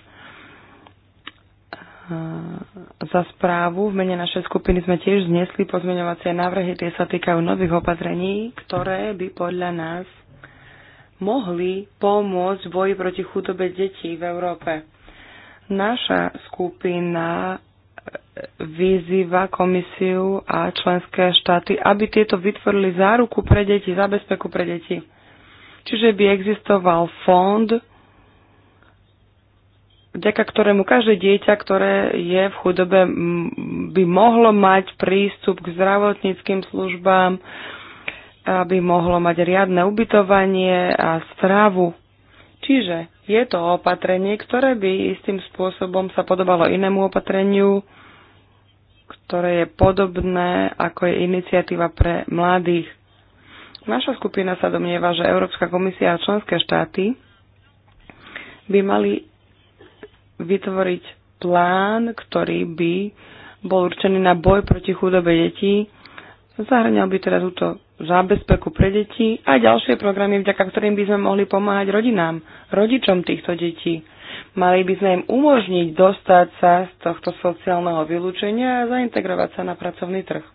za správu. V mene našej skupiny sme tiež znesli pozmeňovacie návrhy, tie sa týkajú nových opatrení, ktoré by podľa nás mohli pomôcť v boji proti chudobe detí v Európe. Naša skupina vyzýva komisiu a členské štáty, aby tieto vytvorili záruku pre deti, zabezpeku pre deti. Čiže by existoval fond, vďaka ktorému každé dieťa, ktoré je v chudobe, by mohlo mať prístup k zdravotníckým službám, aby mohlo mať riadne ubytovanie a správu. Čiže je to opatrenie, ktoré by istým spôsobom sa podobalo inému opatreniu, ktoré je podobné ako je iniciatíva pre mladých. Naša skupina sa domnieva, že Európska komisia a členské štáty by mali vytvoriť plán, ktorý by bol určený na boj proti chudobe detí. Zahrňal by teda túto zábezpeku pre deti a ďalšie programy, vďaka ktorým by sme mohli pomáhať rodinám, rodičom týchto detí. Mali by sme im umožniť dostať sa z tohto sociálneho vylúčenia a zaintegrovať sa na pracovný trh.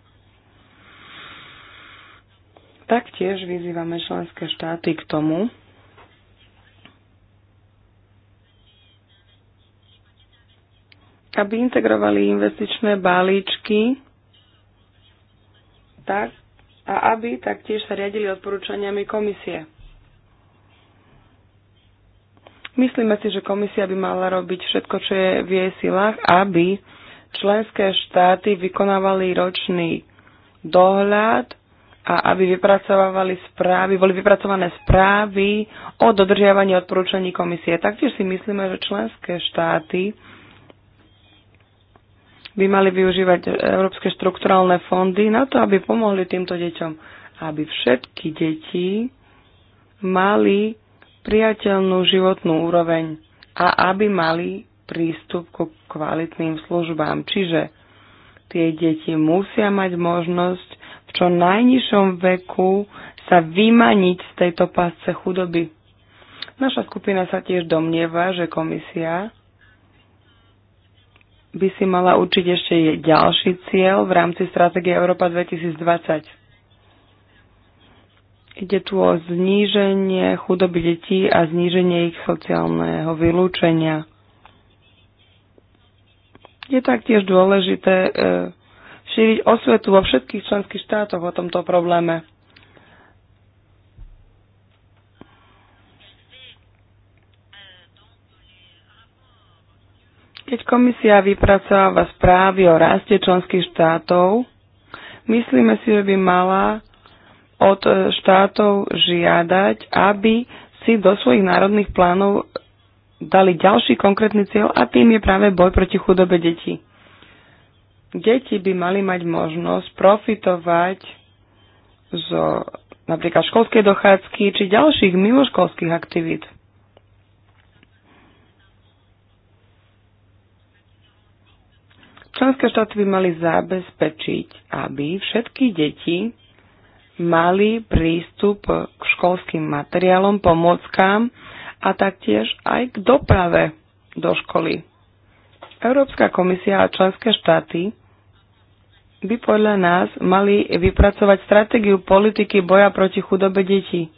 Taktiež vyzývame členské štáty k tomu, aby integrovali investičné balíčky tak, a aby taktiež sa riadili odporúčaniami komisie. Myslíme si, že komisia by mala robiť všetko, čo je v jej silách, aby členské štáty vykonávali ročný dohľad a aby vypracovávali správy, boli vypracované správy o dodržiavaní odporúčaní komisie. Taktiež si myslíme, že členské štáty by mali využívať európske štrukturálne fondy na to, aby pomohli týmto deťom. Aby všetky deti mali priateľnú životnú úroveň a aby mali prístup ku kvalitným službám. Čiže tie deti musia mať možnosť v čo najnižšom veku sa vymaniť z tejto pásce chudoby. Naša skupina sa tiež domnieva, že komisia by si mala určiť ešte ďalší cieľ v rámci stratégie Európa 2020. Ide tu o zníženie chudoby detí a zníženie ich sociálneho vylúčenia. Je taktiež dôležité e, šíriť osvetu vo všetkých členských štátoch o tomto probléme. Keď komisia vypracováva správy o raste členských štátov, myslíme si, že by mala od štátov žiadať, aby si do svojich národných plánov dali ďalší konkrétny cieľ a tým je práve boj proti chudobe detí. Deti by mali mať možnosť profitovať zo napríklad školskej dochádzky či ďalších mimoškolských aktivít. Členské štáty by mali zabezpečiť, aby všetky deti mali prístup k školským materiálom, pomôckám a taktiež aj k doprave do školy. Európska komisia a členské štáty by podľa nás mali vypracovať stratégiu politiky boja proti chudobe detí.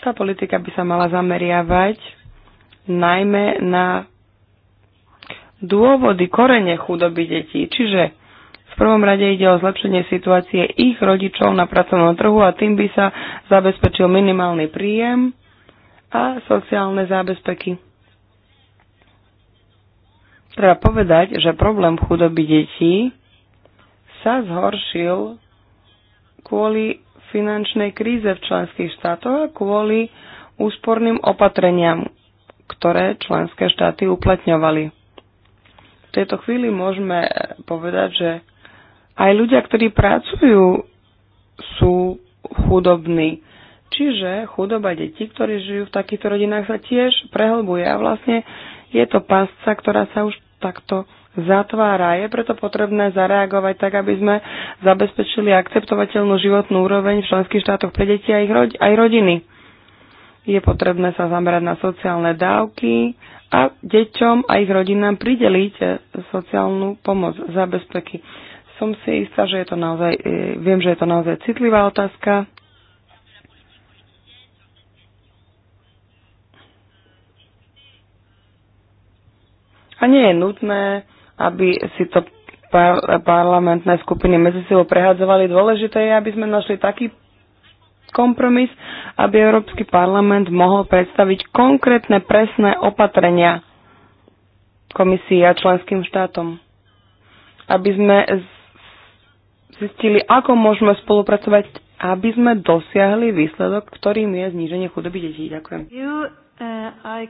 Tá politika by sa mala zameriavať najmä na dôvody, korene chudoby detí. Čiže v prvom rade ide o zlepšenie situácie ich rodičov na pracovnom trhu a tým by sa zabezpečil minimálny príjem a sociálne zábezpeky. Treba povedať, že problém chudoby detí sa zhoršil kvôli finančnej kríze v členských štátoch a kvôli úsporným opatreniam, ktoré členské štáty uplatňovali tejto chvíli môžeme povedať, že aj ľudia, ktorí pracujú, sú chudobní. Čiže chudoba detí, ktorí žijú v takýchto rodinách, sa tiež prehlbuje a vlastne je to pásca, ktorá sa už takto zatvára. Je preto potrebné zareagovať tak, aby sme zabezpečili akceptovateľnú životnú úroveň v členských štátoch pre deti a ich rodi- aj rodiny. Je potrebné sa zamerať na sociálne dávky, a deťom a ich rodinám prideliť sociálnu pomoc, bezpeky. Som si istá, že je to naozaj, e, viem, že je to naozaj citlivá otázka. A nie je nutné, aby si to parlamentné skupiny medzi sebou prehadzovali. Dôležité je, aby sme našli taký kompromis, aby Európsky parlament mohol predstaviť konkrétne presné opatrenia komisii a členským štátom. Aby sme zistili, ako môžeme spolupracovať, aby sme dosiahli výsledok, ktorým je zníženie chudoby detí. Ďakujem. Uh,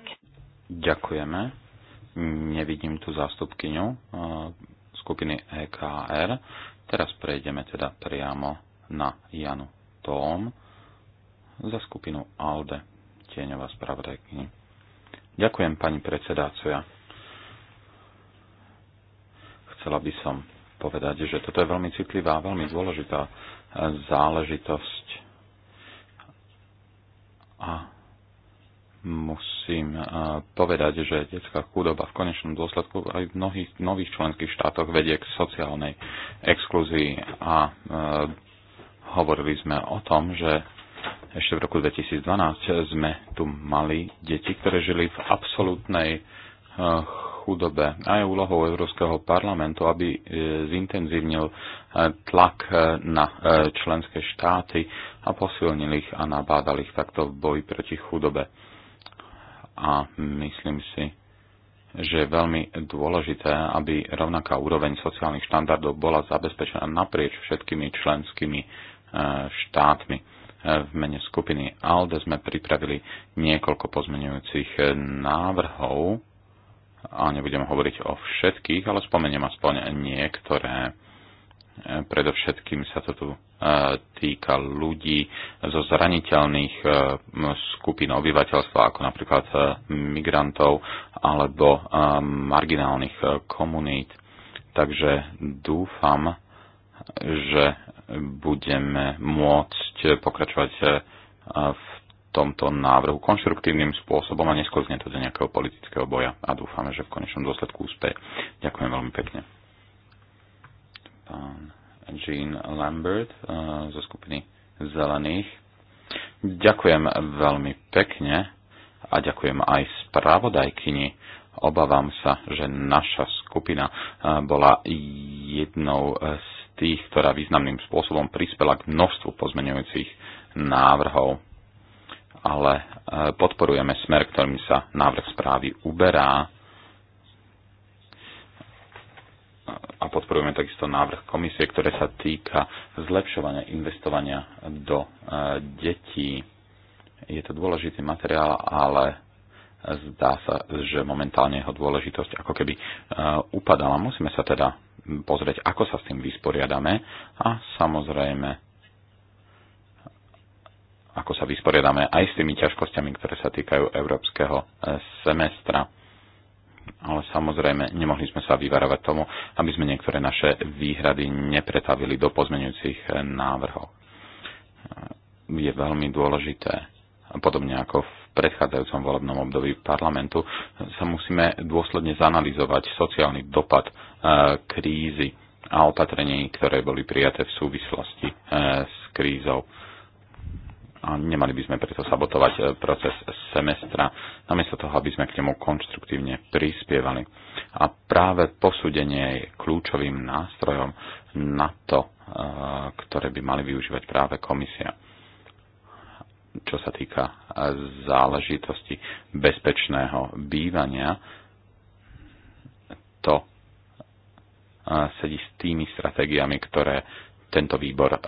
Ďakujeme. Nevidím tu zástupkyňu uh, skupiny EKR. Teraz prejdeme teda priamo na Janu Tóm za skupinu ALDE, tieňová spravodajkyni. Ďakujem, pani predsedácoja. Chcela by som povedať, že toto je veľmi citlivá, veľmi dôležitá e, záležitosť a musím e, povedať, že detská chudoba v konečnom dôsledku aj v mnohých nových členských štátoch vedie k sociálnej exkluzii a e, hovorili sme o tom, že ešte v roku 2012 sme tu mali deti, ktoré žili v absolútnej eh, chudobe. A je úlohou Európskeho parlamentu, aby eh, zintenzívnil eh, tlak na členské štáty a posilnil ich a nabádal ich takto v boji proti chudobe. A myslím si, že je veľmi dôležité, aby rovnaká úroveň sociálnych štandardov bola zabezpečená naprieč všetkými členskými štátmi v mene skupiny ALDE sme pripravili niekoľko pozmenujúcich návrhov a nebudem hovoriť o všetkých, ale spomeniem aspoň niektoré. Predovšetkým sa to tu e, týka ľudí zo zraniteľných e, skupín obyvateľstva, ako napríklad e, migrantov alebo marginálnych komunít. Takže dúfam, že budeme môcť pokračovať eh, v tomto návrhu konštruktívnym spôsobom a neskôzne to do nejakého politického boja a dúfame, že v konečnom dôsledku úspe. Ďakujem veľmi pekne. Pán Jean Lambert eh, zo skupiny Zelených. Ďakujem veľmi pekne a ďakujem aj spravodajkyni. Obávam sa, že naša skupina eh, bola jednou z tých, ktorá významným spôsobom prispela k množstvu pozmeňujúcich návrhov. Ale e, podporujeme smer, ktorým sa návrh správy uberá a podporujeme takisto návrh komisie, ktoré sa týka zlepšovania investovania do e, detí. Je to dôležitý materiál, ale zdá sa, že momentálne jeho dôležitosť ako keby e, upadala. Musíme sa teda pozrieť, ako sa s tým vysporiadame a samozrejme, ako sa vysporiadame aj s tými ťažkosťami, ktoré sa týkajú európskeho e, semestra. Ale samozrejme, nemohli sme sa vyvarovať tomu, aby sme niektoré naše výhrady nepretavili do pozmenujúcich e, návrhov. E, je veľmi dôležité, podobne ako v predchádzajúcom volebnom období parlamentu, sa musíme dôsledne zanalizovať sociálny dopad krízy a opatrení, ktoré boli prijaté v súvislosti e, s krízou. A nemali by sme preto sabotovať e, proces semestra, namiesto toho, aby sme k nemu konštruktívne prispievali. A práve posúdenie je kľúčovým nástrojom na to, e, ktoré by mali využívať práve komisia čo sa týka záležitosti bezpečného bývania, sedí s tými stratégiami, ktoré tento výbor e,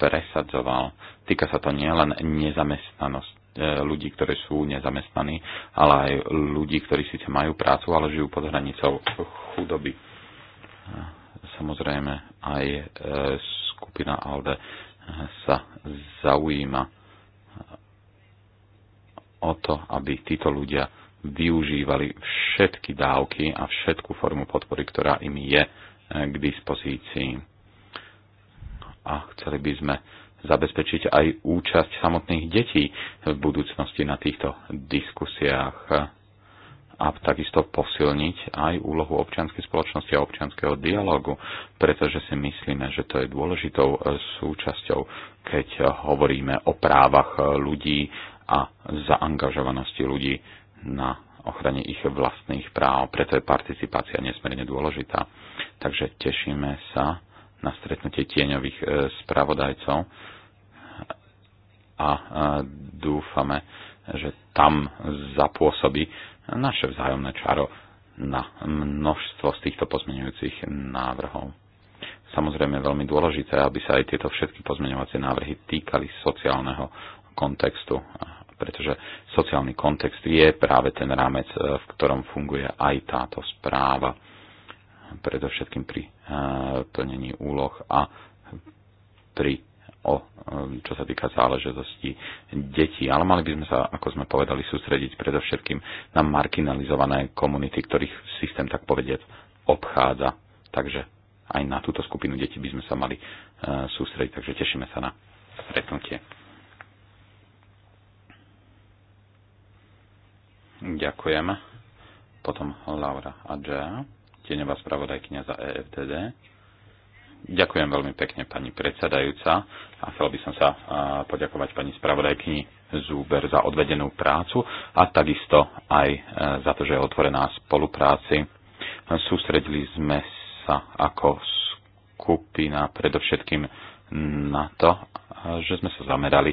presadzoval. Týka sa to nielen nezamestnanosť e, ľudí, ktorí sú nezamestnaní, ale aj ľudí, ktorí síce majú prácu, ale žijú pod hranicou chudoby. Samozrejme, aj e, skupina ALDE sa zaujíma o to, aby títo ľudia využívali všetky dávky a všetku formu podpory, ktorá im je k dispozícii. A chceli by sme zabezpečiť aj účasť samotných detí v budúcnosti na týchto diskusiách a takisto posilniť aj úlohu občianskej spoločnosti a občianskeho dialogu, pretože si myslíme, že to je dôležitou súčasťou, keď hovoríme o právach ľudí a zaangažovanosti ľudí na ochrane ich vlastných práv. Preto je participácia nesmierne dôležitá. Takže tešíme sa na stretnutie tieňových e, spravodajcov a e, dúfame, že tam zapôsobí naše vzájomné čaro na množstvo z týchto pozmeňujúcich návrhov. Samozrejme je veľmi dôležité, aby sa aj tieto všetky pozmeňovacie návrhy týkali sociálneho kontextu pretože sociálny kontext je práve ten rámec, e, v ktorom funguje aj táto správa, predovšetkým pri e, plnení úloh a pri o, e, čo sa týka záležitosti detí. Ale mali by sme sa, ako sme povedali, sústrediť predovšetkým na marginalizované komunity, ktorých systém, tak povediať, obchádza. Takže aj na túto skupinu detí by sme sa mali sústrediť. Takže tešíme sa na stretnutie. Ďakujem. Potom Laura Adžea, tieňová spravodajkynia za EFTD. Ďakujem veľmi pekne pani predsedajúca a chcel by som sa poďakovať pani spravodajkyni Zúber za odvedenú prácu a takisto aj e, za to, že je otvorená spolupráci. Sústredili sme sa ako skupina predovšetkým na to, že sme sa zamerali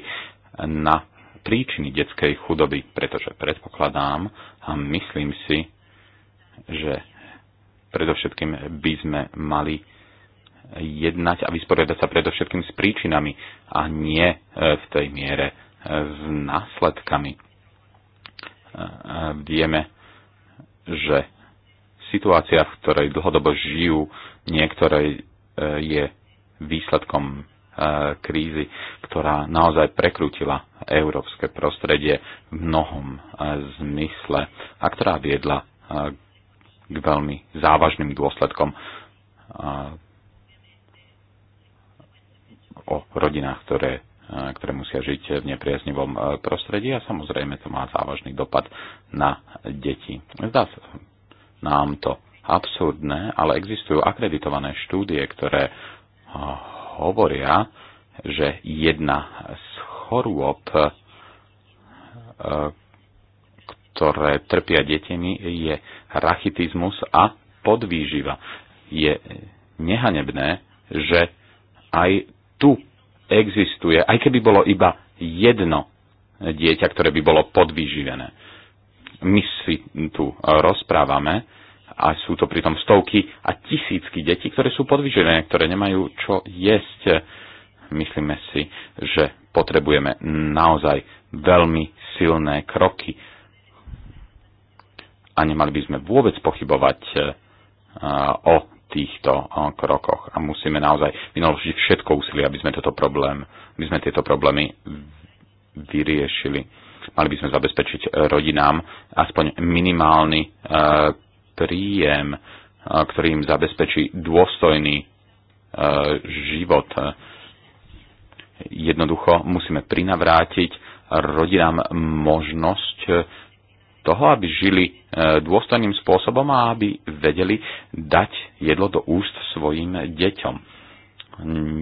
na príčiny detskej chudoby, pretože predpokladám a myslím si, že predovšetkým by sme mali jednať a vysporiadať sa predovšetkým s príčinami a nie e, v tej miere e, s následkami. E, vieme, že situácia, v ktorej dlhodobo žijú, niektoré je výsledkom E, krízy, ktorá naozaj prekrútila európske prostredie v mnohom e, zmysle a ktorá viedla e, k veľmi závažným dôsledkom o rodinách, ktoré, ktoré musia žiť v nepriaznivom prostredí a samozrejme to má závažný dopad na deti. Zdá sa nám to absurdné, ale existujú akreditované štúdie, ktoré hovoria, že jedna z chorôb, e, ktoré trpia detemi, je rachitizmus a podvýživa. Je nehanebné, že aj tu existuje, aj keby bolo iba jedno dieťa, ktoré by bolo podvýživené. My si tu rozprávame a sú to pritom stovky a tisícky detí, ktoré sú podvyžené, ktoré nemajú čo jesť. Myslíme si, že potrebujeme naozaj veľmi silné kroky a nemali by sme vôbec pochybovať e, o týchto e, krokoch a musíme naozaj vynaložiť všetko úsilie, aby sme, toto problém, aby sme tieto problémy vyriešili. Mali by sme zabezpečiť rodinám aspoň minimálny e, príjem, ktorý im zabezpečí dôstojný e, život. Jednoducho musíme prinavrátiť rodinám možnosť toho, aby žili e, dôstojným spôsobom a aby vedeli dať jedlo do úst svojim deťom.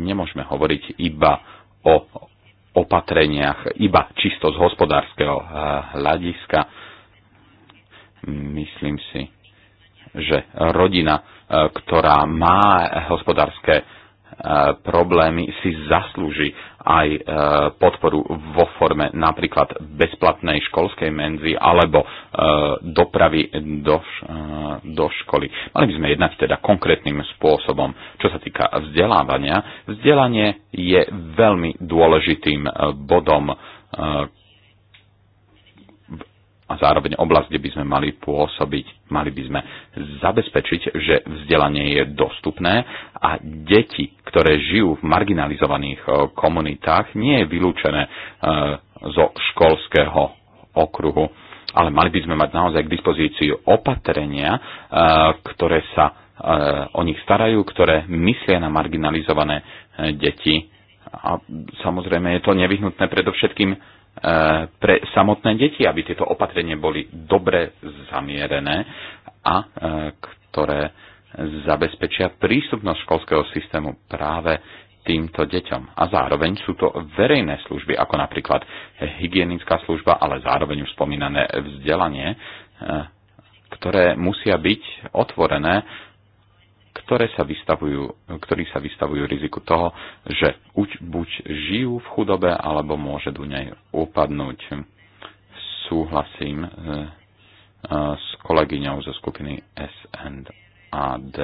Nemôžeme hovoriť iba o opatreniach, iba čisto z hospodárskeho e, hľadiska. Myslím si, že rodina, e, ktorá má hospodárske e, problémy, si zaslúži aj e, podporu vo forme napríklad bezplatnej školskej menzy alebo dopravy do, do školy. Mali by sme jednať teda konkrétnym spôsobom. Čo sa týka vzdelávania, vzdelanie je veľmi dôležitým bodom a zároveň oblasť, kde by sme mali pôsobiť. Mali by sme zabezpečiť, že vzdelanie je dostupné a deti, ktoré žijú v marginalizovaných e, komunitách, nie je vylúčené e, zo školského okruhu. Ale mali by sme mať naozaj k dispozícii opatrenia, e, ktoré sa o nich starajú, ktoré myslia na marginalizované deti. A samozrejme je to nevyhnutné predovšetkým E, pre samotné deti, aby tieto opatrenia boli dobre zamierené a e, ktoré zabezpečia prístupnosť školského systému práve týmto deťom. A zároveň sú to verejné služby, ako napríklad hygienická služba, ale zároveň už spomínané vzdelanie, e, ktoré musia byť otvorené ktoré sa vystavujú, ktorí sa vystavujú riziku toho, že buď žijú v chudobe, alebo môže do nej upadnúť. Súhlasím e, e, s kolegyňou zo skupiny SNAD,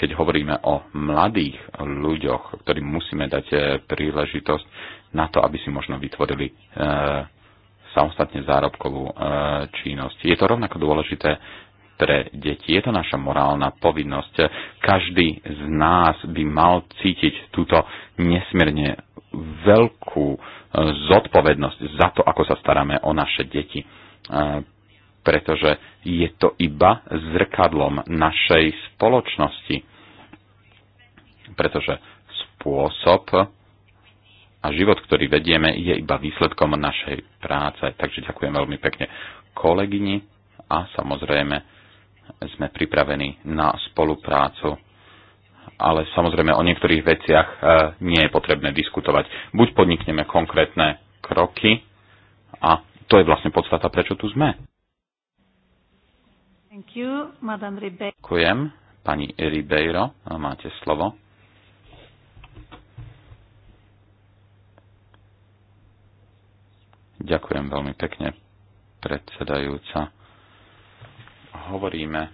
keď hovoríme o mladých ľuďoch, ktorým musíme dať e, príležitosť na to, aby si možno vytvorili samostatne zárobkovú činnosť. Je to rovnako dôležité pre deti. Je to naša morálna povinnosť. Každý z nás by mal cítiť túto nesmierne veľkú e, zodpovednosť za to, ako sa staráme o naše deti. E, pretože je to iba zrkadlom našej spoločnosti. Pretože spôsob a život, ktorý vedieme, je iba výsledkom našej práce. Takže ďakujem veľmi pekne kolegyni a samozrejme sme pripravení na spoluprácu. Ale samozrejme o niektorých veciach e, nie je potrebné diskutovať. Buď podnikneme konkrétne kroky a to je vlastne podstata, prečo tu sme. Thank you, Madame Ribeiro. Ďakujem. Pani Ribeiro, máte slovo. Ďakujem veľmi pekne, predsedajúca hovoríme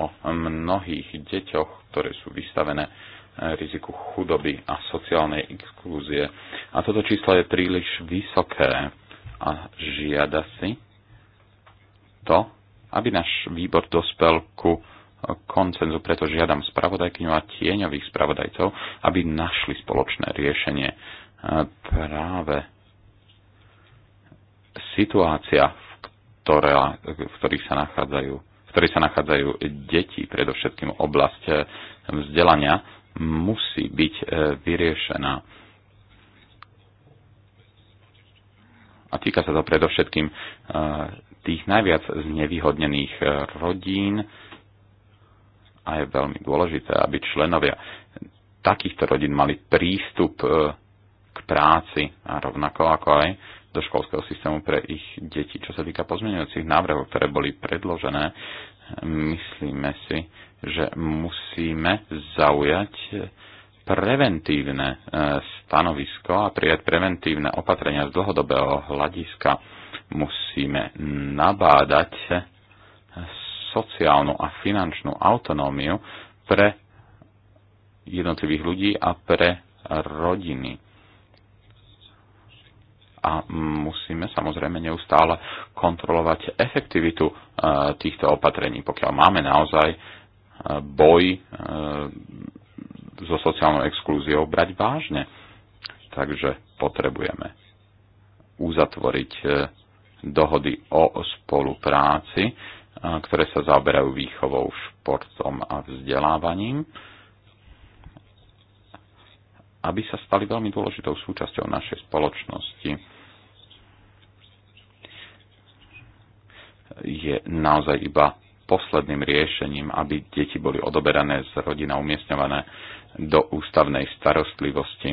o mnohých deťoch, ktoré sú vystavené eh, riziku chudoby a sociálnej exklúzie. A toto číslo je príliš vysoké a žiada si to, aby náš výbor dospel ku eh, koncenzu, preto žiadam spravodajkyňu a tieňových spravodajcov, aby našli spoločné riešenie. Eh, práve situácia, v, ktorá, v ktorých sa nachádzajú ktorej sa nachádzajú deti, predovšetkým oblasť eh, vzdelania, musí byť eh, vyriešená. A týka sa to predovšetkým eh, tých najviac znevýhodnených rodín a je veľmi dôležité, aby členovia takýchto rodín mali prístup k práci a rovnako ako aj do školského systému pre ich deti. Čo sa týka pozmeňujúcich návrhov, ktoré boli predložené, myslíme si, že musíme zaujať preventívne e, stanovisko a prijať preventívne opatrenia z dlhodobého hľadiska. Musíme nabádať sociálnu a finančnú autonómiu pre jednotlivých ľudí a pre rodiny a musíme samozrejme neustále kontrolovať efektivitu e, týchto opatrení. Pokiaľ máme naozaj e, boj e, so sociálnou exklúziou brať vážne. Takže potrebujeme uzatvoriť dohody o spolupráci, ktoré sa zaoberajú výchovou, športom a vzdelávaním, aby sa stali veľmi dôležitou súčasťou našej spoločnosti. je naozaj iba posledným riešením, aby deti boli odoberané z rodina, umiestňované do ústavnej starostlivosti.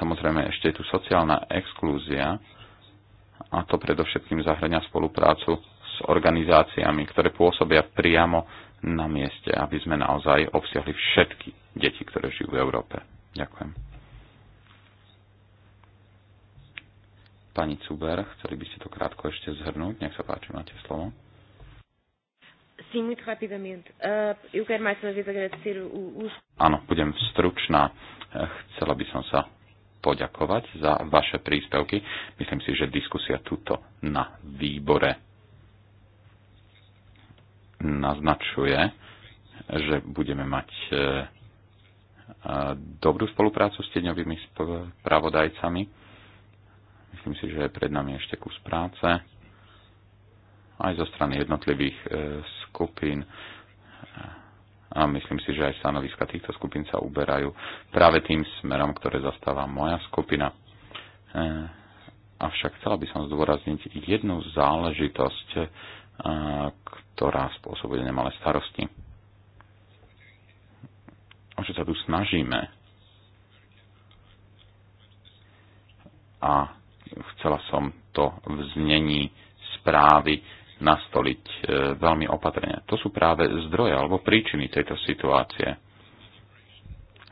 Samozrejme, ešte je tu sociálna exklúzia, a to predovšetkým zahrania spoluprácu s organizáciami, ktoré pôsobia priamo na mieste, aby sme naozaj obsiahli všetky deti, ktoré žijú v Európe. Ďakujem. Pani Cuber, chceli by ste to krátko ešte zhrnúť? Nech sa páči, máte slovo. Eh, Áno, budem stručná. Eh, chcela by som sa poďakovať za vaše príspevky. Myslím si, že diskusia tuto na výbore naznačuje, že budeme mať eh, dobrú spoluprácu s tieňovými spravodajcami Myslím si, že pred nami ešte kus práce aj zo strany jednotlivých e, skupín a myslím si, že aj stanoviska týchto skupín sa uberajú práve tým smerom, ktoré zastáva moja skupina. E, avšak chcela by som zdôrazniť jednu záležitosť, e, ktorá spôsobuje nemalé starosti. O čo sa tu snažíme? A chcela som to v znení správy nastoliť e, veľmi opatrne. To sú práve zdroje alebo príčiny tejto situácie.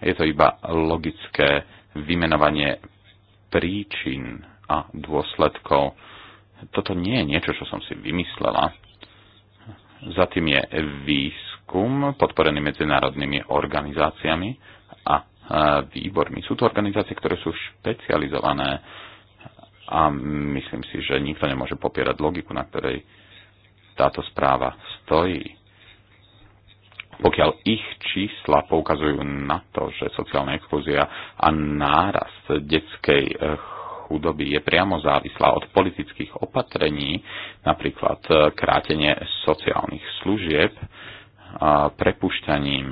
Je to iba logické vymenovanie príčin a dôsledkov. Toto nie je niečo, čo som si vymyslela. Za tým je výskum podporený medzinárodnými organizáciami a výbormi. Sú to organizácie, ktoré sú špecializované a myslím si, že nikto nemôže popierať logiku, na ktorej táto správa stojí. Pokiaľ ich čísla poukazujú na to, že sociálna exklúzia a nárast detskej eh, chudoby je priamo závislá od politických opatrení, napríklad eh, krátenie sociálnych služieb, prepušťaním.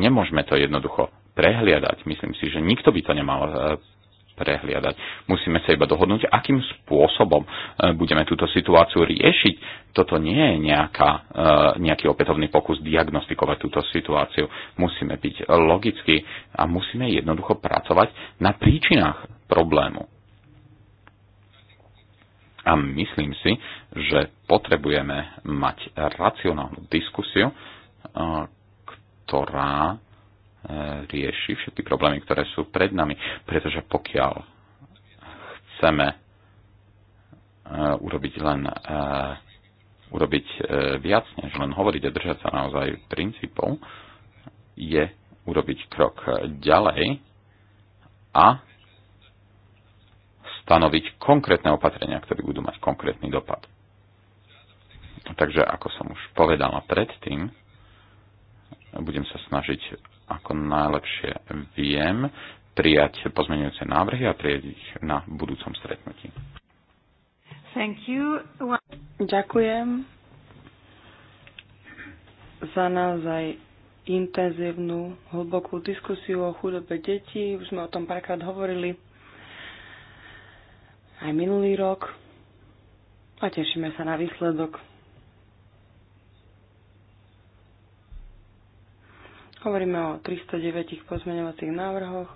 Nemôžeme to jednoducho prehliadať. Myslím si, že nikto by to nemal eh, prehliadať. Musíme sa iba dohodnúť, akým spôsobom e, budeme túto situáciu riešiť. Toto nie je nejaká, e, nejaký opätovný pokus diagnostikovať túto situáciu. Musíme byť logicky a musíme jednoducho pracovať na príčinách problému. A myslím si, že potrebujeme mať racionálnu diskusiu, e, ktorá rieši všetky problémy, ktoré sú pred nami, pretože pokiaľ chceme e, urobiť len e, urobiť e, viac, než len hovoriť a držať sa naozaj princípov, je urobiť krok ďalej a stanoviť konkrétne opatrenia, ktoré budú mať konkrétny dopad. Takže, ako som už povedala predtým, budem sa snažiť ako najlepšie viem, prijať pozmenujúce návrhy a prijať ich na budúcom stretnutí. Thank you. Ďakujem za naozaj intenzívnu, hlbokú diskusiu o chudobe detí. Už sme o tom párkrát hovorili aj minulý rok a tešíme sa na výsledok. Hovoríme o 309 pozmeňovacích návrhoch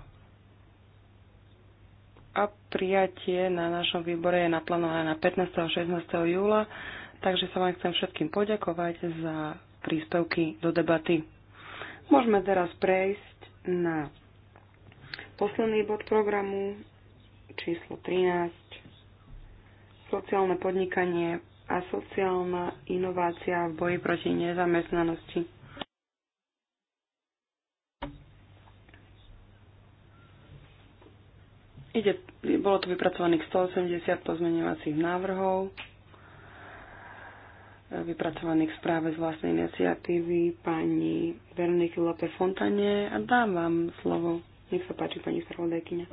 a prijatie na našom výbore je naplánované na 15. a 16. júla, takže sa vám chcem všetkým poďakovať za príspevky do debaty. Môžeme teraz prejsť na posledný bod programu, číslo 13, sociálne podnikanie a sociálna inovácia v boji proti nezamestnanosti. Ide, bolo tu vypracovaných 180 pozmeňovacích návrhov, e, vypracovaných správe z vlastnej iniciatívy pani Veroniky Lope Fontane a dám vám slovo. Nech sa páči, pani spravodajkyňa.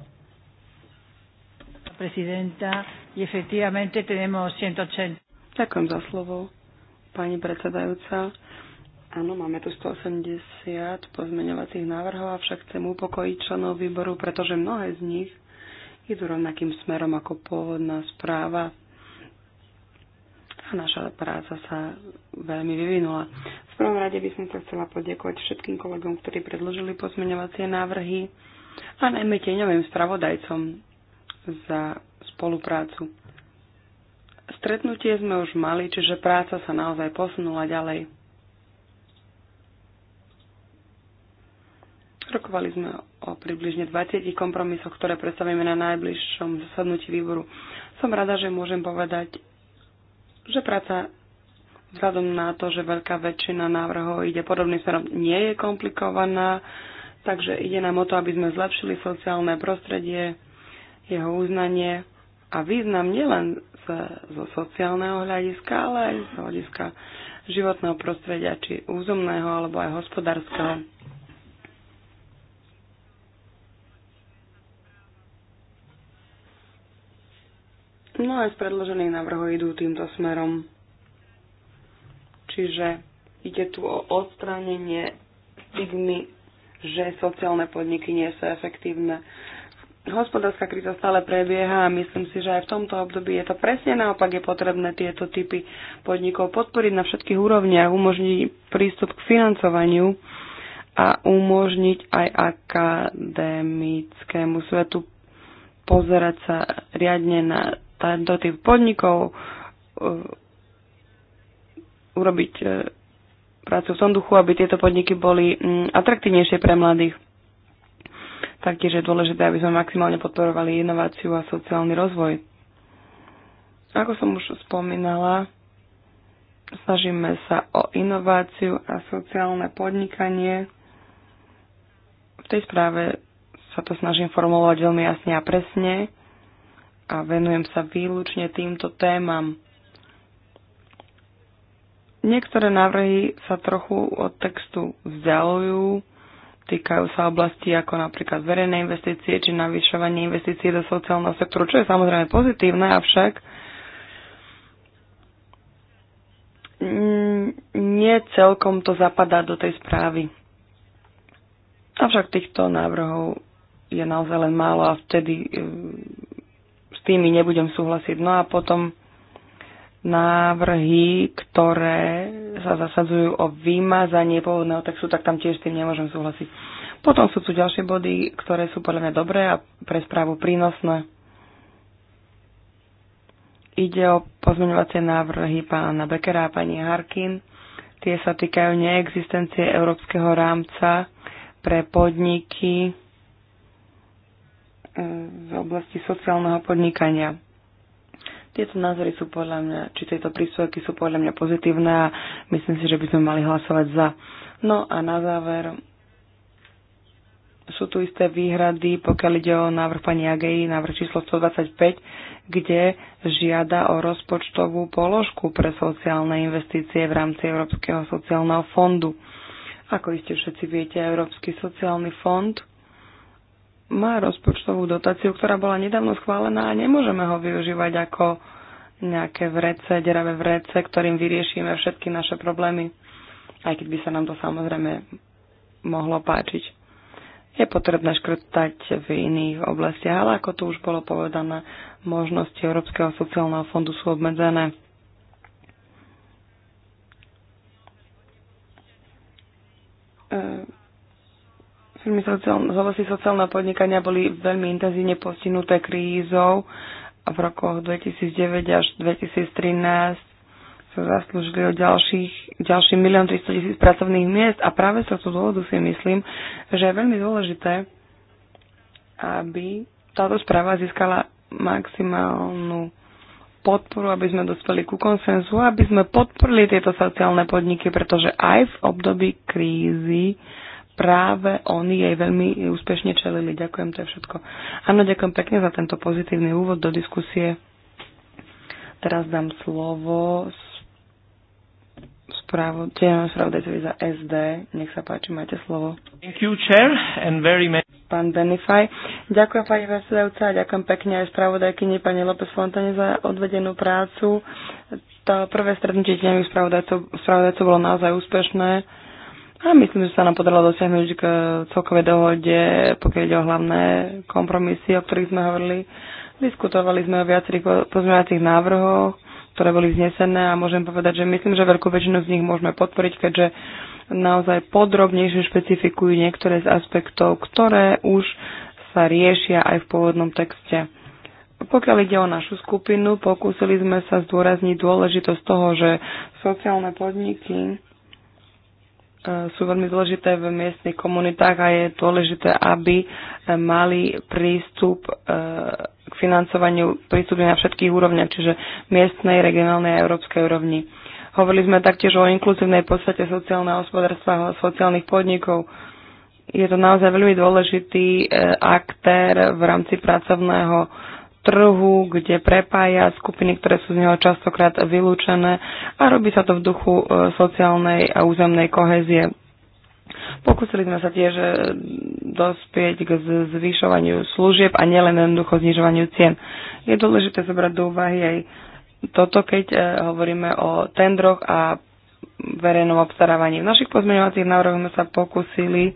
Prezidenta, efektivamente tenemos 180. Ďakujem za slovo, pani predsedajúca. Áno, máme tu 180 pozmeňovacích návrhov, avšak chcem upokojiť členov výboru, pretože mnohé z nich idú rovnakým smerom ako pôvodná správa a naša práca sa veľmi vyvinula. V prvom rade by som sa chcela podiekovať všetkým kolegom, ktorí predložili pozmeňovacie návrhy a najmä teňovým spravodajcom za spoluprácu. Stretnutie sme už mali, čiže práca sa naozaj posunula ďalej. Rokovali sme o približne 20 kompromisoch, ktoré predstavíme na najbližšom zasadnutí výboru. Som rada, že môžem povedať, že práca vzhľadom na to, že veľká väčšina návrhov ide podobným smerom, nie je komplikovaná, takže ide nám o to, aby sme zlepšili sociálne prostredie, jeho uznanie a význam nielen zo sociálneho hľadiska, ale aj z hľadiska životného prostredia, či územného alebo aj hospodárskeho. Mnohé z predložených návrhov idú týmto smerom. Čiže ide tu o odstránenie stigmy, že sociálne podniky nie sú efektívne. Hospodárska kríza stále prebieha a myslím si, že aj v tomto období je to presne naopak, je potrebné tieto typy podnikov podporiť na všetkých úrovniach, umožniť prístup k financovaniu a umožniť aj akademickému svetu pozerať sa riadne na do tých podnikov, e, urobiť e, prácu v tom duchu, aby tieto podniky boli mm, atraktívnejšie pre mladých. Taktiež je dôležité, aby sme maximálne podporovali inováciu a sociálny rozvoj. Ako som už spomínala, snažíme sa o inováciu a sociálne podnikanie. V tej správe sa to snažím formulovať veľmi jasne a presne a venujem sa výlučne týmto témam. Niektoré návrhy sa trochu od textu vzdialujú, týkajú sa oblasti ako napríklad verejné investície či navyšovanie investícií do sociálneho sektoru, čo je samozrejme pozitívne, avšak nie celkom to zapadá do tej správy. Avšak týchto návrhov je naozaj len málo a vtedy tými nebudem súhlasiť. No a potom návrhy, ktoré sa zasadzujú o vymazanie pôvodného textu, tak tam tiež s tým nemôžem súhlasiť. Potom sú tu ďalšie body, ktoré sú podľa mňa dobré a pre správu prínosné. Ide o pozmeňovacie návrhy pána Bekera a pani Harkin. Tie sa týkajú neexistencie európskeho rámca pre podniky v oblasti sociálneho podnikania. Tieto názory sú podľa mňa, či tieto príspevky sú podľa mňa pozitívne a myslím si, že by sme mali hlasovať za. No a na záver sú tu isté výhrady, pokiaľ ide o návrh pani Agei, návrh číslo 125, kde žiada o rozpočtovú položku pre sociálne investície v rámci Európskeho sociálneho fondu. Ako iste všetci viete, Európsky sociálny fond má rozpočtovú dotáciu, ktorá bola nedávno schválená a nemôžeme ho využívať ako nejaké vrece, deravé vrece, ktorým vyriešime všetky naše problémy, aj keď by sa nám to samozrejme mohlo páčiť. Je potrebné škrtať v iných oblastiach, ale ako tu už bolo povedané, možnosti Európskeho sociálneho fondu sú obmedzené. E Firmy z oblasti sociálneho podnikania boli veľmi intenzívne postihnuté krízou a v rokoch 2009 až 2013 sa zaslúžili o ďalších, ďalší 1 300 tisíc pracovných miest a práve z tohto dôvodu si myslím, že je veľmi dôležité, aby táto správa získala maximálnu podporu, aby sme dospeli ku konsenzu, aby sme podporili tieto sociálne podniky, pretože aj v období krízy práve oni jej veľmi úspešne čelili. Ďakujem, to je všetko. Áno, ďakujem pekne za tento pozitívny úvod do diskusie. Teraz dám slovo spravodajcovi za SD. Nech sa páči, máte slovo. Thank you, chair, and very many... Pán Benify. Ďakujem pani predsedajúca, ďakujem pekne aj spravodajkyni pani López Fontane za odvedenú prácu. To prvé stretnutie tieňových spravodajcov, spravodajcov bolo naozaj úspešné a myslím, že sa nám podarilo dosiahnuť k celkovej dohode, pokiaľ ide o hlavné kompromisy, o ktorých sme hovorili. Diskutovali sme o viacerých pozmeňovacích návrhoch, ktoré boli vznesené a môžem povedať, že myslím, že veľkú väčšinu z nich môžeme podporiť, keďže naozaj podrobnejšie špecifikujú niektoré z aspektov, ktoré už sa riešia aj v pôvodnom texte. Pokiaľ ide o našu skupinu, pokúsili sme sa zdôrazniť dôležitosť toho, že sociálne podniky sú veľmi dôležité v miestnych komunitách a je dôležité, aby mali prístup e, k financovaniu prístupne na všetkých úrovniach, čiže miestnej, regionálnej a európskej úrovni. Hovorili sme taktiež o inkluzívnej podstate sociálneho hospodárstva a sociálnych podnikov. Je to naozaj veľmi dôležitý e, aktér v rámci pracovného trhu, kde prepája skupiny, ktoré sú z neho častokrát vylúčené a robí sa to v duchu e, sociálnej a územnej kohezie. Pokúsili sme sa tiež e, dospieť k zvyšovaniu služieb a nielen jednoducho znižovaniu cien. Je dôležité zobrať do úvahy aj toto, keď e, hovoríme o tendroch a verejnom obstarávaní. V našich pozmeňovacích návrhoch sme sa pokúsili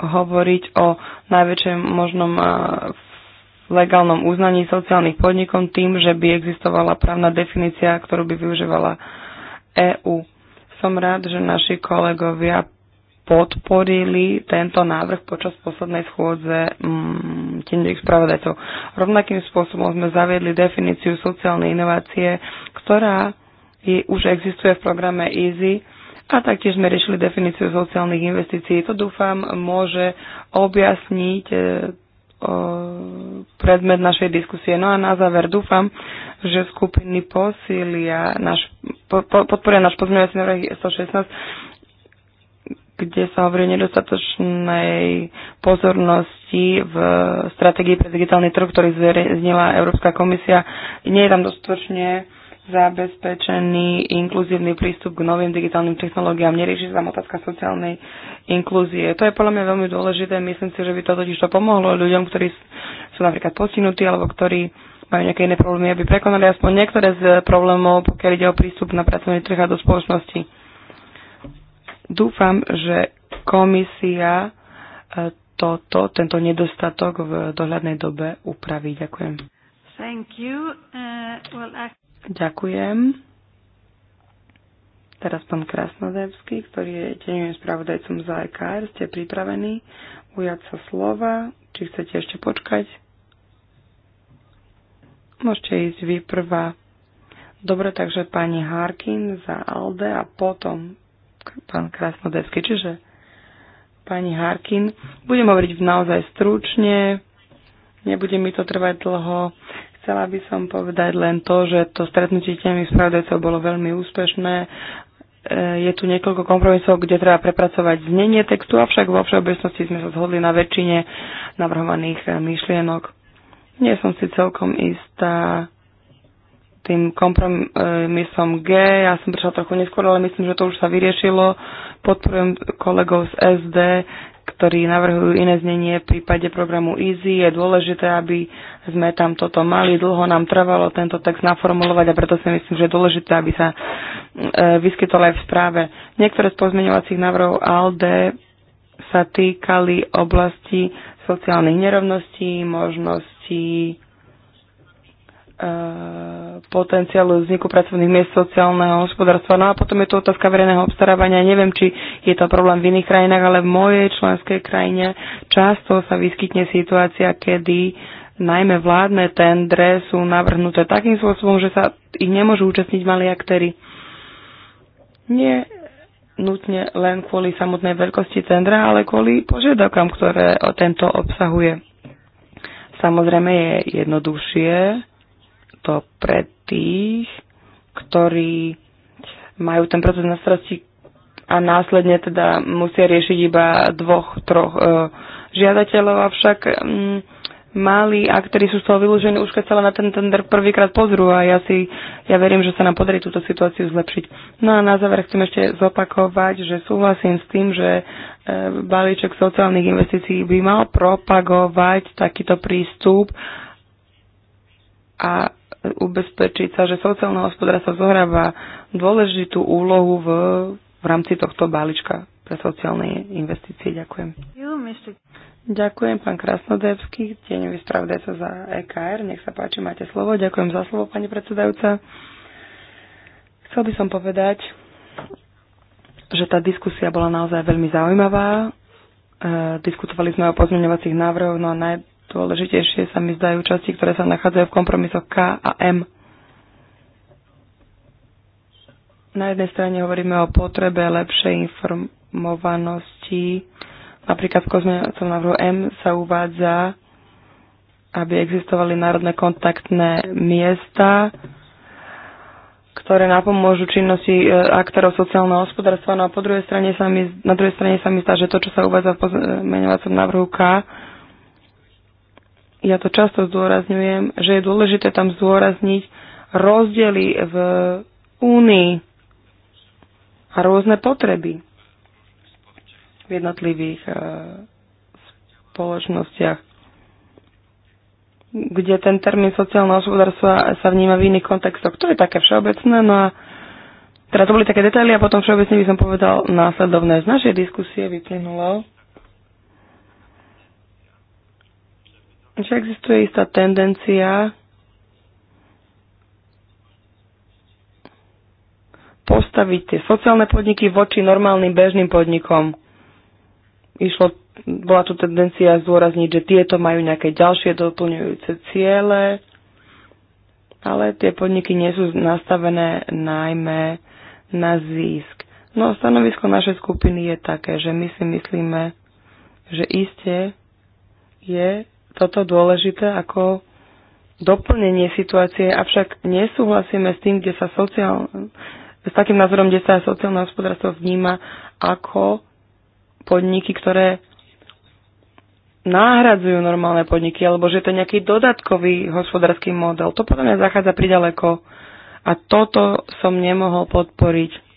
hovoriť o najväčšom možnom legálnom uznaní sociálnych podnikom tým, že by existovala právna definícia, ktorú by využívala EÚ. Som rád, že naši kolegovia podporili tento návrh počas poslednej schôdze mm, tieňových spravodajcov. Rovnakým spôsobom sme zaviedli definíciu sociálnej inovácie, ktorá je, už existuje v programe EASY a taktiež sme riešili definíciu sociálnych investícií. To dúfam môže objasniť e, predmet našej diskusie. No a na záver dúfam, že skupiny posília náš, po, podporia náš pozmeňovací návrh 116, kde sa hovorí o nedostatočnej pozornosti v strategii pre digitálny trh, ktorý zverejnila Európska komisia. Nie je tam dostatočne zabezpečený inkluzívny prístup k novým digitálnym technológiám. Nerieši sa tam otázka sociálnej inklúzie. To je podľa mňa veľmi dôležité. Myslím si, že by to totiž to pomohlo ľuďom, ktorí sú napríklad postihnutí alebo ktorí majú nejaké iné problémy, aby prekonali aspoň niektoré z problémov, pokiaľ ide o prístup na pracovný trh a do spoločnosti. Dúfam, že komisia e, toto, tento nedostatok v dohľadnej dobe upraví. Ďakujem. Thank you. Uh, well, I... Ďakujem. Teraz pán Krasnodevský, ktorý je tenivým spravodajcom za EKR. Ste pripravení ujať sa slova? Či chcete ešte počkať? Môžete ísť vy prvá. Dobre, takže pani Harkin za Alde a potom pán Krasnodevský. Čiže pani Harkin. Budem hovoriť naozaj stručne, nebude mi to trvať dlho. Chcela by som povedať len to, že to stretnutie tieňových spravodajcov bolo veľmi úspešné. E, je tu niekoľko kompromisov, kde treba prepracovať znenie textu, avšak vo všeobecnosti sme sa zhodli na väčšine navrhovaných e, myšlienok. Nie som si celkom istá tým kompromisom G. Ja som prišla trochu neskôr, ale myslím, že to už sa vyriešilo. Podporujem kolegov z SD ktorí navrhujú iné znenie v prípade programu EASY. Je dôležité, aby sme tam toto mali. Dlho nám trvalo tento text naformulovať a preto si myslím, že je dôležité, aby sa e, vyskytol aj v správe. Niektoré z pozmeňovacích návrhov ALDE sa týkali oblasti sociálnych nerovností, možností e, potenciálu vzniku pracovných miest sociálneho hospodárstva. No a potom je to otázka verejného obstarávania. Neviem, či je to problém v iných krajinách, ale v mojej členskej krajine často sa vyskytne situácia, kedy najmä vládne tendre sú navrhnuté takým spôsobom, že sa ich nemôžu účastniť malí aktéry. Nie nutne len kvôli samotnej veľkosti tendra, ale kvôli požiadavkám, ktoré tento obsahuje. Samozrejme je jednoduchšie to pre tých, ktorí majú ten proces na starosti a následne teda musia riešiť iba dvoch, troch e, žiadateľov, avšak m, mm, mali ktorí sú z toho vylúžení už keď sa na ten tender prvýkrát pozrú a ja si, ja verím, že sa nám podarí túto situáciu zlepšiť. No a na záver chcem ešte zopakovať, že súhlasím s tým, že e, balíček sociálnych investícií by mal propagovať takýto prístup a ubezpečiť sa, že sociálne hospodárstvo zohráva dôležitú úlohu v, v rámci tohto balíčka pre sociálne investície. Ďakujem. Ďakujem, pán Krasnodebský, deňový sa za EKR. Nech sa páči, máte slovo. Ďakujem za slovo, pani predsedajúca. Chcel by som povedať, že tá diskusia bola naozaj veľmi zaujímavá. E, diskutovali sme o pozmeňovacích návrhoch, no a naj, Dôležitejšie sa mi zdajú časti, ktoré sa nachádzajú v kompromisoch K a M. Na jednej strane hovoríme o potrebe lepšej informovanosti. Napríklad v kozmeňovacom návrhu M sa uvádza, aby existovali národné kontaktné miesta, ktoré napomôžu činnosti e, aktérov sociálneho hospodárstva. No a po druhej strane sa mi, na druhej strane sa mi zdá, že to, čo sa uvádza v pozmeňovacom návrhu K, ja to často zdôrazňujem, že je dôležité tam zdôrazniť rozdiely v únii a rôzne potreby v jednotlivých e, spoločnostiach, kde ten termín sociálne hospodárstvo sa vníma v iných kontextoch. To je také všeobecné, no a teda to boli také detaily a potom všeobecne by som povedal následovné. Z našej diskusie vyplynulo, že existuje istá tendencia postaviť tie sociálne podniky voči normálnym bežným podnikom. Išlo, bola tu tendencia zdôrazniť, že tieto majú nejaké ďalšie doplňujúce ciele, ale tie podniky nie sú nastavené najmä na získ. No stanovisko našej skupiny je také, že my si myslíme, že iste je toto dôležité ako doplnenie situácie, avšak nesúhlasíme s tým, kde sa sociál, s takým názorom, kde sa sociálne hospodárstvo vníma ako podniky, ktoré náhradzujú normálne podniky, alebo že to je nejaký dodatkový hospodársky model. To podľa mňa zachádza pridaleko a toto som nemohol podporiť.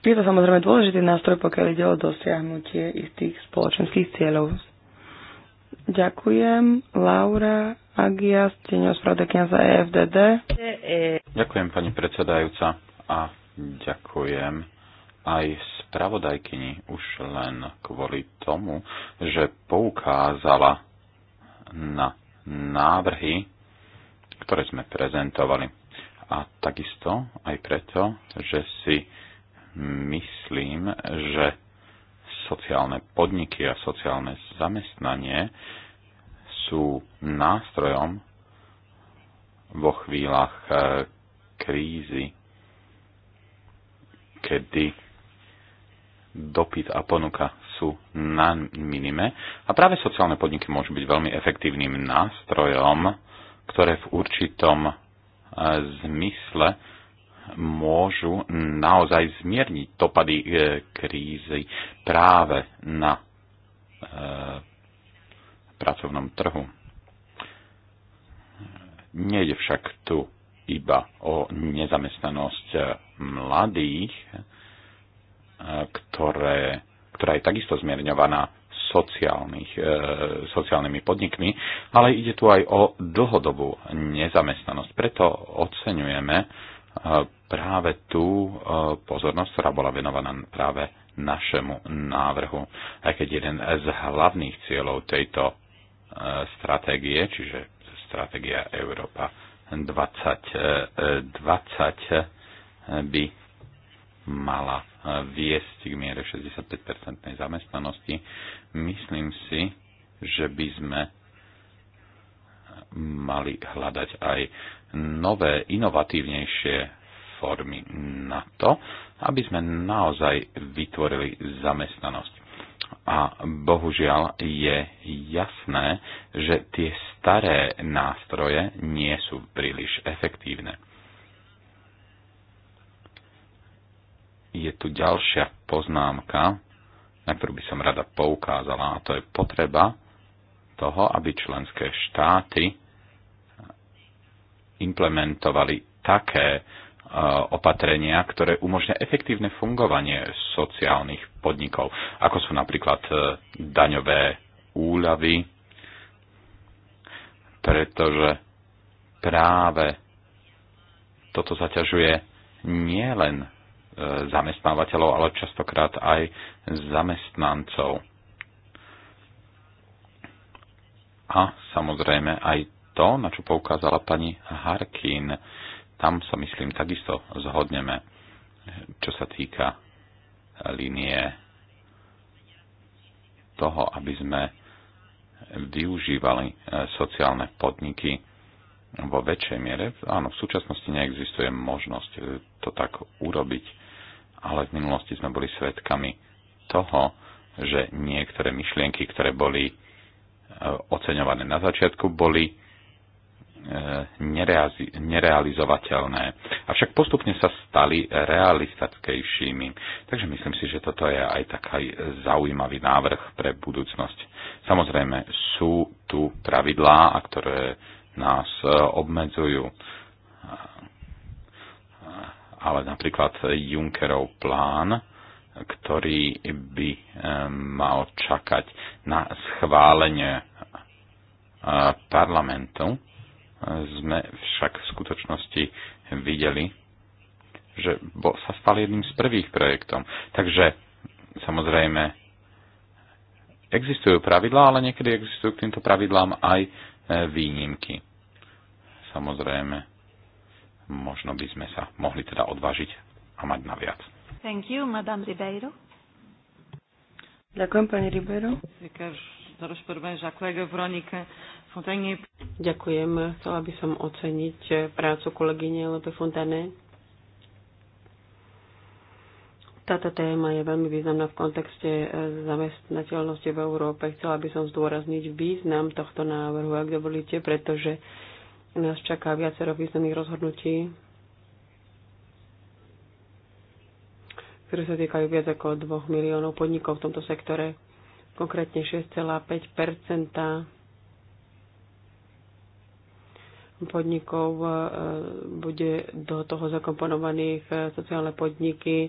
Je to samozrejme dôležitý nástroj, pokiaľ ide o dosiahnutie istých spoločenských cieľov. Ďakujem, Laura Agia, Steňo Spradekian za EFDD. Ďakujem, pani predsedajúca, a ďakujem aj spravodajkyni už len kvôli tomu, že poukázala na návrhy, ktoré sme prezentovali. A takisto aj preto, že si myslím, že sociálne podniky a sociálne zamestnanie sú nástrojom vo chvíľach e, krízy, kedy dopyt a ponuka sú na minime. A práve sociálne podniky môžu byť veľmi efektívnym nástrojom, ktoré v určitom e, zmysle môžu naozaj zmierniť dopady e, krízy práve na e, pracovnom trhu. Nejde však tu iba o nezamestnanosť e, mladých, ktoré, ktorá je takisto zmierňovaná sociálnych, e, sociálnymi podnikmi, ale ide tu aj o dlhodobú nezamestnanosť. Preto oceňujeme práve tú e, pozornosť, ktorá bola venovaná práve našemu návrhu. Aj keď jeden z hlavných cieľov tejto e, stratégie, čiže stratégia Európa 2020 e, by mala viesť k miere 65-percentnej zamestnanosti, myslím si, že by sme mali hľadať aj nové, inovatívnejšie formy na to, aby sme naozaj vytvorili zamestnanosť. A bohužiaľ je jasné, že tie staré nástroje nie sú príliš efektívne. Je tu ďalšia poznámka, na ktorú by som rada poukázala, a to je potreba toho, aby členské štáty implementovali také e, opatrenia, ktoré umožňa efektívne fungovanie sociálnych podnikov, ako sú napríklad e, daňové úľavy, pretože práve toto zaťažuje nielen e, zamestnávateľov, ale častokrát aj zamestnancov. A samozrejme aj to, na čo poukázala pani Harkin. Tam sa, myslím, takisto zhodneme, čo sa týka línie toho, aby sme využívali e, sociálne podniky vo väčšej miere. Áno, v súčasnosti neexistuje možnosť e, to tak urobiť, ale v minulosti sme boli svedkami toho, že niektoré myšlienky, ktoré boli e, oceňované na začiatku, boli nerealizovateľné. Avšak postupne sa stali realistickejšími. Takže myslím si, že toto je aj taký zaujímavý návrh pre budúcnosť. Samozrejme, sú tu pravidlá, a ktoré nás obmedzujú. Ale napríklad Junckerov plán, ktorý by eh, mal čakať na schválenie eh, parlamentu, sme však v skutočnosti videli, že sa stal jedným z prvých projektov. Takže samozrejme existujú pravidlá, ale niekedy existujú k týmto pravidlám aj e, výnimky. Samozrejme, možno by sme sa mohli teda odvážiť a mať na viac. Thank you, Madame Ribeiro. Ďakujem, pani Ribeiro. Ďakujem, pani Ribeiro. Ďakujem. Chcela by som oceniť prácu kolegyne Lepe Fontane. Táto téma je veľmi významná v kontexte eh, zamestnateľnosti v Európe. Chcela by som zdôrazniť význam tohto návrhu, ak dovolíte, pretože nás čaká viacero významných rozhodnutí, ktoré sa týkajú viac ako 2 miliónov podnikov v tomto sektore, konkrétne 6,5 podnikov e, bude do toho zakomponovaných e, sociálne podniky e,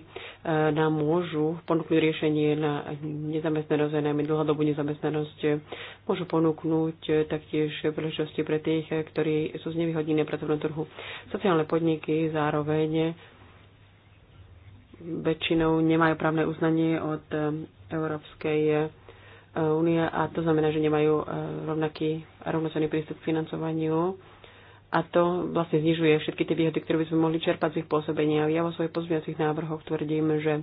nám môžu ponúknuť riešenie na nezamestnanosť, najmä dlhodobú nezamestnanosť. Môžu ponúknuť taktiež príležitosti pre tých, ktorí sú znevýhodnení na pracovnom trhu. Sociálne podniky zároveň väčšinou nemajú právne uznanie od Európskej únie a to znamená, že nemajú rovnaký a rovnocenný prístup k financovaniu a to vlastne znižuje všetky tie výhody, ktoré by sme mohli čerpať z ich pôsobenia. Ja vo svojich pozmeňacích návrhoch tvrdím, že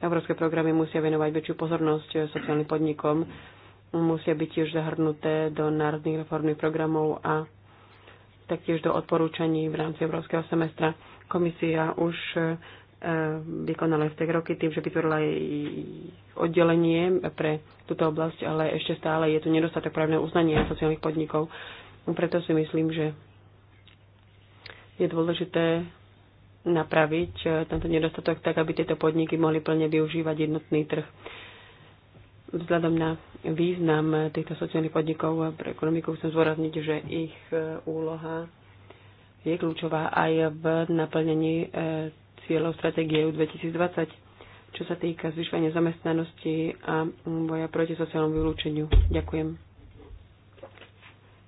európske programy musia venovať väčšiu pozornosť sociálnym podnikom, musia byť tiež zahrnuté do národných reformných programov a taktiež do odporúčaní v rámci európskeho semestra. Komisia už e, vykonala v tej roky tým, že vytvorila oddelenie pre túto oblasť, ale ešte stále je tu nedostatok právneho uznania sociálnych podnikov. Preto si myslím, že je dôležité napraviť eh, tento nedostatok tak, aby tieto podniky mohli plne využívať jednotný trh. Vzhľadom na význam eh, týchto sociálnych podnikov pre ekonomiku chcem zvorazniť, že ich eh, úloha je kľúčová aj v naplnení cieľov stratégie 2020, čo sa týka zvyšovania zamestnanosti a boja proti sociálnom vylúčeniu. Ďakujem.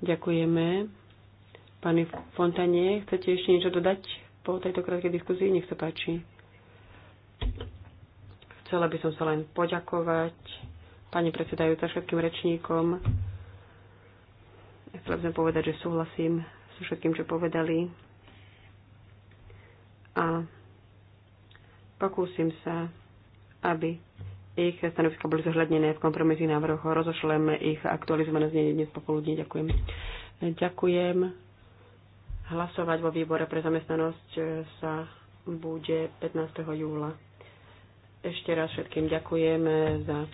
Ďakujeme. Pani Fontanie, chcete ešte niečo dodať po tejto krátkej diskuzii? Nech sa páči. Chcela by som sa len poďakovať pani predsedajúca všetkým rečníkom. Chcela by som povedať, že súhlasím so všetkým, čo povedali. A pokúsim sa, aby ich stanoviska boli zohľadnené v kompromisných návrhoch. rozošleme ich aktualizované znenie dnes popoludne. Ďakujem. Ďakujem. Hlasovať vo výbore pre zamestnanosť e, sa bude 15. júla. Ešte raz všetkým ďakujeme za e,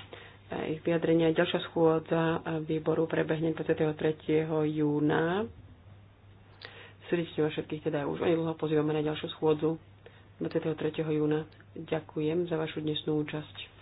ich vyjadrenia. Ďalšia schôdza e, výboru prebehne 23. júna. Srdečne vás všetkých teda už dlho pozývame na ďalšiu schôdzu 23. júna. Ďakujem za vašu dnešnú účasť.